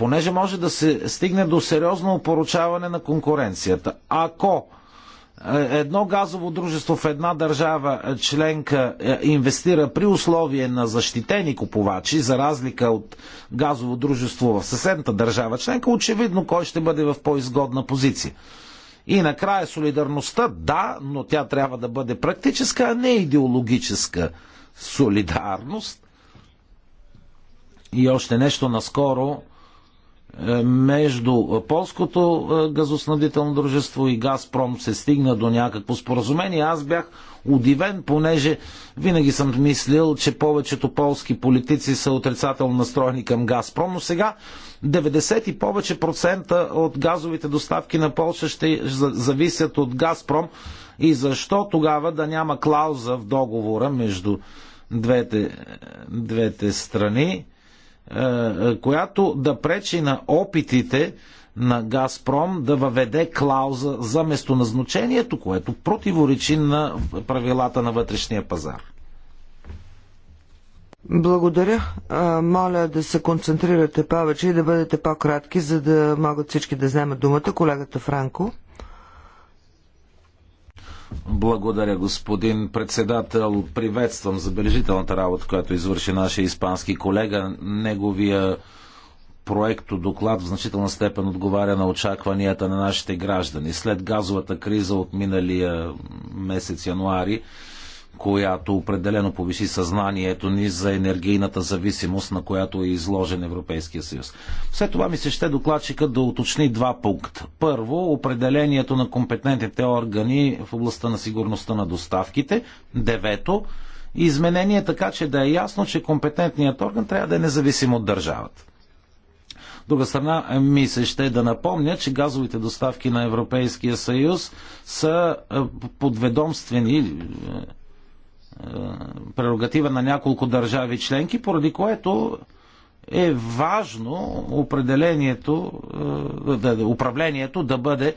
понеже може да се стигне до сериозно опоручаване на конкуренцията. Ако е, едно газово дружество в една държава е, членка е, инвестира при условие на защитени купувачи, за разлика от газово дружество в съседната държава членка, очевидно кой ще бъде в по-изгодна позиция. И накрая солидарността, да, но тя трябва да бъде практическа, а не идеологическа солидарност. И още нещо наскоро е, между полското е, газоснабдително дружество и Газпром се стигна до някакво споразумение. Аз бях удивен, понеже винаги съм мислил, че повечето полски политици са отрицателно настроени към Газпром, но сега 90 и повече процента от газовите доставки на Полша ще зависят от Газпром. И защо тогава да няма клауза в договора между двете, двете страни? Е, е, която да пречи на опитите на Газпром да въведе клауза за местоназначението, което противоречи на правилата на вътрешния пазар. Благодаря. моля да се концентрирате повече и да бъдете по-кратки, за да могат всички да вземат думата. Колегата Франко. Благодаря, господин председател. Приветствам забележителната работа, която извърши нашия испански колега. Неговия проекто доклад в значителна степен отговаря на очакванията на нашите граждани. След газовата криза от миналия месец януари, която определено повиши съзнанието ни за енергийната зависимост, на която е изложен Европейския съюз. След това ми се ще докладчика да уточни два пункта. Първо, определението на компетентните органи в областта на сигурността на доставките. Девето, изменение така, че да е ясно, че компетентният орган трябва да е независим от държавата друга страна ми се ще да напомня, че газовите доставки на Европейския съюз са е, подведомствени е, е, прерогатива на няколко държави членки, поради което е важно определението, е, управлението да бъде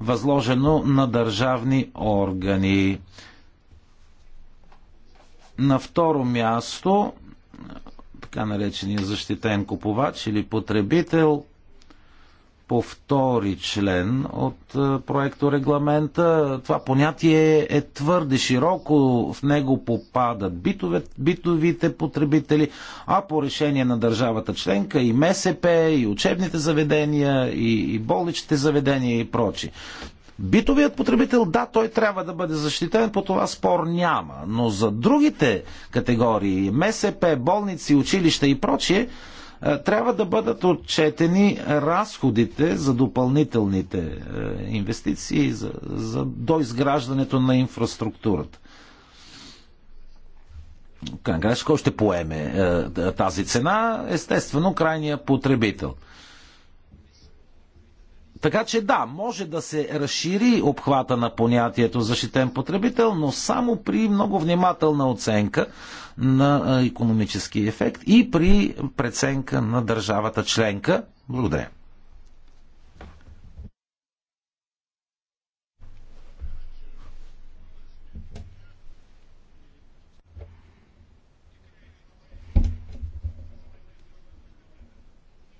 възложено на държавни органи. На второ място, така наречения защитен купувач или потребител, по втори член от е, проекто регламента. Това понятие е твърде широко, в него попадат битове, битовите потребители, а по решение на държавата членка и МСП, и учебните заведения, и, и болничните заведения и прочи. Битовият потребител, да, той трябва да бъде защитен, по това спор няма. Но за другите категории, МСП, болници, училища и прочие, е, трябва да бъдат отчетени разходите за допълнителните е, инвестиции, за, за доизграждането на инфраструктурата. Кангашко ще поеме е, тази цена, естествено, крайният потребител. Така че да, може да се разшири обхвата на понятието защитен потребител, но само при много внимателна оценка на економически ефект и при преценка на държавата членка. Благодаря.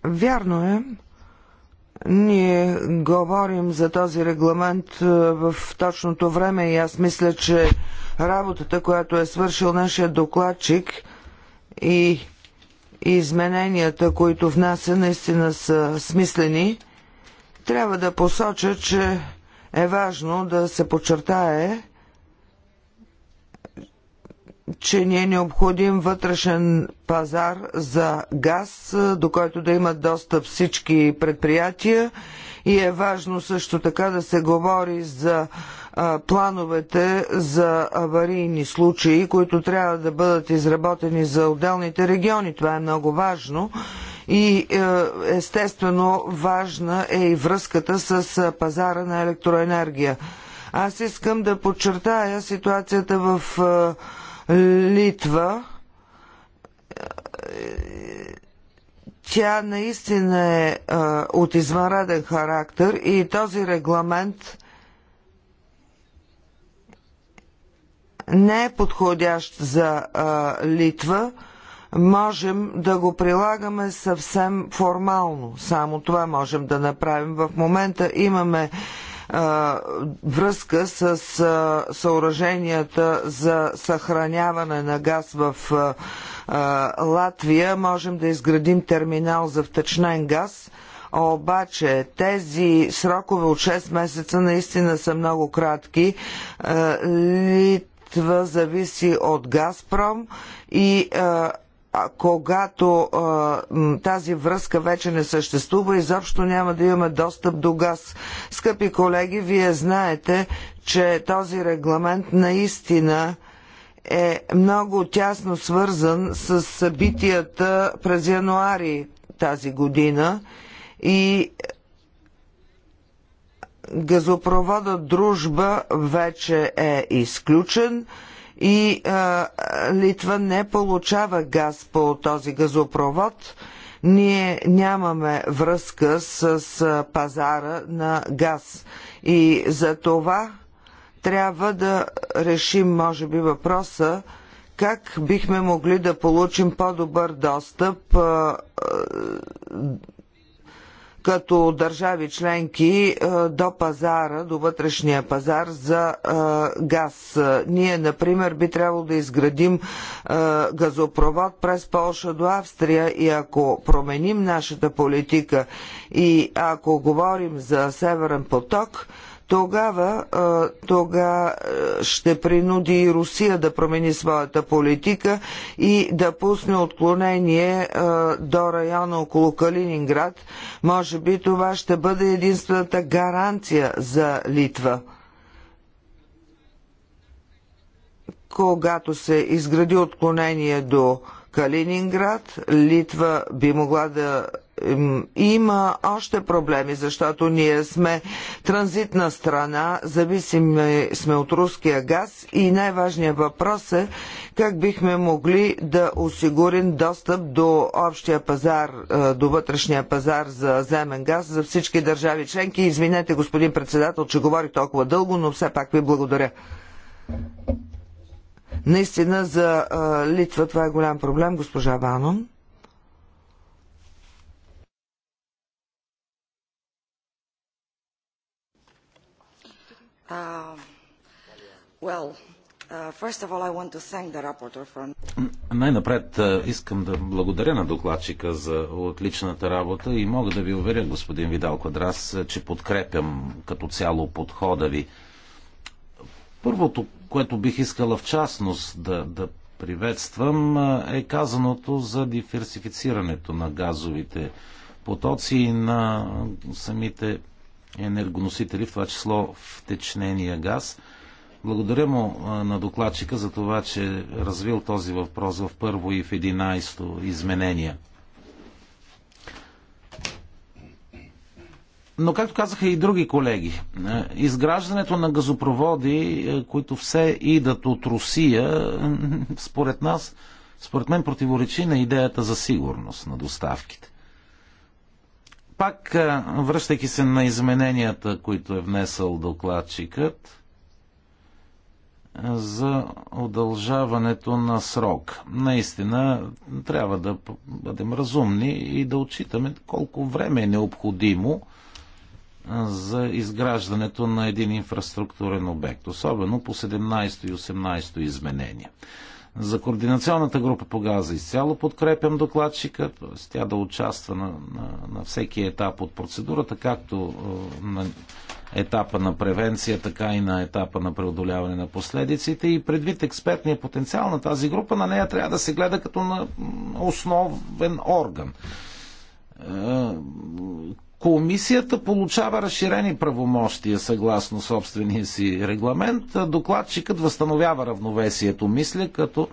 Вярно е, ние говорим за този регламент е, в точното време и аз мисля, че работата, която е свършил нашия докладчик и измененията, които внася, наистина са смислени. Трябва да посоча, че е важно да се подчертае, че ни е необходим вътрешен пазар за газ, до който да имат достъп всички предприятия и е важно също така да се говори за плановете за аварийни случаи, които трябва да бъдат изработени за отделните региони. Това е много важно. И е, естествено важна е и връзката с пазара на електроенергия. Аз искам да подчертая ситуацията в Литва тя наистина е а, от извънреден характер и този регламент не е подходящ за а, Литва. Можем да го прилагаме съвсем формално. Само това можем да направим. В момента имаме връзка с съоръженията за съхраняване на газ в Латвия. Можем да изградим терминал за втечнен газ. Обаче тези срокове от 6 месеца наистина са много кратки. Литва зависи от Газпром и а, когато а, тази връзка вече не съществува, изобщо няма да имаме достъп до газ. Скъпи колеги, вие знаете, че този регламент наистина е много тясно свързан с събитията през януари тази година и газопроводът дружба вече е изключен и а, Литва не получава газ по този газопровод. Ние нямаме връзка с, с пазара на газ и за това трябва да решим, може би, въпроса как бихме могли да получим по-добър достъп а, а, като държави членки е, до пазара, до вътрешния пазар за е, газ. Ние, например, би трябвало да изградим е, газопровод през Полша до Австрия и ако променим нашата политика и ако говорим за Северен поток, тогава, тога ще принуди и Русия да промени своята политика и да пусне отклонение до района около Калининград. Може би това ще бъде единствената гаранция за Литва. Когато се изгради отклонение до Калининград, Литва би могла да има още проблеми, защото ние сме транзитна страна, зависими сме от руския газ и най-важният въпрос е как бихме могли да осигурим достъп до общия пазар, е, до вътрешния пазар за земен газ за всички държави членки. Извинете, господин председател, че говори толкова дълго, но все пак ви благодаря. Наистина за е, Литва това е голям проблем, госпожа Банон. Well, uh, for... Най-напред е, искам да благодаря на докладчика за отличната работа и мога да ви уверя, господин Видал Квадрас, е, че подкрепям като цяло подхода ви. Първото, което бих искала в частност да, да приветствам, е, е казаното за диверсифицирането на газовите потоци и на самите енергоносители, в това число втечнения газ – благодаря му на докладчика за това, че развил този въпрос в първо и в единайсто изменение. Но, както казаха и други колеги, изграждането на газопроводи, които все идат от Русия, *laughs* според нас, според мен противоречи на идеята за сигурност на доставките. Пак, връщайки се на измененията, които е внесъл докладчикът, за удължаването на срок. Наистина трябва да бъдем разумни и да отчитаме колко време е необходимо за изграждането на един инфраструктурен обект, особено по 17 и 18 изменения. За координационната група по газа изцяло подкрепям докладчика, т.е. тя да участва на, на, на всеки етап от процедурата, както е, на етапа на превенция, така и на етапа на преодоляване на последиците. И предвид експертния потенциал на тази група, на нея трябва да се гледа като на основен орган е, Комисията получава разширени правомощия съгласно собствения си регламент. Докладчикът възстановява равновесието, мисля, като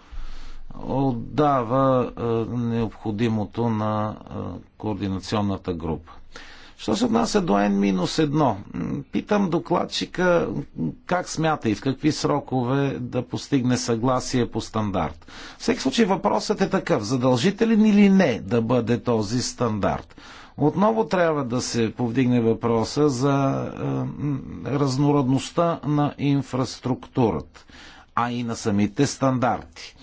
отдава е, необходимото на е, координационната група. Що се отнася до N-1? Питам докладчика как смята и в какви срокове да постигне съгласие по стандарт. Всеки случай въпросът е такъв. Задължителен или не да бъде този стандарт? Отново трябва да се повдигне въпроса за е, разнородността на инфраструктурата, а и на самите стандарти.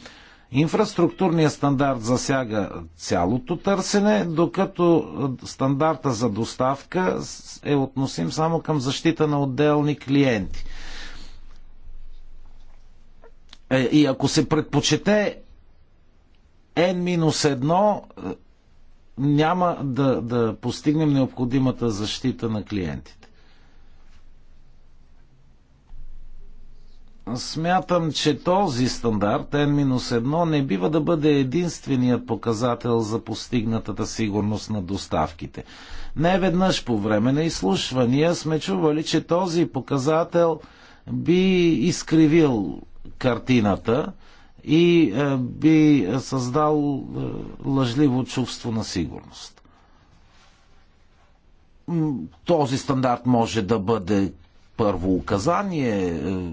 Инфраструктурният стандарт засяга цялото търсене, докато стандарта за доставка е относим само към защита на отделни клиенти. Е, и ако се предпочете N-1 няма да, да постигнем необходимата защита на клиентите. Смятам, че този стандарт N-1 не бива да бъде единственият показател за постигнатата сигурност на доставките. Не веднъж по време на изслушвания сме чували, че този показател би изкривил картината, и е, би създал е, лъжливо чувство на сигурност. Този стандарт може да бъде първо указание, е,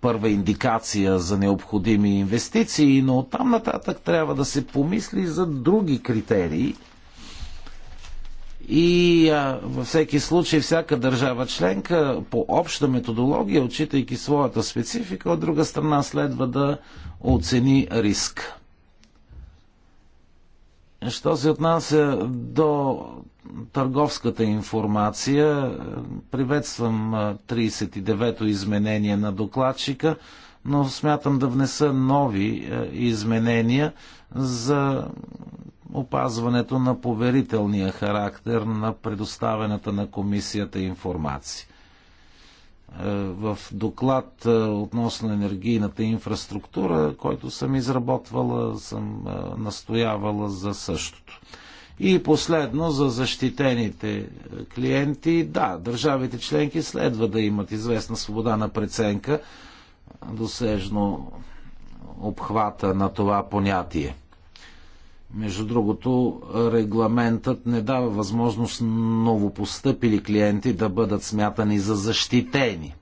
първа индикация за необходими инвестиции, но оттам нататък трябва да се помисли за други критерии – и а, във всеки случай всяка държава членка по обща методология, отчитайки своята специфика, от друга страна следва да оцени риск. Що се отнася до търговската информация, приветствам 39-то изменение на докладчика, но смятам да внеса нови изменения за опазването на поверителния характер на предоставената на комисията информация. Е, в доклад е, относно енергийната инфраструктура, който съм изработвала, съм е, настоявала за същото. И последно, за защитените клиенти, да, държавите членки следва да имат известна свобода на преценка, досежно обхвата на това понятие. Между другото, регламентът не дава възможност новопостъпили клиенти да бъдат смятани за защитени.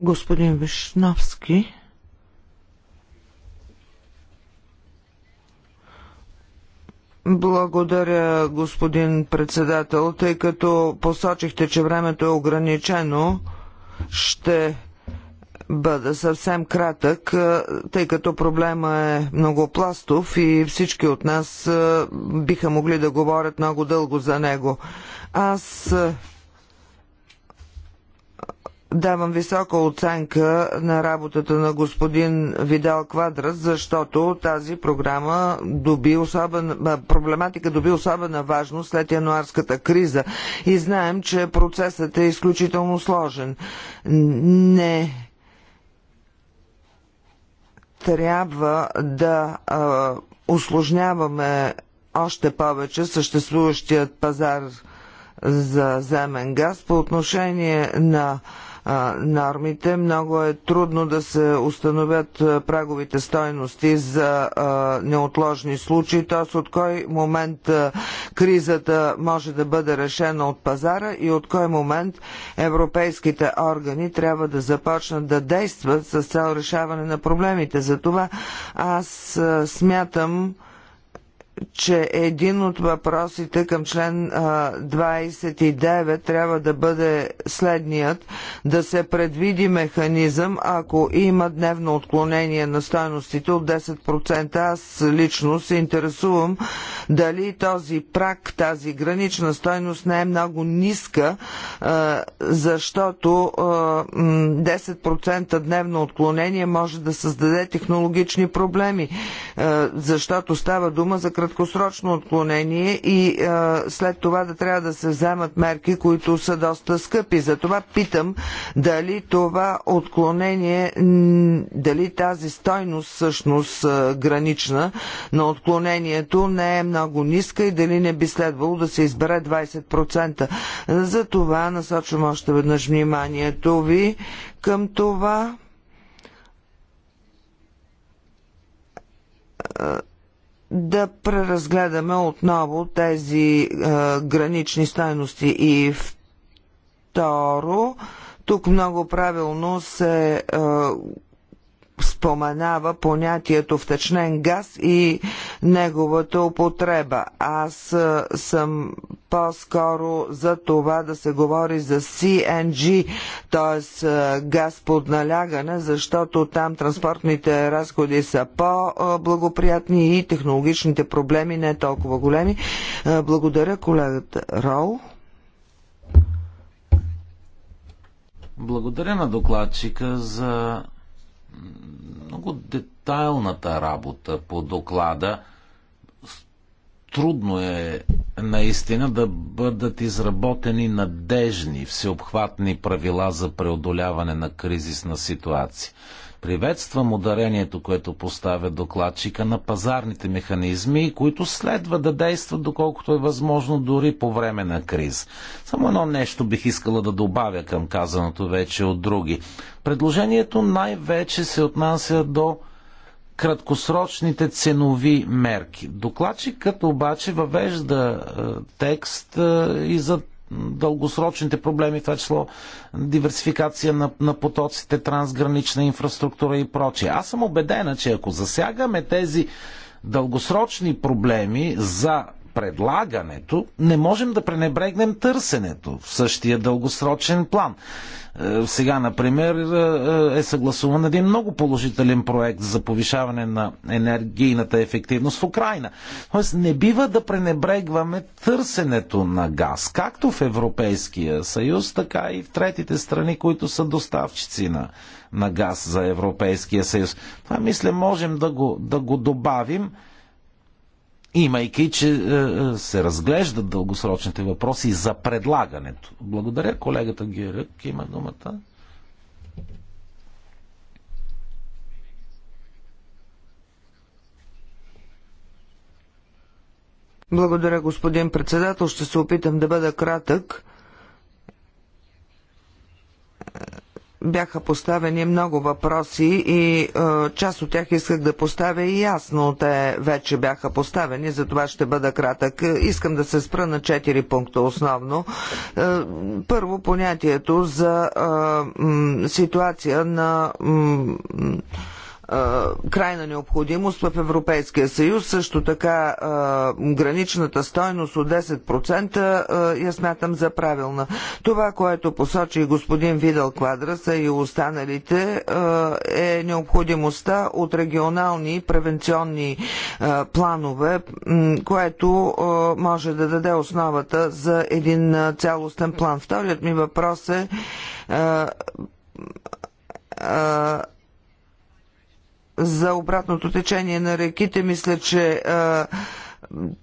Господин Вишновски. Благодаря, господин председател. Тъй като посочихте, че времето е ограничено, ще бъда съвсем кратък, е, тъй като проблема е многопластов и всички от нас е, биха могли да говорят много дълго за него. Аз е, Давам висока оценка на работата на господин Видал Квадрат, защото тази програма доби особен, проблематика доби особена важност след януарската криза и знаем, че процесът е изключително сложен. Не трябва да а, усложняваме още повече съществуващият пазар за земен газ по отношение на нормите. Много е трудно да се установят праговите стойности за неотложни случаи, т.е. от кой момент кризата може да бъде решена от пазара и от кой момент европейските органи трябва да започнат да действат с цел решаване на проблемите. За това аз смятам, че един от въпросите към член 29 трябва да бъде следният да се предвиди механизъм, ако има дневно отклонение на стоеностите от 10%. Аз лично се интересувам дали този прак, тази гранична стоеност не е много ниска, защото 10% дневно отклонение може да създаде технологични проблеми, защото става дума за краткосрочно отклонение и след това да трябва да се вземат мерки, които са доста скъпи. Затова питам дали това отклонение, дали тази стойност всъщност гранична на отклонението не е много ниска и дали не би следвало да се избере 20%. За това насочвам още веднъж вниманието ви към това да преразгледаме отново тези е, гранични стойности. И второ, тук много правилно се е, споменава понятието втечнен газ и неговата употреба. Аз е, съм по-скоро за това да се говори за CNG, т.е. газ под налягане, защото там транспортните разходи са по-благоприятни и технологичните проблеми не е толкова големи. Е, благодаря колегата Роу. Благодаря на докладчика за много детайлната работа по доклада. Трудно е наистина да бъдат изработени надежни, всеобхватни правила за преодоляване на кризисна ситуация. Приветствам ударението, което поставя докладчика на пазарните механизми, които следва да действат доколкото е възможно дори по време на криз. Само едно нещо бих искала да добавя към казаното вече от други. Предложението най-вече се отнася до краткосрочните ценови мерки. Докладчикът обаче въвежда е, текст е, и за дългосрочните проблеми, това число диверсификация на, на потоците, трансгранична инфраструктура и прочие. Аз съм убедена, че ако засягаме тези дългосрочни проблеми за предлагането, не можем да пренебрегнем търсенето в същия дългосрочен план. Е, сега, например, е, е, е съгласуван един много положителен проект за повишаване на енергийната ефективност в Украина. Тоест, не бива да пренебрегваме търсенето на газ, както в Европейския съюз, така и в третите страни, които са доставчици на, на газ за Европейския съюз. Това, мисля, можем да го, да го добавим имайки, че е, е, се разглеждат дългосрочните въпроси за предлагането. Благодаря. Колегата Гирък има думата. Благодаря, господин председател. Ще се опитам да бъда кратък. бяха поставени много въпроси и е, част от тях исках да поставя и аз, но те вече бяха поставени, затова ще бъда кратък. Искам да се спра на четири пункта основно. Е, първо, понятието за е, ситуация на крайна необходимост в Европейския съюз. Също така граничната стойност от 10% я смятам за правилна. Това, което посочи господин Видал Квадраса и останалите е необходимостта от регионални превенционни планове, което може да даде основата за един цялостен план. Вторият ми въпрос е за обратното течение на реките, мисля, че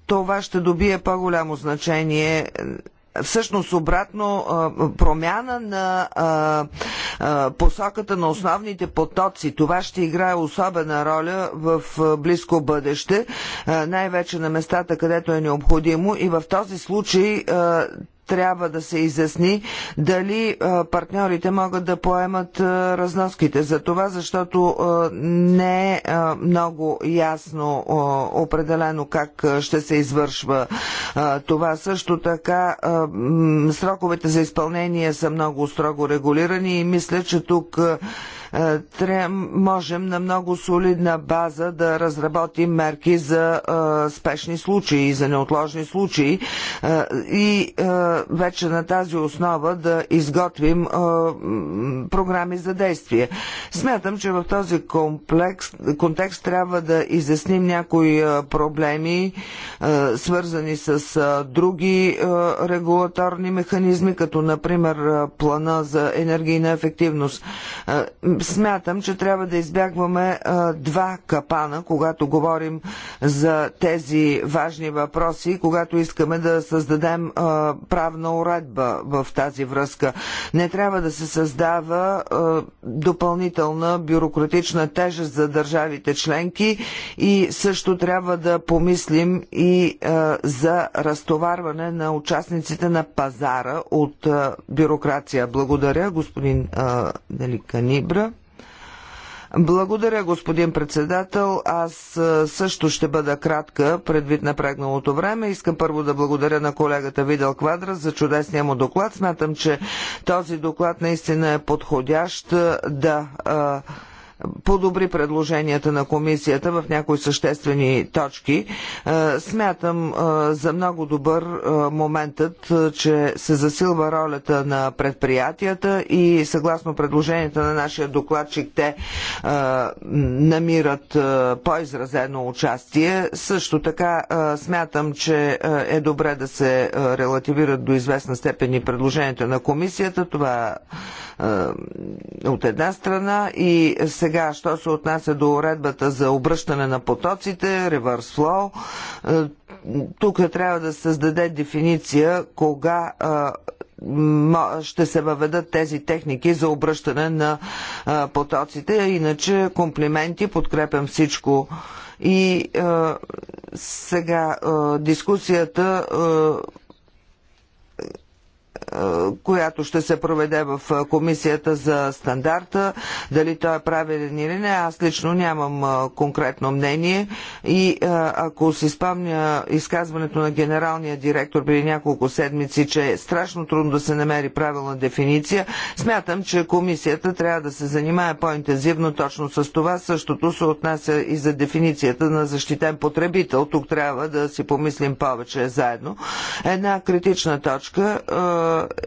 това ще добие по-голямо значение всъщност обратно промяна на посоката на основните потоци. Това ще играе особена роля в близко бъдеще, най-вече на местата, където е необходимо и в този случай трябва да се изясни дали партньорите могат да поемат разноските за това, защото не е много ясно определено как ще се извършва това. Също така сроковете за изпълнение са много строго регулирани и мисля, че тук е, можем на много солидна база да разработим мерки за е, спешни случаи, за неотложни случаи е, и вече на тази основа да изготвим програми за действие. Смятам, че в този комплекс, контекст трябва да изясним някои проблеми, свързани с други регулаторни механизми, като например плана за енергийна ефективност смятам, че трябва да избягваме два капана, когато говорим за тези важни въпроси, когато искаме да създадем правна уредба в тази връзка. Не трябва да се създава допълнителна бюрократична тежест за държавите членки и също трябва да помислим и за разтоварване на участниците на пазара от бюрокрация. Благодаря, господин Деликанибра. Благодаря, господин председател. Аз също ще бъда кратка, предвид напрегналото време. Искам първо да благодаря на колегата Видел Квадра за чудесния му доклад. Смятам, че този доклад наистина е подходящ да подобри предложенията на комисията в някои съществени точки. Е, смятам е, за много добър е, моментът, че се засилва ролята на предприятията и съгласно предложенията на нашия докладчик те намират по-изразено участие. Също така смятам, че е добре да се релативират до известна степен и предложенията на комисията. Това е, от една страна и сега, що се отнася до уредбата за обръщане на потоците, reverse flow, е, тук трябва да създаде дефиниция кога е, ще се въведат тези техники за обръщане на потоците. Иначе комплименти, подкрепям всичко. И е, сега е, дискусията е, която ще се проведе в комисията за стандарта, дали той е правилен или не, аз лично нямам конкретно мнение и ако си спомня изказването на генералния директор преди няколко седмици, че е страшно трудно да се намери правилна дефиниция, смятам, че комисията трябва да се занимае по-интензивно точно с това. Същото се отнася и за дефиницията на защитен потребител. Тук трябва да си помислим повече заедно. Една критична точка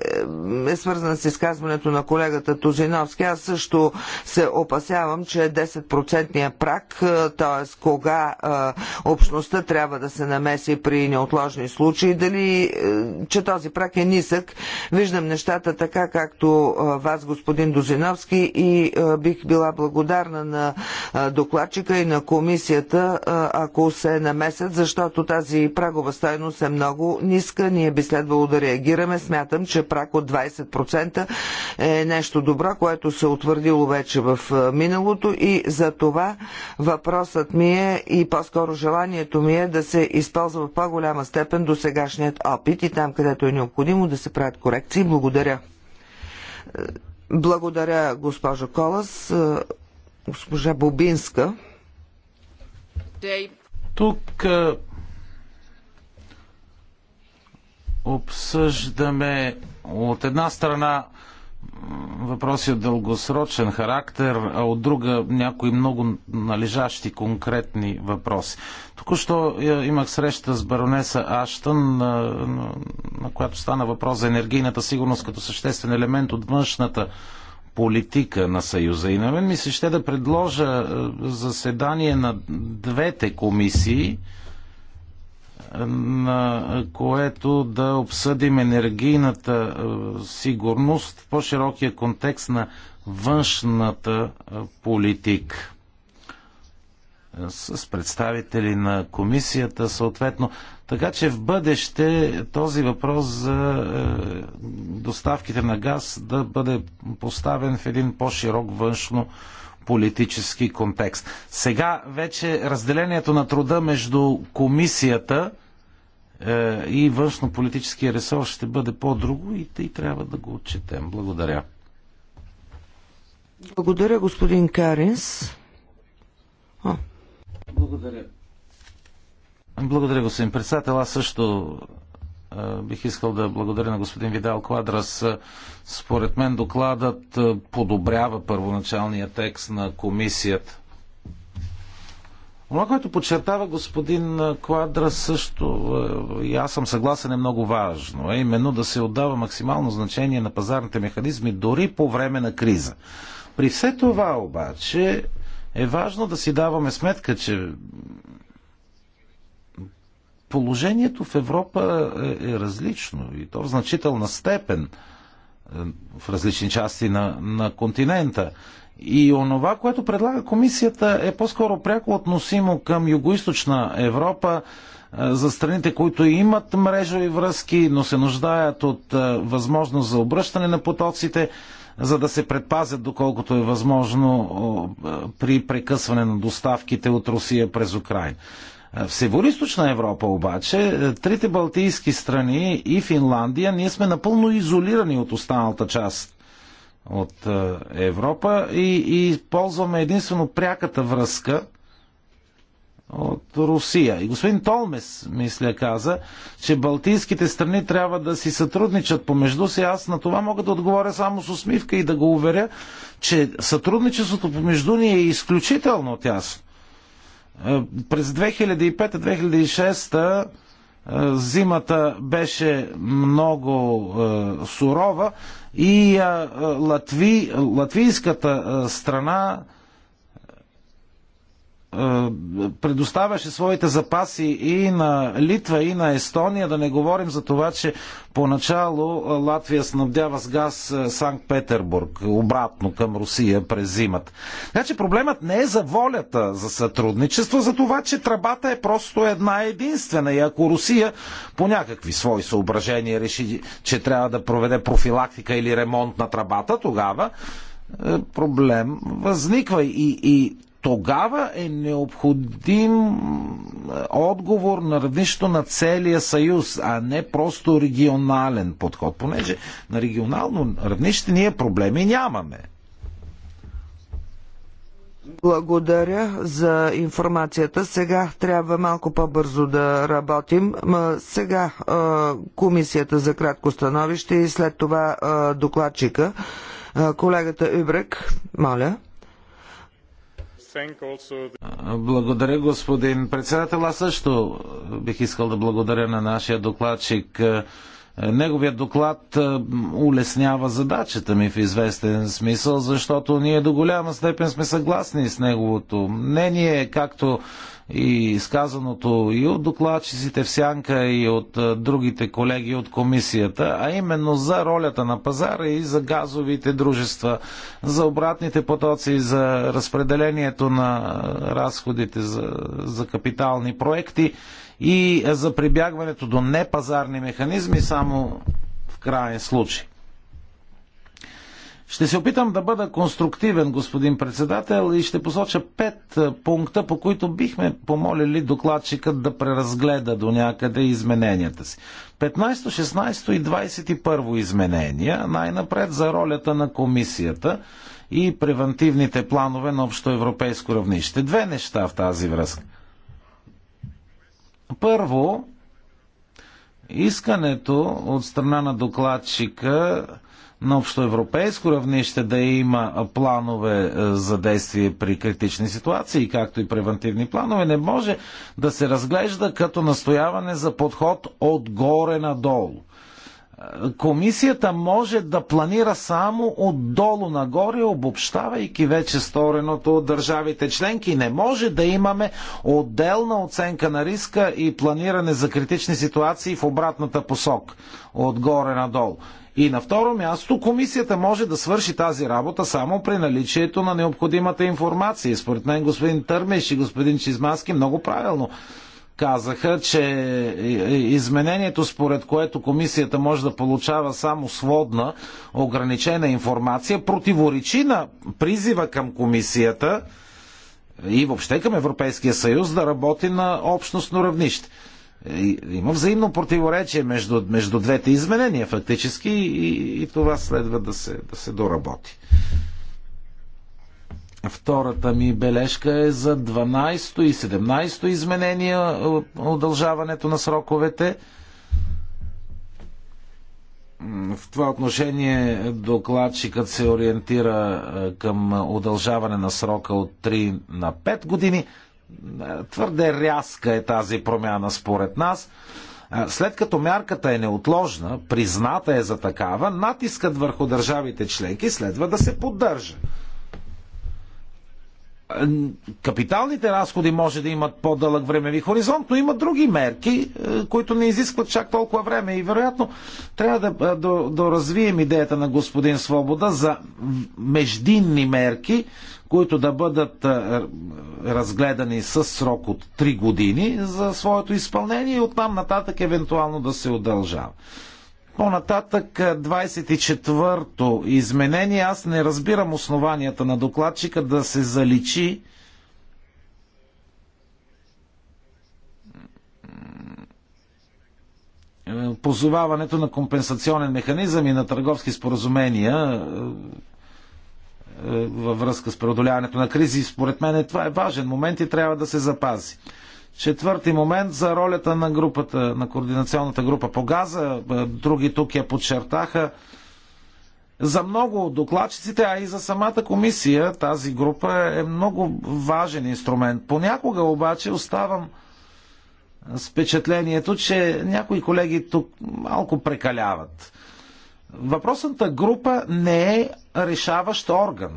е, е свързана с изказването на колегата Тузиновски. Аз също се опасявам, че 10% прак, е, т.е. кога е, общността трябва да се намеси при неотложни случаи, дали, че този прак е нисък. Виждам нещата така, както вас, господин Дозиновски, и бих била благодарна на докладчика и на комисията, ако се намесят, защото тази прагова стойност е много ниска. Ние би следвало да реагираме. Смятам, че прак от 20% е нещо добро, което се утвърдило вече в миналото и за това въпросът ми е и по-скоро желанието ми е да се използва в по-голяма степен до сегашният опит и там, където е необходимо да се правят корекции. Благодаря. Благодаря, госпожа Колас. Госпожа Бобинска. Тук обсъждаме от една страна въпроси от дългосрочен характер, а от друга някои много належащи конкретни въпроси. Току-що е, имах среща с баронеса Аштън, е, на, на, която стана въпрос за енергийната сигурност като съществен елемент от външната политика на Съюза. И на мен ми се ще да предложа е, заседание на двете комисии, на което да обсъдим енергийната е, сигурност в по-широкия контекст на външната е, политика с представители на комисията съответно. Така че в бъдеще този въпрос за е, доставките на газ да бъде поставен в един по-широк външно политически контекст. Сега вече разделението на труда между комисията е, и външно-политическия ресор ще бъде по-друго и, тъй трябва да го отчетем. Благодаря. Благодаря, господин Каринс. О. Благодаря. Благодаря, господин председател. Аз също е, бих искал да благодаря на господин Видал Квадрас. Е, според мен докладът е, подобрява първоначалния текст на комисията. Това, което подчертава господин Квадра също, и аз съм съгласен, е много важно. Е именно да се отдава максимално значение на пазарните механизми дори по време на криза. При все това обаче е важно да си даваме сметка, че положението в Европа е, е, различно и то в значителна степен е, в различни части на, на континента. И онова, което предлага комисията е по-скоро пряко относимо към Югоизточна Европа, е, за страните, които имат мрежови връзки, но се нуждаят от възможност за обръщане на потоците, за да се предпазят доколкото е възможно при прекъсване на доставките от Русия през Украина. В Северо-Источна Европа обаче, е, трите балтийски страни и Финландия, ние сме напълно изолирани от останалата част от е, Европа и, и ползваме единствено пряката връзка от Русия. И господин Толмес, мисля, каза, че балтийските страни трябва да си сътрудничат помежду си. Аз на това мога да отговоря само с усмивка и да го уверя, че сътрудничеството помежду ни е изключително тясно. Е, през 2005-2006 е, зимата беше много е, сурова и латви, латвийската страна е, предоставяше своите запаси и на Литва, и на Естония, да не говорим за това, че поначало Латвия снабдява с газ е, Санкт-Петербург, обратно към Русия през зимата. Така че проблемът не е за волята за сътрудничество, за това, че тръбата е просто една единствена и ако Русия по някакви свои съображения реши, че трябва да проведе профилактика или ремонт на тръбата, тогава е, проблем възниква и, и тогава е необходим е, отговор на равнището на целия съюз, а не просто регионален подход, понеже на регионално равнище ние проблеми нямаме. Благодаря за информацията. Сега трябва малко по-бързо да работим. Сега комисията за кратко становище и след това докладчика. Колегата Ибрек, моля. Благодаря, господин председател. Аз също бих искал да благодаря на нашия докладчик. Неговият доклад е, улеснява задачата ми в известен смисъл, защото ние до голяма степен сме съгласни с неговото мнение, както и изказаното и от докладчиците в Сянка и от другите колеги от комисията, а именно за ролята на пазара и за газовите дружества, за обратните потоци, за разпределението на разходите за, за капитални проекти и за прибягването до непазарни механизми само в крайен случай. Ще се опитам да бъда конструктивен, господин председател, и ще посоча пет пункта, по които бихме помолили докладчикът да преразгледа до някъде измененията си. 15, 16 и 21 изменения, най-напред за ролята на комисията и превентивните планове на общо европейско равнище. Две неща в тази връзка. Първо, искането от страна на докладчика на общоевропейско равнище да има планове е, за действие при критични ситуации, както и превентивни планове, не може да се разглежда като настояване за подход отгоре надолу. Е, комисията може да планира само отдолу нагоре, обобщавайки вече стореното от държавите членки. Не може да имаме отделна оценка на риска и планиране за критични ситуации в обратната посок, отгоре надолу. И на второ място, комисията може да свърши тази работа само при наличието на необходимата информация. И според мен господин Търмеш и господин Чизмаски много правилно казаха, че изменението според което комисията може да получава само сводна, ограничена информация, противоречи на призива към комисията и въобще към Европейския съюз да работи на общностно равнище. Е, има взаимно противоречие между, между двете изменения фактически и, и това следва да се, да се доработи. Втората ми бележка е за 12-то и 17-то изменения удължаването на сроковете. В това отношение докладчикът се ориентира е, към удължаване на срока от 3 на 5 години – е, твърде рязка е тази промяна според нас. Е, след като мярката е неотложна, призната е за такава, натискът върху държавите членки следва да се поддържа. Е, капиталните разходи може да имат по-дълъг времеви хоризонт, но има други мерки, които не изискват чак толкова време. И вероятно трябва да, да, да развием идеята на господин Свобода за междинни мерки, които да бъдат е, разгледани с срок от 3 години за своето изпълнение и оттам нататък евентуално да се удължава. По-нататък 24-то е, изменение. Аз не разбирам основанията на докладчика да се заличи е, позоваването на компенсационен механизъм и на търговски споразумения във връзка с преодоляването на кризи. Според мен това е важен момент и трябва да се запази. Четвърти момент за ролята на групата, на координационната група по газа. Е, други тук я подчертаха. За много докладчиците, а и за самата комисия, тази група е много важен инструмент. Понякога обаче оставам с впечатлението, че някои колеги тук малко прекаляват въпросната група не е решаващ орган,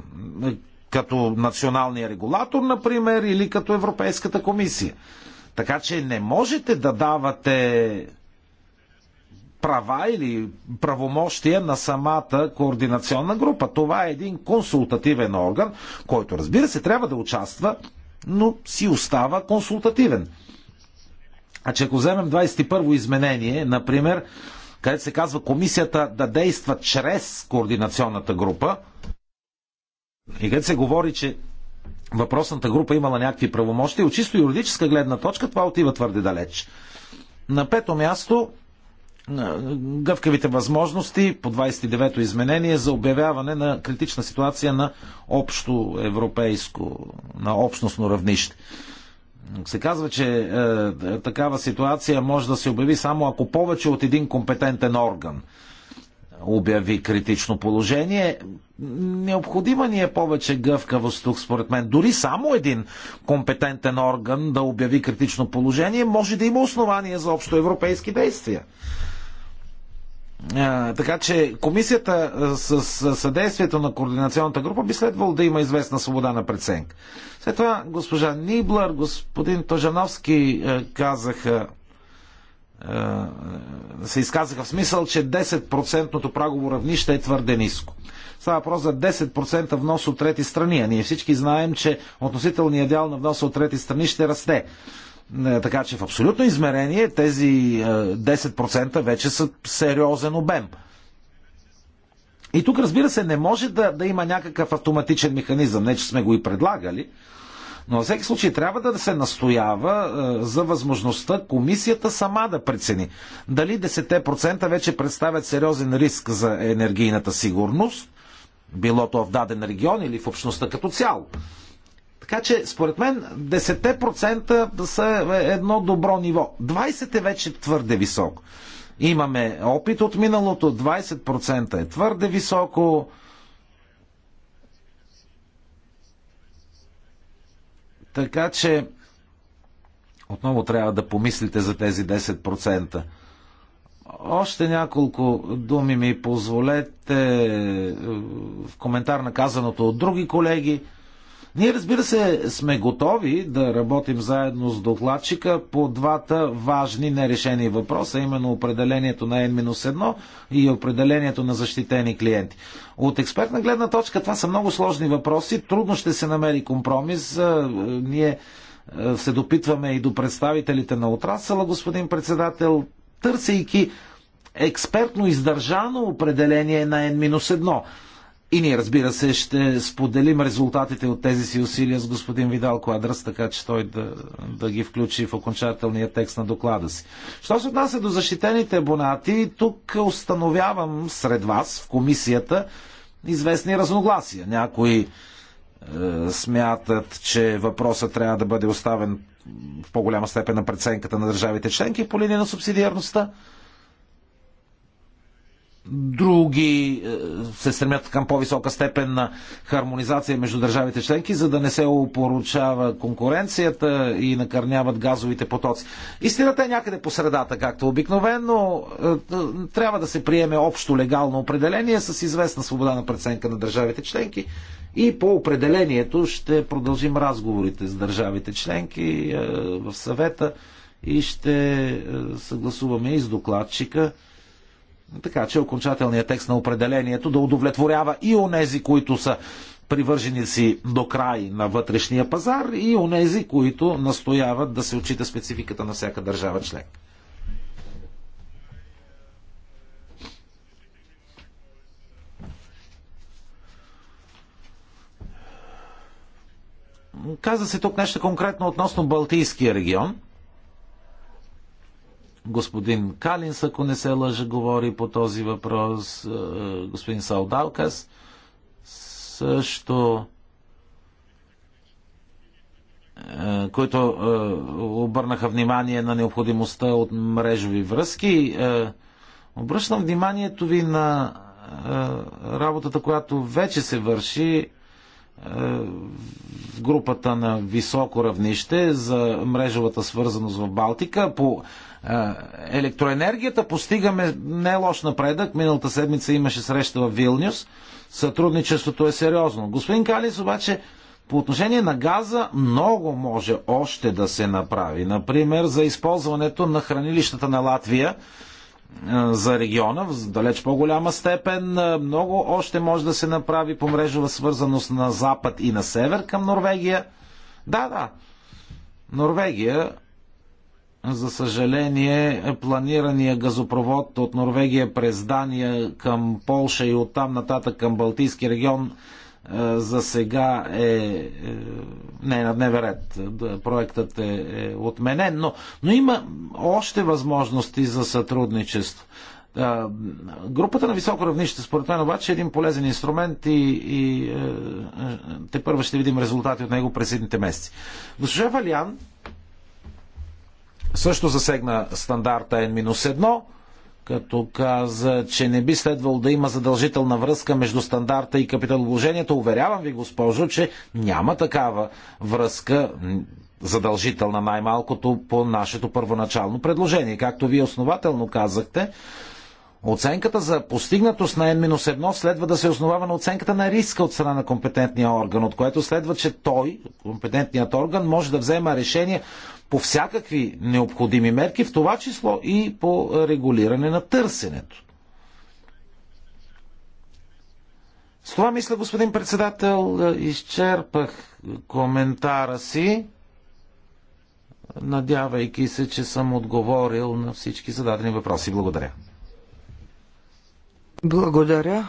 като националния регулатор, например, или като Европейската комисия. Така че не можете да давате права или правомощия на самата координационна група. Това е един консултативен орган, който разбира се трябва да участва, но си остава консултативен. А че ако вземем 21-во изменение, например, където се казва комисията да действа чрез координационната група и където се говори, че въпросната група имала някакви правомощи, от чисто юридическа гледна точка това отива твърде далеч. На пето място гъвкавите възможности по 29-то изменение за обявяване на критична ситуация на общо европейско, на общностно равнище се казва, че е, е, такава ситуация може да се обяви само ако повече от един компетентен орган обяви критично положение. Необходима ни е повече гъвкавост тук, според мен. Дори само един компетентен орган да обяви критично положение може да има основания за общо европейски действия така че комисията с, съдействието на координационната група би следвало да има известна свобода на преценка. След това госпожа Ниблър, господин Тожановски казаха се изказаха в смисъл, че 10 прагово равнище е твърде ниско. Става въпрос за 10% внос от трети страни, а ние всички знаем, че относителният дял на внос от трети страни ще расте. Е, така че в абсолютно измерение тези 10% е, вече са сериозен обем. И тук, разбира се, не може да, да има някакъв автоматичен механизъм, не че сме го и предлагали, но във всеки случай трябва да се настоява е, за възможността комисията сама да прецени дали 10% вече представят сериозен риск за енергийната сигурност, било то в даден регион или в общността като цяло. Така че, според мен, 10% са едно добро ниво. 20% е вече твърде високо. Имаме опит от миналото, 20% е твърде високо. Така че, отново трябва да помислите за тези 10%. Още няколко думи ми позволете в коментар на казаното от други колеги – ние, разбира се, сме готови да работим заедно с докладчика по двата важни нерешени въпроса, именно определението на N-1 и определението на защитени клиенти. От експертна гледна точка това са много сложни въпроси, трудно ще се намери компромис. Е, ние е, се допитваме и до представителите на отрасъла, господин председател, търсейки експертно издържано определение на N-1. И ние, разбира се, ще споделим резултатите от тези си усилия с господин Видал Квадрас, така че той да, да ги включи в окончателния текст на доклада си. Що се отнася до защитените абонати, тук установявам сред вас, в комисията, известни разногласия. Някои е, смятат, че въпросът трябва да бъде оставен в по-голяма степен на преценката на държавите членки по линия на субсидиарността други е, се стремят към по-висока степен на хармонизация между държавите членки, за да не се опоручава конкуренцията и накърняват газовите потоци. Истината е някъде по средата, както обикновено. Е, е, трябва да се приеме общо легално определение с известна свобода на преценка на държавите членки и по определението ще продължим разговорите с държавите членки в съвета и ще съгласуваме и с докладчика така че окончателният текст на определението да удовлетворява и онези, които са привържени си до край на вътрешния пазар и онези, които настояват да се отчита спецификата на всяка държава член. Каза се тук нещо конкретно относно Балтийския регион – Господин Калинс, ако не се лъжа, говори по този въпрос. Е, господин Салдалкас също е, които е, обърнаха внимание на необходимостта от мрежови връзки. Обръщам вниманието ви на работата, която вече се върши в групата на високо равнище за мрежовата свързаност в Балтика по е, електроенергията постигаме не лош напредък. Миналата седмица имаше среща в Вилнюс. Сътрудничеството е сериозно. Господин Калис обаче по отношение на газа много може още да се направи. Например, за използването на хранилищата на Латвия е, за региона в далеч по-голяма степен. Е, много още може да се направи по мрежова свързаност на запад и на север към Норвегия. Да, да. Норвегия за съжаление, планирания газопровод от Норвегия през Дания към Полша и оттам нататък към Балтийски регион е, за сега е, е, не е на дневен ред. Проектът е, е, отменен, но, но има още възможности за сътрудничество. групата на високо равнище, според мен, обаче е един полезен инструмент и, и е, те първо ще видим резултати от него през едните месеци. Госпожа Валиан също засегна стандарта N-1, като каза, че не би следвало да има задължителна връзка между стандарта и капиталовложението. Уверявам ви, госпожо, че няма такава връзка задължителна най-малкото по нашето първоначално предложение. Както вие основателно казахте, Оценката за постигнатост на N-1 следва да се основава на оценката на риска от страна на компетентния орган, от което следва, че той, компетентният орган, може да взема решение по всякакви необходими мерки, в това число и по регулиране на търсенето. С това, мисля, господин председател, изчерпах коментара си, надявайки се, че съм отговорил на всички зададени въпроси. Благодаря. Благодаря.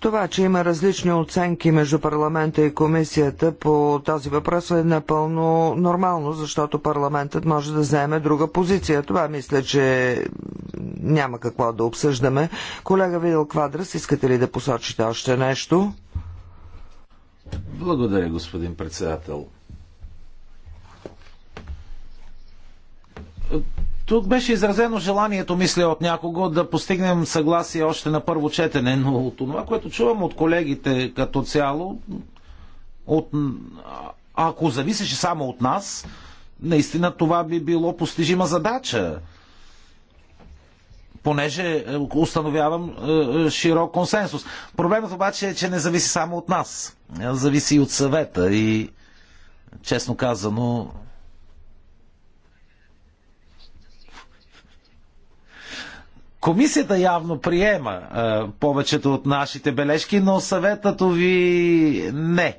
Това, че има различни оценки между парламента и комисията по този въпрос е напълно нормално, защото парламентът може да вземе друга позиция. Това мисля, че няма какво да обсъждаме. Колега Видел Квадрас, искате ли да посочите още нещо? Благодаря, господин председател. Тук беше изразено желанието, мисля, от някого да постигнем съгласие още на първо четене, но от това, което чувам от колегите като цяло, от... ако зависеше само от нас, наистина това би било постижима задача. Понеже е, установявам е, е, широк консенсус. Проблемът обаче е, че не зависи само от нас. Зависи и от съвета и, честно казано, Комисията явно приема а, е, повечето от нашите бележки, но съветът ви не.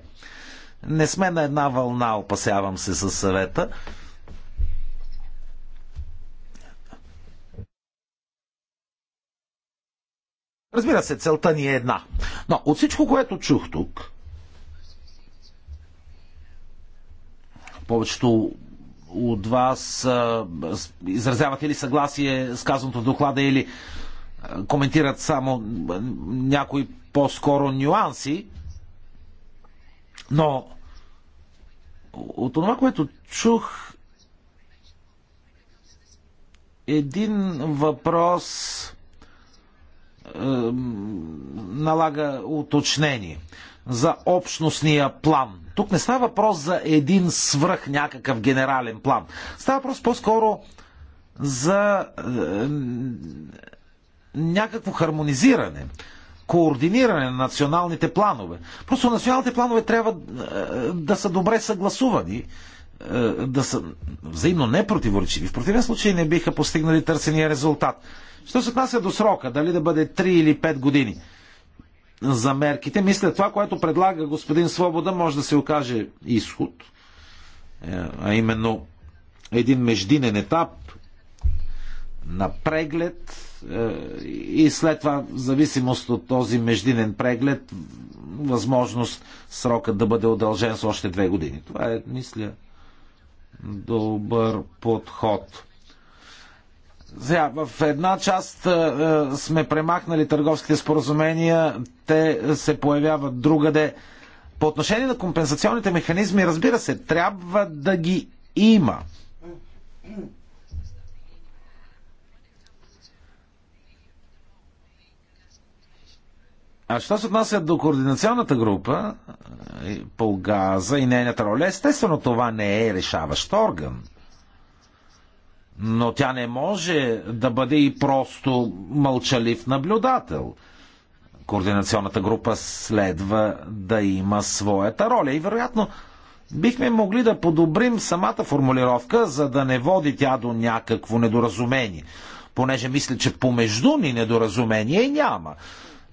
Не сме на една вълна, опасявам се със съвета. Разбира се, целта ни е една. Но от всичко, което чух тук, повечето от вас изразявате ли съгласие с казаното в доклада или коментират само някои по-скоро нюанси, но от това, което чух, един въпрос налага уточнение за общностния план. Тук не става въпрос за един свръх някакъв генерален план. Става въпрос по-скоро за е, някакво хармонизиране, координиране на националните планове. Просто националните планове трябва е, да са добре съгласувани, е, да са взаимно непротиворечиви. В противен случай не биха постигнали търсения резултат. Що се отнася до срока, дали да бъде 3 или 5 години – за мерките. Мисля, това, което предлага господин Свобода, може да се окаже изход, е, а именно един междинен етап на преглед е, и след това, в зависимост от този междинен преглед, възможност срокът да бъде удължен с още две години. Това е, мисля, добър подход. Сега, в една част е, е, сме премахнали търговските споразумения, те се появяват другаде. По отношение на компенсационните механизми, разбира се, трябва да ги има. А що се отнася до координационната група е, по газа и нейната роля, естествено това не е решаващ орган но тя не може да бъде и просто мълчалив наблюдател. Координационната група следва да има своята роля и вероятно бихме могли да подобрим самата формулировка, за да не води тя до някакво недоразумение. Понеже мисля, че помежду ни недоразумение няма.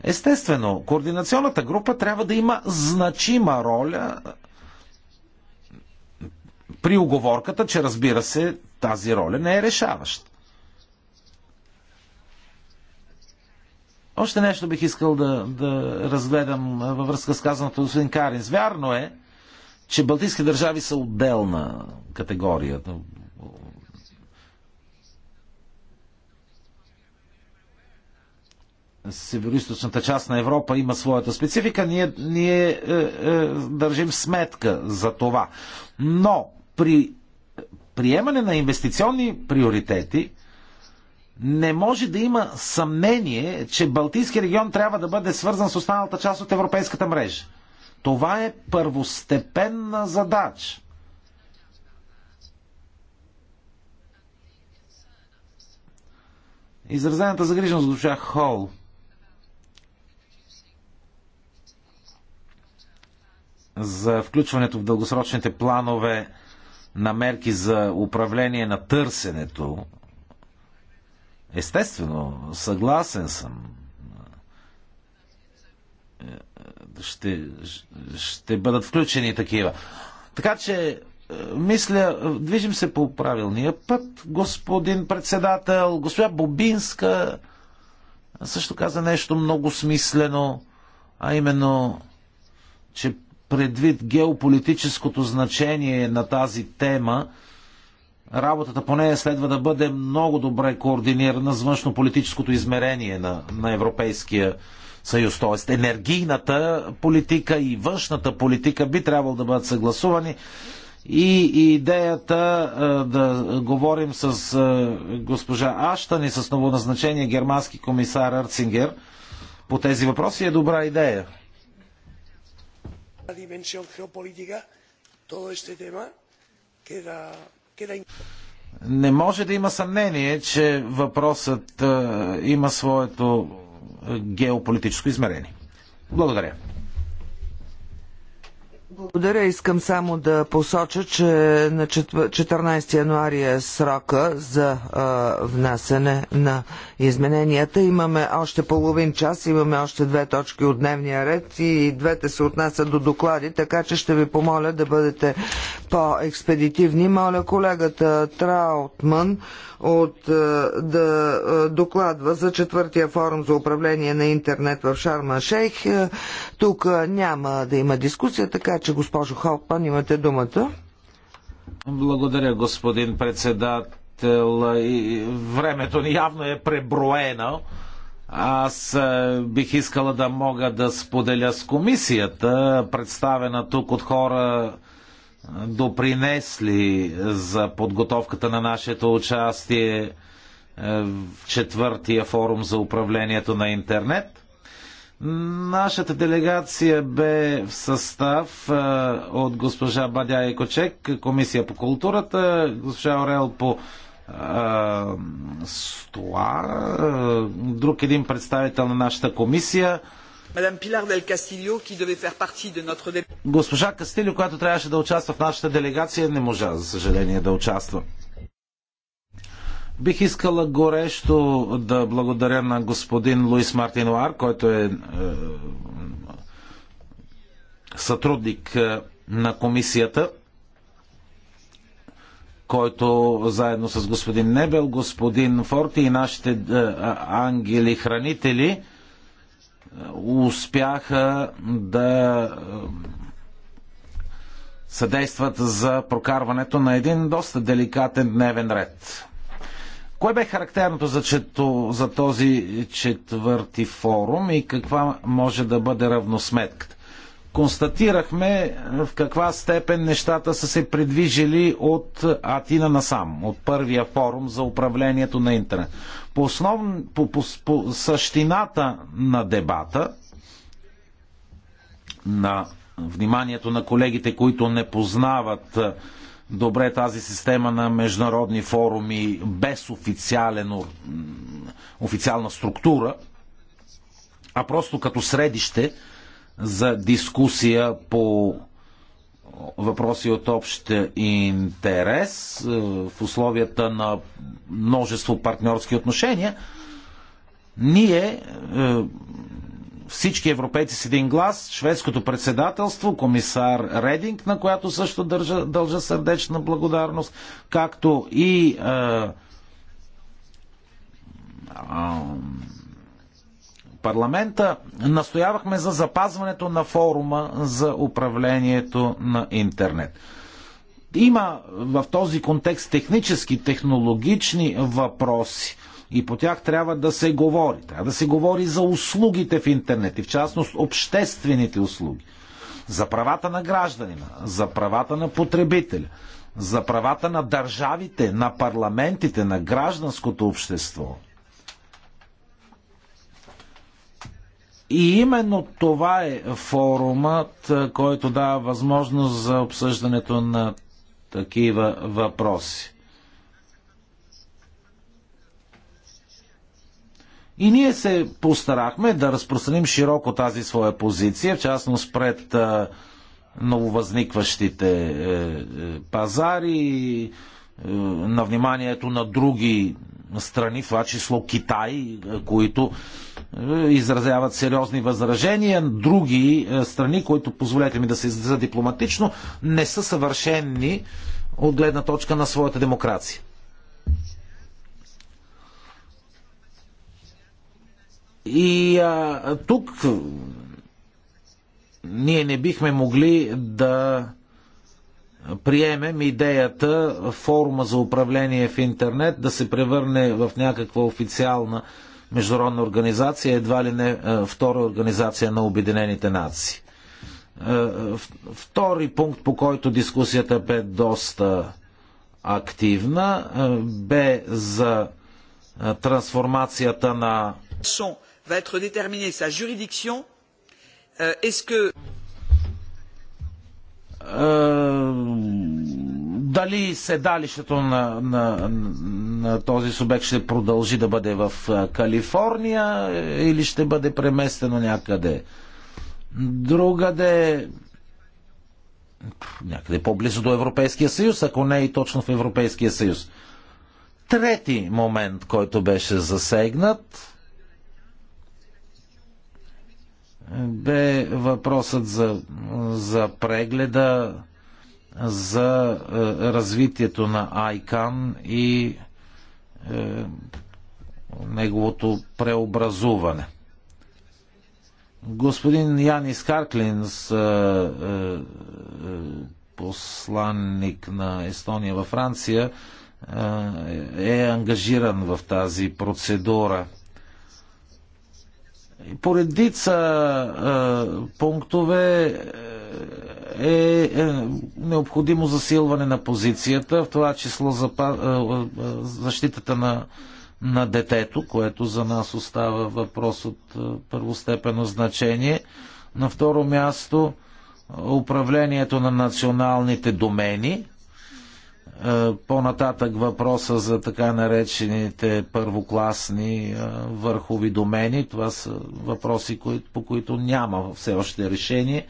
Естествено, координационната група трябва да има значима роля при оговорката, че разбира се, тази роля не е решаваща. Още нещо бих искал да, да разгледам във връзка с казаното господин Каринс. Вярно е, че Балтийски държави са отделна категория. Североисточната част на Европа има своята специфика. Ние, ние е, е, държим сметка за това. Но при приемане на инвестиционни приоритети не може да има съмнение, че Балтийски регион трябва да бъде свързан с останалата част от европейската мрежа. Това е първостепенна задача. Изразената загриженост госпожа Хол. За включването в дългосрочните планове на мерки за управление на търсенето, естествено, съгласен съм. Ще, ще бъдат включени такива. Така че, е, мисля, движим се по правилния път. Господин председател, госпожа Бобинска също каза нещо много смислено, а именно, че предвид геополитическото значение на тази тема, работата по нея следва да бъде много добре координирана с външно политическото измерение на, на Европейския съюз. Тоест енергийната политика и външната политика би трябвало да бъдат съгласувани. И, идеята е, да говорим с е, госпожа Аштан и с новоназначение германски комисар Арцингер по тези въпроси е добра идея la dimensión geopolítica, todo este tema queda, queda... Не може да има съмнение, че въпросът е, има своето е, геополитическо измерение. Благодаря. Благодаря. Искам само да посоча, че на 14 януари е срока за а, внасене на измененията. Имаме още половин час, имаме още две точки от дневния ред и двете се отнасят до доклади, така че ще ви помоля да бъдете по-експедитивни. Моля колегата Траутман от, е, да е, докладва за четвъртия форум за управление на интернет в Шарма Шейх. Е, тук няма да има дискусия, така че госпожо Холпан, имате думата. Благодаря, господин председател. Времето ни явно е преброено. Аз бих искала да мога да споделя с комисията, представена тук от хора, допринесли за подготовката на нашето участие е, в четвъртия форум за управлението на интернет. Нашата делегация бе в състав е, от госпожа Бадя Екочек, Комисия по културата, госпожа Орел по е, Стоар, друг един представител на нашата комисия – Госпожа Кастилио, която трябваше да участва в нашата делегация, не можа, за съжаление, да участва. Бих искала горещо да благодаря на господин Луис Мартинуар, който е, е сътрудник е, на комисията, който заедно с господин Небел, господин Форти и нашите е, ангели хранители успяха да е, съдействат за прокарването на един доста деликатен дневен ред. Кое бе характерното за, чето, за този четвърти форум и каква може да бъде равносметката? констатирахме в каква степен нещата са се придвижили от Атина насам, от първия форум за управлението на интернет. По, основ... по, по, по същината на дебата, на вниманието на колегите, които не познават добре тази система на международни форуми без официален, официална структура, а просто като средище, за дискусия по въпроси от общ интерес е, в условията на множество партньорски отношения, ние е, всички европейци с един глас, шведското председателство, комисар Рединг, на която също държа, дължа сърдечна благодарност, както и е, парламента настоявахме за запазването на форума за управлението на интернет. Има в този контекст технически, технологични въпроси и по тях трябва да се говори. Трябва да се говори за услугите в интернет и в частност обществените услуги. За правата на гражданина, за правата на потребителя, за правата на държавите, на парламентите, на гражданското общество – И именно това е форумът, е, който дава възможност за обсъждането на такива въпроси. И ние се постарахме да разпространим широко тази своя позиция, в частност пред е, нововъзникващите е, пазари, на вниманието на други страни, в това число Китай, които изразяват сериозни възражения. Други е, страни, които позволете ми да се изразя дипломатично, не са съвършенни от гледна точка на своята демокрация. И а, тук ние не бихме могли да приемем идеята форума за управление в интернет да се превърне в някаква официална международна организация, едва ли не втора организация на Обединените нации. Втори пункт, по който дискусията бе доста активна, бе за трансформацията на va être sa juridiction. Euh, est-ce que дали седалището на, на, на този субект ще продължи да бъде в Калифорния е, или ще бъде преместено някъде? Другаде някъде по-близо до Европейския съюз, ако не и точно в Европейския съюз. Трети момент, който беше засегнат, бе въпросът за, за прегледа за е, развитието на АйКан и е, неговото преобразуване. Господин Янис Карклинс, е, е, е, посланник на Естония във Франция, е, е ангажиран в тази процедура. Поредица пунктове е, е необходимо засилване на позицията, в това число за е, е, защитата на, на детето, което за нас остава въпрос от първостепенно значение. На второ място управлението на националните домени. По-нататък въпроса за така наречените първокласни върхови домени. Това са въпроси, по които няма все още решение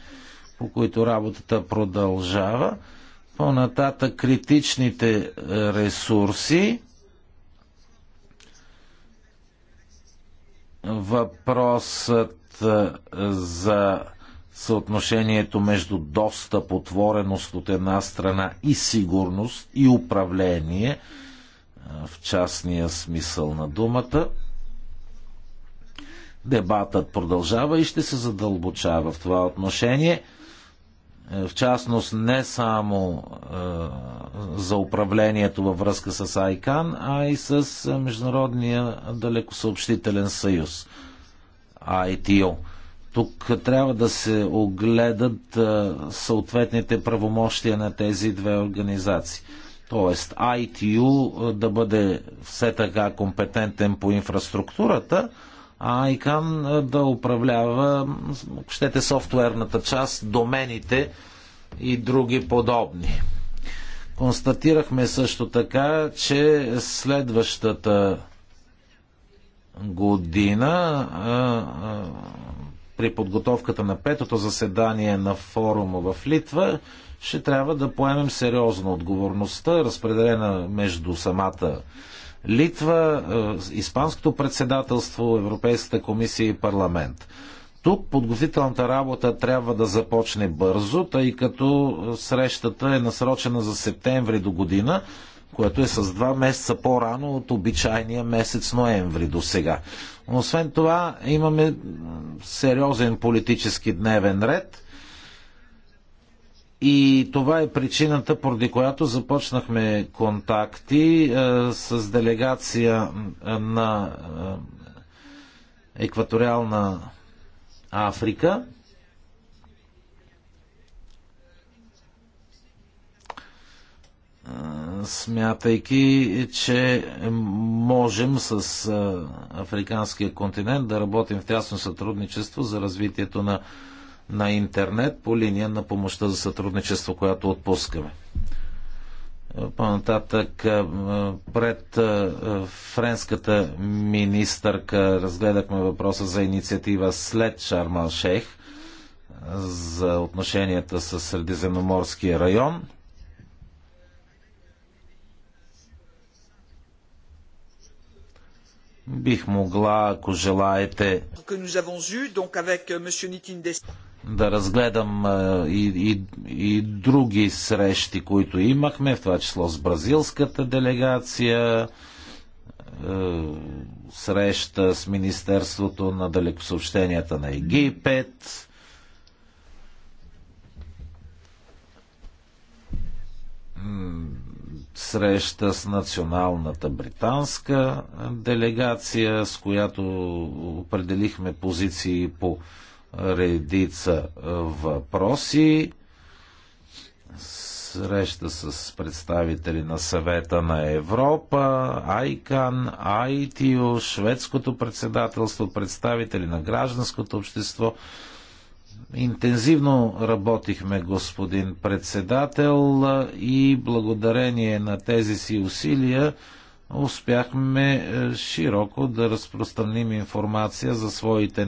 по които работата продължава. Поната критичните е, ресурси. Въпросът е, за съотношението между достъп, отвореност от една страна и сигурност и управление е, в частния смисъл на думата. Дебатът продължава и ще се задълбочава в това отношение. Е, в частност не само е, за управлението във връзка с АйКАН, а и с е, Международния далекосъобщителен съюз ITO. Тук трябва да се огледат съответните правомощия на тези две организации. Тоест ITU да бъде все така компетентен по инфраструктурата, а ICANN да управлява, щете, софтуерната част, домените и други подобни. Констатирахме също така, че следващата година при подготовката на петото заседание на форума в Литва ще трябва да поемем сериозно отговорността, разпределена между самата Литва, е, Испанското председателство, Европейската комисия и парламент. Тук подготвителната работа трябва да започне бързо, тъй като е, срещата е насрочена за септември до година, което е с два месеца по-рано от обичайния месец ноември до сега. Освен това, имаме сериозен политически дневен ред и това е причината, поради която започнахме контакти е, с делегация е, на е, екваториална Африка. смятайки, че можем с африканския континент да работим в тясно сътрудничество за развитието на на интернет по линия на помощта за сътрудничество, която отпускаме. По-нататък пред френската министърка разгледахме въпроса за инициатива след Шармал Шейх за отношенията с Средиземноморския район. Бих могла, ако желаете, да разгледам и, и, и други срещи, които имахме, в това число с бразилската делегация, среща с Министерството на далекосъобщенията на Египет. среща с националната британска делегация, с която определихме позиции по редица въпроси. Среща с представители на съвета на Европа, Айкан, Айтио, шведското председателство, представители на гражданското общество. Интензивно работихме, господин председател, и благодарение на тези си усилия успяхме е, широко да разпространим информация за своите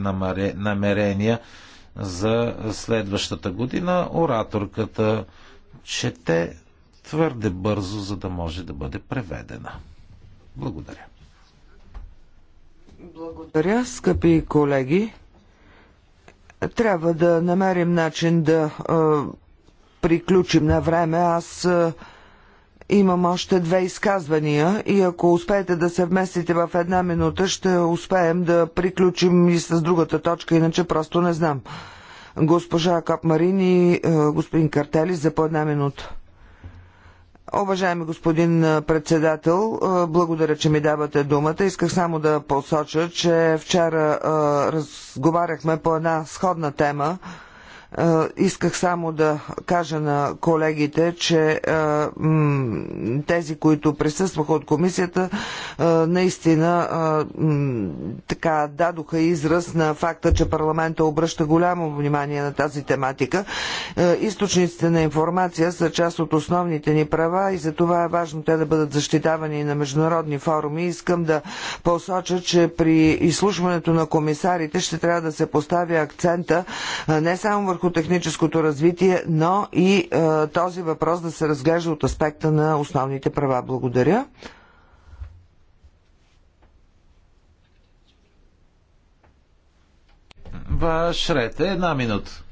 намерения за следващата година. Ораторката чете твърде бързо, за да може да бъде преведена. Благодаря. Благодаря, скъпи колеги. Трябва да намерим начин да е, приключим на време. Аз е, Имам още две изказвания и ако успеете да се вместите в една минута, ще успеем да приключим и с другата точка, иначе просто не знам. Госпожа Капмарин и е, господин Картели за по една минута. Уважаеми господин е, председател, е, благодаря, че ми давате думата. Исках само да посоча, че вчера разговаряхме по една сходна тема е, исках само да кажа на колегите, че е, тези, които присъстваха от комисията, е, наистина така дадоха израз на факта, че парламента обръща голямо внимание на тази тематика. Източниците на информация са част от основните ни права и за това е важно те да бъдат защитавани на международни форуми. Искам да посоча, че при изслушването на комисарите ще трябва да се поставя акцента не само върху върху техническото развитие, но и е, този въпрос да се разглежда от аспекта на основните права. Благодаря. Ваш ред е една минута.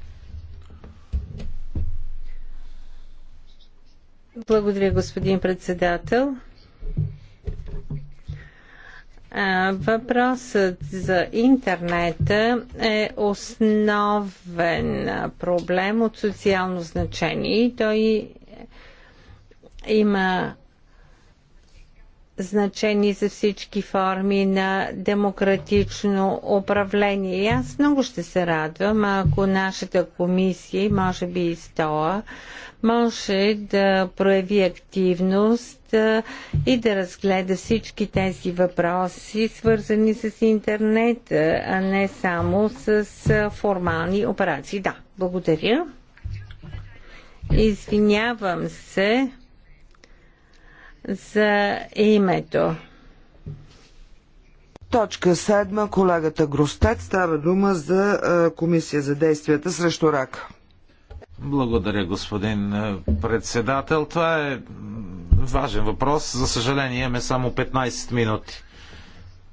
Благодаря, господин председател. Въпросът за интернета е основен проблем от социално значение и той има значение за всички форми на демократично управление. И аз много ще се радвам, ако нашата комисия, може би и СТОА, може да прояви активност и да разгледа всички тези въпроси, свързани с интернет, а не само с формални операции. Да, благодаря. Извинявам се за името. Точка 7. Колегата Гростет става дума за Комисия за действията срещу рака. Благодаря, господин е, председател. Това е важен въпрос. За съжаление, имаме само 15 минути.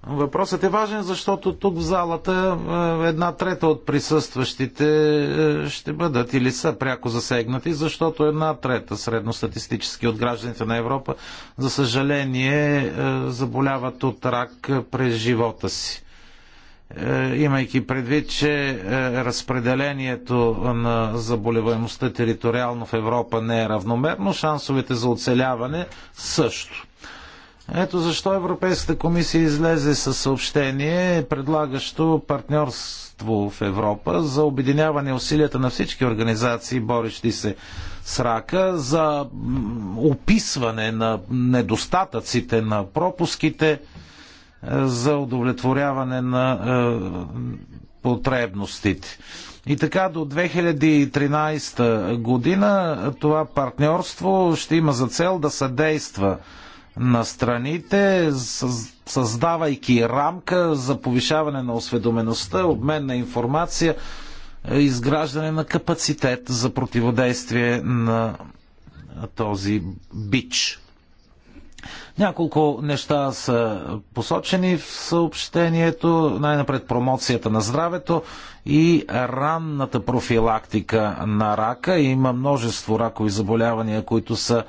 Въпросът е важен, защото тук в залата е, една трета от присъстващите е, ще бъдат или са пряко засегнати, защото една трета средностатистически от гражданите на Европа, за съжаление, заболяват от рак през живота си. Е, имайки предвид, че е, разпределението на заболеваемостта териториално в Европа не е равномерно, шансовете за оцеляване също. Ето защо Европейската комисия излезе със съобщение, предлагащо партньорство в Европа за обединяване усилията на всички организации, борещи се с рака, за описване на недостатъците, на пропуските, за удовлетворяване на е, потребностите. И така до 2013 година това партньорство ще има за цел да съдейства на страните, създавайки рамка за повишаване на осведомеността, обмен на информация, изграждане на капацитет за противодействие на този бич. Няколко неща са посочени в съобщението. Най-напред промоцията на здравето и ранната профилактика на рака. Има множество ракови заболявания, които са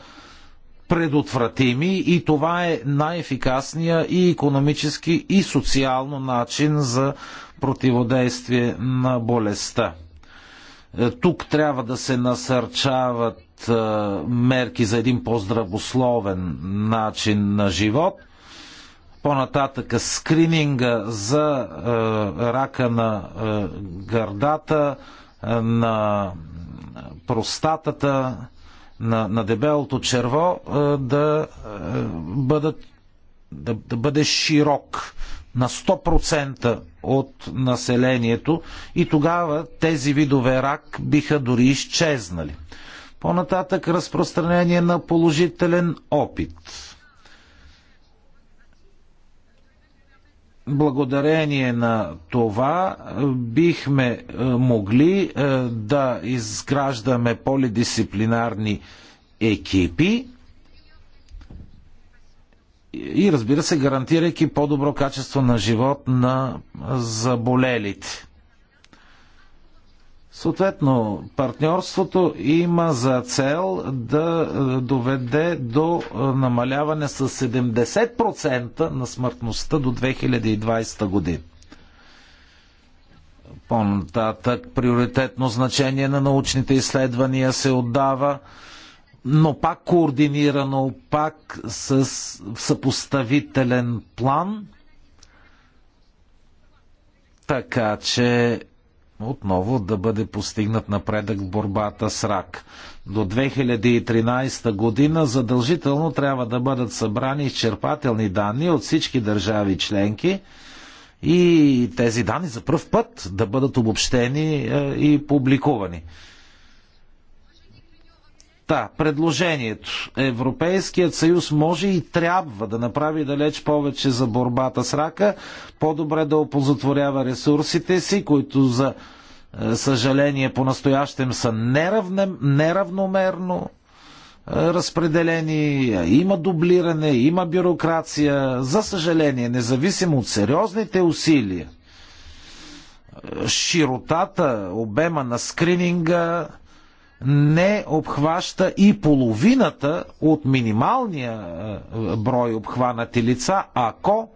предотвратими и това е най-ефикасния и економически и социално начин за противодействие на болестта. Тук трябва да се насърчават мерки за един по-здравословен начин на живот. По-нататъка скрининга за рака на гърдата, на простатата, на, на дебелото черво да, бъдат, да, да бъде широк на 100% от населението и тогава тези видове рак биха дори изчезнали. По-нататък разпространение на положителен опит. благодарение на това е, бихме е, могли е, да изграждаме полидисциплинарни екипи и разбира се, гарантирайки по-добро качество на живот на заболелите. Съответно, партньорството има за цел да е, доведе до е, намаляване с 70% на смъртността до 2020 година. По-нататък приоритетно значение на научните изследвания се отдава, но пак координирано, пак с съпоставителен план, така че отново да бъде постигнат напредък в борбата с рак. До 2013 година задължително трябва да бъдат събрани изчерпателни данни от всички държави членки и тези данни за пръв път да бъдат обобщени е, и публикувани. Та, предложението. Европейският съюз може и трябва да направи далеч повече за борбата с рака, по-добре да опозотворява ресурсите си, които за е, съжаление по-настоящем са неравномерно е, разпределени, има дублиране, има бюрокрация. За съжаление, независимо от сериозните усилия, е, широтата, обема на скрининга, не обхваща и половината от минималния е, брой обхванати лица, ако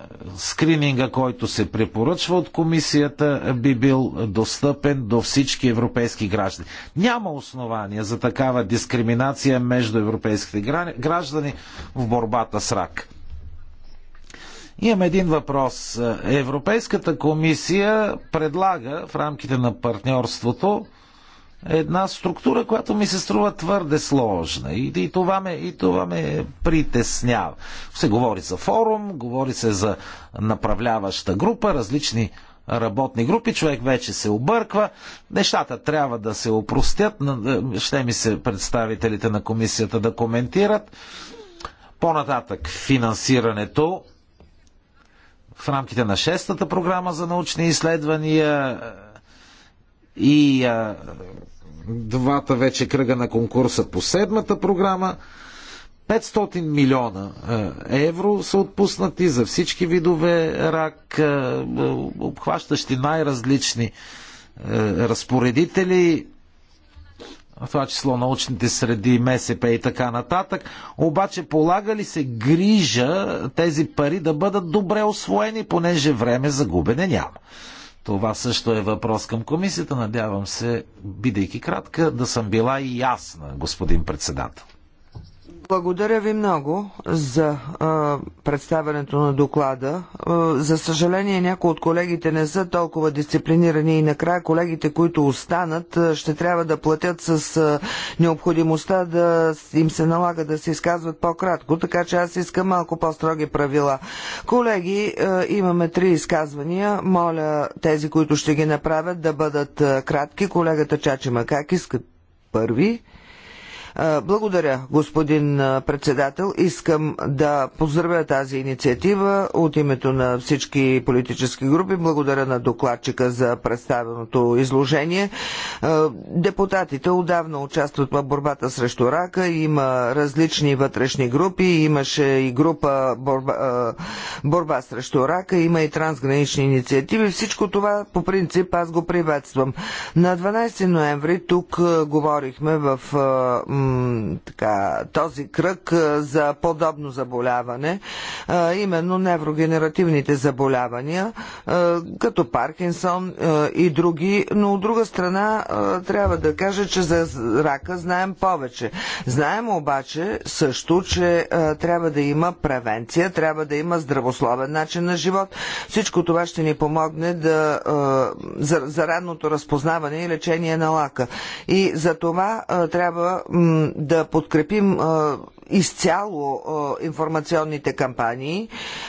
е, скрининга, който се препоръчва от комисията, би бил достъпен до всички европейски граждани. Няма основания за такава дискриминация между европейските граждани в борбата с рак. Имам един въпрос. Европейската комисия предлага в рамките на партньорството една структура, която ми се струва твърде сложна. И, и, това, ме, и това ме притеснява. Се говори за форум, говори се за направляваща група, различни работни групи, човек вече се обърква, нещата трябва да се опростят, е, ще ми се представителите на комисията да коментират. По-нататък финансирането в рамките на шестата програма за научни изследвания и а, двата вече кръга на конкурса по седмата програма. 500 милиона евро са отпуснати за всички видове рак, обхващащи най-различни разпоредители в това число научните среди, МСП и така нататък. Обаче полага ли се грижа тези пари да бъдат добре освоени, понеже време за губене няма? Това също е въпрос към комисията. Надявам се, бидейки кратка, да съм била и ясна, господин председател. Благодаря ви много за а, представенето на доклада. А, за съжаление, някои от колегите не са толкова дисциплинирани и накрая колегите, които останат, ще трябва да платят с а, необходимостта да им се налага да се изказват по-кратко, така че аз искам малко по-строги правила. Колеги, а, имаме три изказвания. Моля тези, които ще ги направят, да бъдат а, кратки. Колегата Чачи Макак иска първи. Благодаря, господин председател. Искам да поздравя тази инициатива от името на всички политически групи. Благодаря на докладчика за представеното изложение. Депутатите отдавна участват в борбата срещу рака. Има различни вътрешни групи. Имаше и група борба, борба срещу рака. Има и трансгранични инициативи. Всичко това по принцип аз го приветствам. На 12 ноември тук говорихме в така, този кръг за подобно заболяване, именно неврогенеративните заболявания, като Паркинсон и други, но от друга страна трябва да кажа, че за рака знаем повече. Знаем обаче също, че трябва да има превенция, трябва да има здравословен начин на живот. Всичко това ще ни помогне да, за, за ранното разпознаване и лечение на лака. И за това трябва да подкрепим изцяло информационните кампании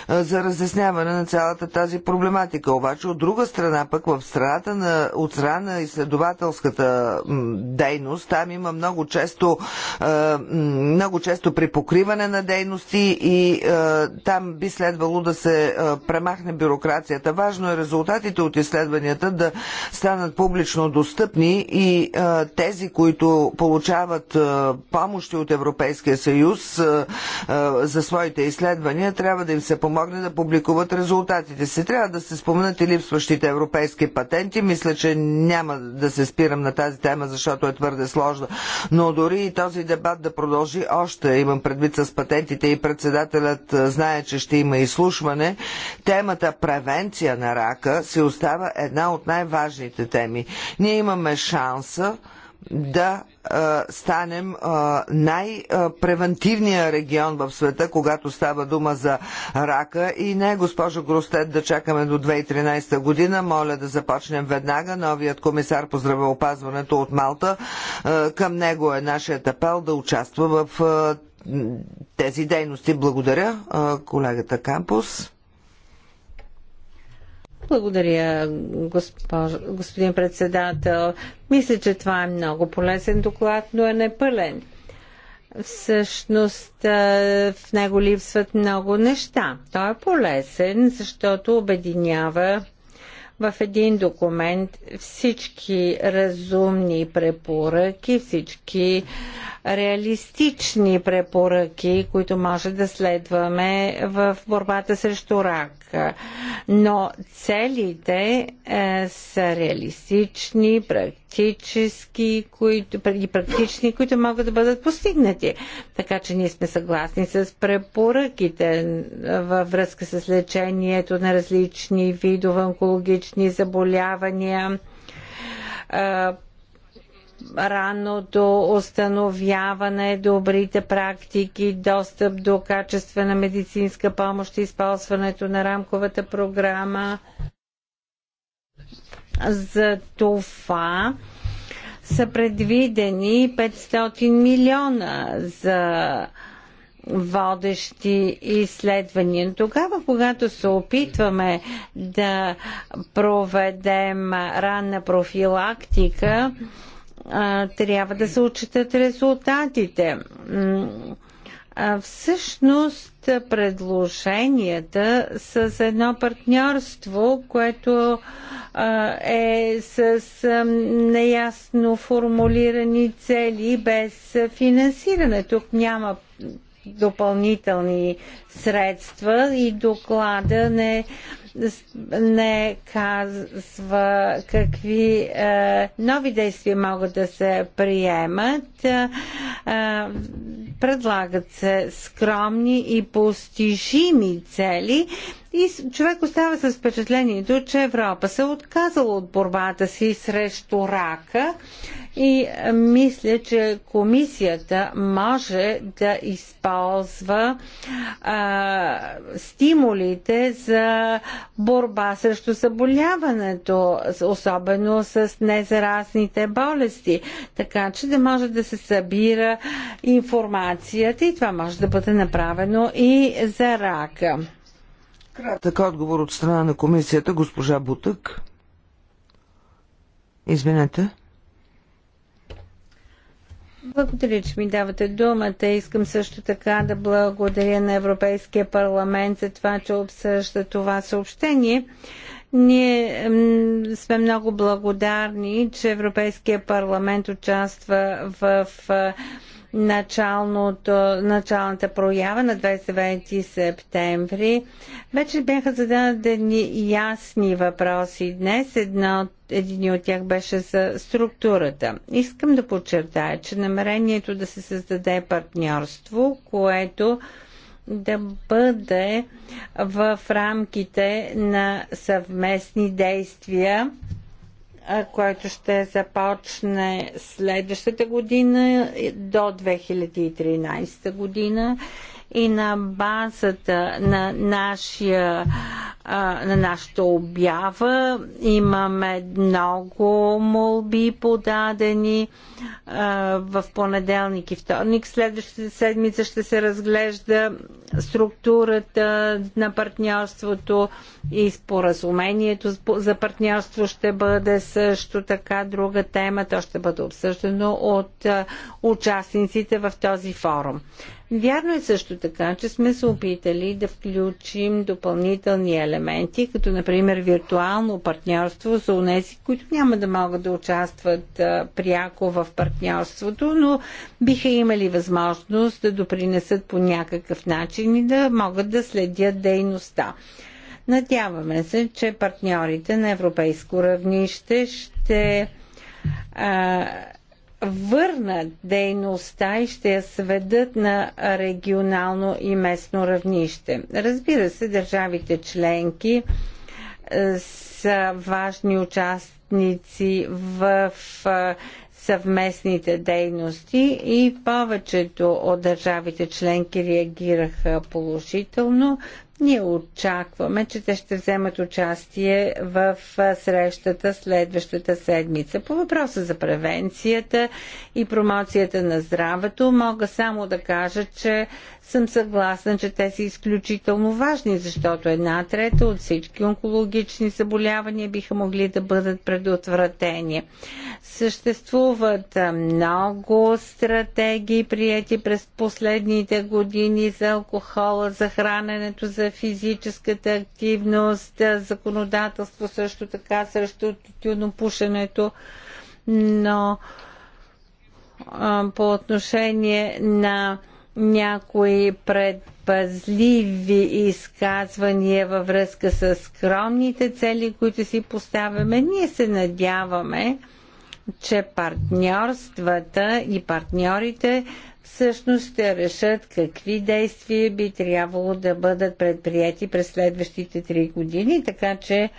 за разясняване на цялата тази проблематика. Обаче от друга страна, пък в страната на, от страна на изследователската дейност, там има много често, много често припокриване на дейности и там би следвало да се премахне бюрокрацията. Важно е резултатите от изследванията да станат публично достъпни и тези, които получават помощи от Европейския съюз за своите изследвания, трябва да им се помогне да публикуват резултатите си. Трябва да се споменат и липсващите европейски патенти. Мисля, че няма да се спирам на тази тема, защото е твърде сложна. Но дори и този дебат да продължи още, имам предвид с патентите и председателят знае, че ще има изслушване, темата превенция на рака се остава една от най-важните теми. Ние имаме шанса да станем най-превентивния регион в света, когато става дума за рака. И не, госпожо Гростет, да чакаме до 2013 година. Моля да започнем веднага. Новият комисар по здравеопазването от Малта, към него е нашият апел да участва в тези дейности. Благодаря, колегата Кампус. Благодаря, госпож... господин председател. Мисля, че това е много полезен доклад, но е непълен. Всъщност в него липсват много неща. Той е полезен, защото обединява в един документ всички разумни препоръки, всички реалистични препоръки, които може да следваме в борбата срещу рак. Но целите е, са реалистични, практически които, и практични, които могат да бъдат постигнати. Така че ние сме съгласни с препоръките във връзка с лечението на различни видове онкологични заболявания е, ранното установяване, добрите практики, достъп до качествена медицинска помощ, използването на рамковата програма. За това са предвидени 500 милиона за водещи изследвания. Тогава, когато се опитваме да проведем ранна профилактика, трябва да се отчитат резултатите. Всъщност предложенията с едно партньорство, което е с неясно формулирани цели без финансиране. Тук няма допълнителни средства и доклада не не казва какви е, нови действия могат да се приемат. Е, предлагат се скромни и постижими цели и човек остава с впечатлението, че Европа се е отказала от борбата си срещу рака и мисля, че комисията може да използва а, стимулите за борба срещу заболяването, особено с незаразните болести, така че да може да се събира информацията и това може да бъде направено и за рака. Кратък отговор от страна на комисията, госпожа Бутък. Извинете. Благодаря, че ми давате думата. Искам също така да благодаря на Европейския парламент за това, че обсъжда това съобщение. Ние сме много благодарни, че Европейския парламент участва в началното, началната проява на 29 септември. Вече бяха зададени ясни въпроси днес. Едно, един от тях беше за структурата. Искам да подчертая, че намерението да се създаде партньорство, което да бъде в рамките на съвместни действия който ще започне следващата година до 2013 година и на базата на, нашия, на нашата обява имаме много молби подадени. В понеделник и вторник следващата седмица ще се разглежда структурата на партньорството и споразумението за партньорство ще бъде също така друга тема. То ще бъде обсъждано от участниците в този форум. Вярно е също така, че сме се опитали да включим допълнителни елементи, като например виртуално партньорство за унези, които няма да могат да участват а, пряко в партньорството, но биха имали възможност да допринесат по някакъв начин и да могат да следят дейността. Надяваме се, че партньорите на европейско равнище ще а, върнат дейността и ще я сведат на регионално и местно равнище. Разбира се, държавите членки е, са важни участници в е, съвместните дейности и повечето от държавите членки реагираха положително. Ние очакваме, че те ще вземат участие в срещата следващата седмица. По въпроса за превенцията и промоцията на здравето, мога само да кажа, че съм съгласна, че те са изключително важни, защото една трета от всички онкологични заболявания биха могли да бъдат предотвратени. Съществуват много стратегии, прияти през последните години за алкохола, за храненето, за физическата активност, законодателство също така срещу тютюнопушенето, но по отношение на някои предпазливи изказвания във връзка с скромните цели, които си поставяме, ние се надяваме, че партньорствата и партньорите всъщност ще решат какви действия би трябвало да бъдат предприяти през следващите три години, така че е,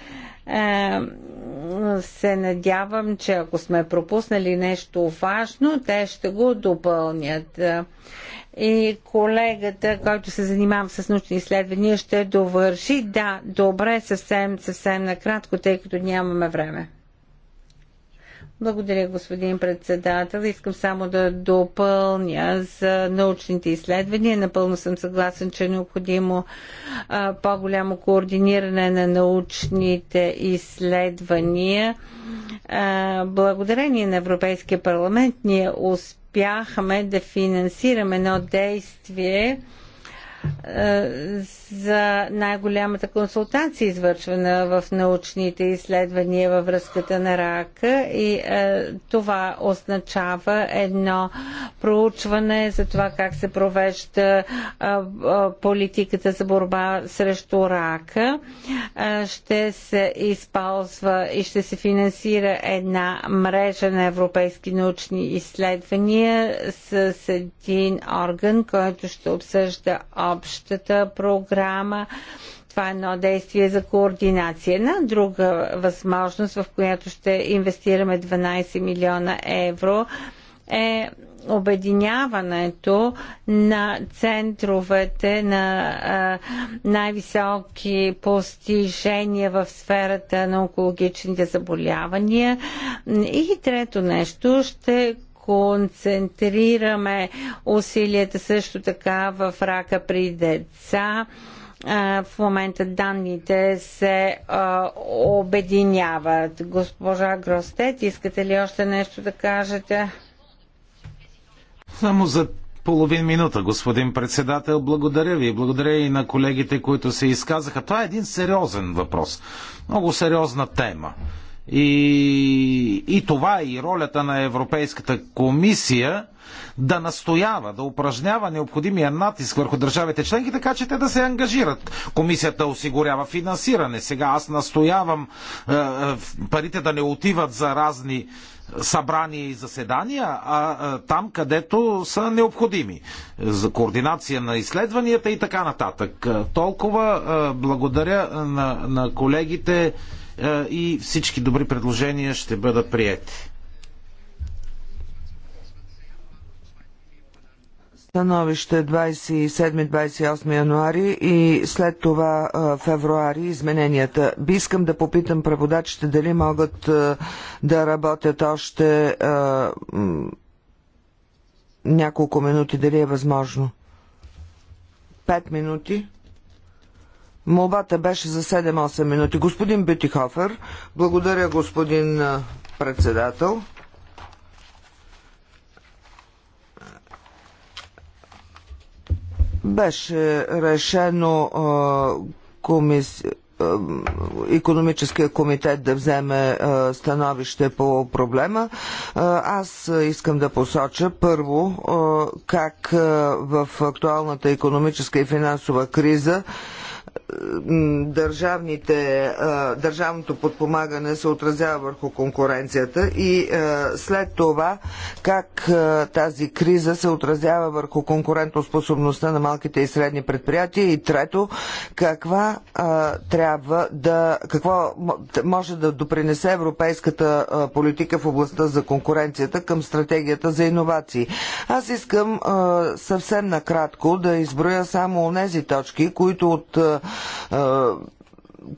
се надявам, че ако сме пропуснали нещо важно, те ще го допълнят. И колегата, който се занимава с научни изследвания, ще довърши. Да, добре, съвсем, съвсем накратко, тъй като нямаме време. Благодаря, господин председател. Искам само да допълня за научните изследвания. Напълно съм съгласен, че е необходимо по-голямо координиране на научните изследвания. А, благодарение на Европейския парламент ние успяхме да финансираме едно действие, е, за най-голямата консултация, извършвана в научните изследвания във връзката на рака и е, това означава едно проучване за това как се провежда е, е, политиката за борба срещу рака. Е, ще се използва и ще се финансира една мрежа на европейски научни изследвания с един орган, който ще обсъжда общата програма. Това е едно действие за координация. Една друга възможност, в която ще инвестираме 12 милиона евро, е обединяването на центровете на най-високи постижения в сферата на онкологичните заболявания. И трето нещо ще концентрираме усилията също така в рака при деца. В момента данните се обединяват. Госпожа Гростет, искате ли още нещо да кажете? Само за половин минута, господин председател. Благодаря ви. Благодаря и на колегите, които се изказаха. Това е един сериозен въпрос. Много сериозна тема. И, и това е и ролята на Европейската комисия да настоява, да упражнява необходимия натиск върху държавите членки, така че те да се ангажират. Комисията осигурява финансиране. Сега аз настоявам е, е парите да не отиват за разни събрания и заседания, а е, там, където са необходими. За координация на изследванията и така нататък. Е, толкова е, благодаря на, на колегите е, и всички добри предложения ще бъдат приети. Становище 27-28 януари и след това е, февруари измененията. Би искам да попитам преводачите дали могат е, да работят още няколко минути, дали е възможно. Пет минути. Молбата беше за 7-8 минути. Господин Бютихофер, благодаря господин председател. Беше решено економическия комитет да вземе становище по проблема. Аз искам да посоча първо как в актуалната економическа и финансова криза държавните, държавното подпомагане се отразява върху конкуренцията и след това как тази криза се отразява върху конкурентоспособността на малките и средни предприятия и трето, каква трябва да, какво може да допринесе европейската политика в областта за конкуренцията към стратегията за иновации. Аз искам съвсем накратко да изброя само тези точки, които от а,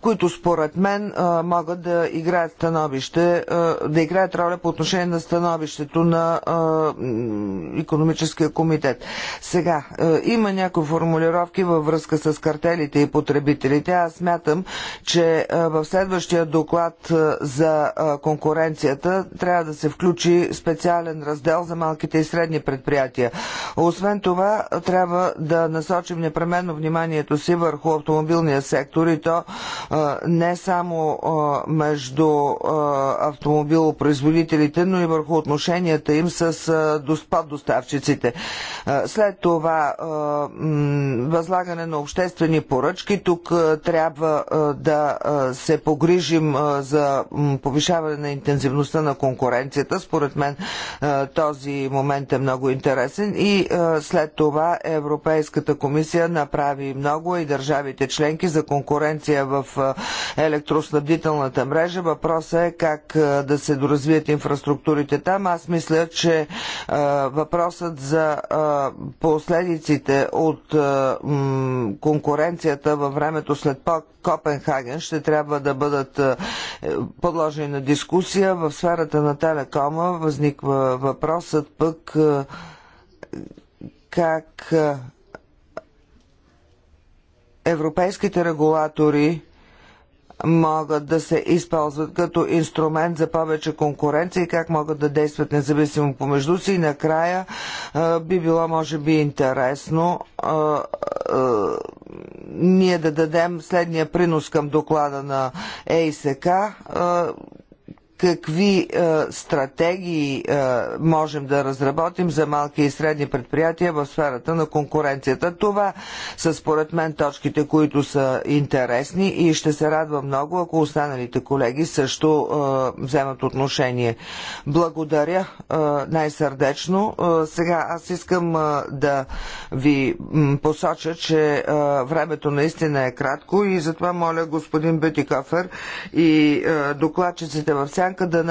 които според мен могат да играят становище, да играят роля по отношение на становището на економическия комитет. Сега, има някои формулировки във връзка с картелите и потребителите. Аз смятам, че в следващия доклад за конкуренцията трябва да се включи специален раздел за малките и средни предприятия. Освен това, трябва да насочим непременно вниманието си върху автомобилния сектор и то не само между автомобилопроизводителите, но и върху отношенията им с доставчиците. След това възлагане на обществени поръчки. Тук трябва да се погрижим за повишаване на интензивността на конкуренцията. Според мен този момент е много интересен и след това Европейската комисия направи много и държавите членки за конкуренция в в електроснабдителната мрежа. Въпросът е как да се доразвият инфраструктурите там. Аз мисля, че въпросът за последиците от конкуренцията във времето след Копенхаген ще трябва да бъдат подложени на дискусия. В сферата на телекома възниква въпросът пък как европейските регулатори могат да се използват като инструмент за повече конкуренция и как могат да действат независимо помежду си. И накрая би било, може би, интересно ние да дадем следния принос към доклада на ЕИСК какви е, стратегии е, можем да разработим за малки и средни предприятия в сферата на конкуренцията. Това са според мен точките, които са интересни и ще се радва много, ако останалите колеги също е, вземат отношение. Благодаря е, най-сърдечно. Е, сега аз искам е, да ви м, посоча, че е, времето наистина е кратко и затова моля господин Бетикофер и е, докладчиците в сянка банка да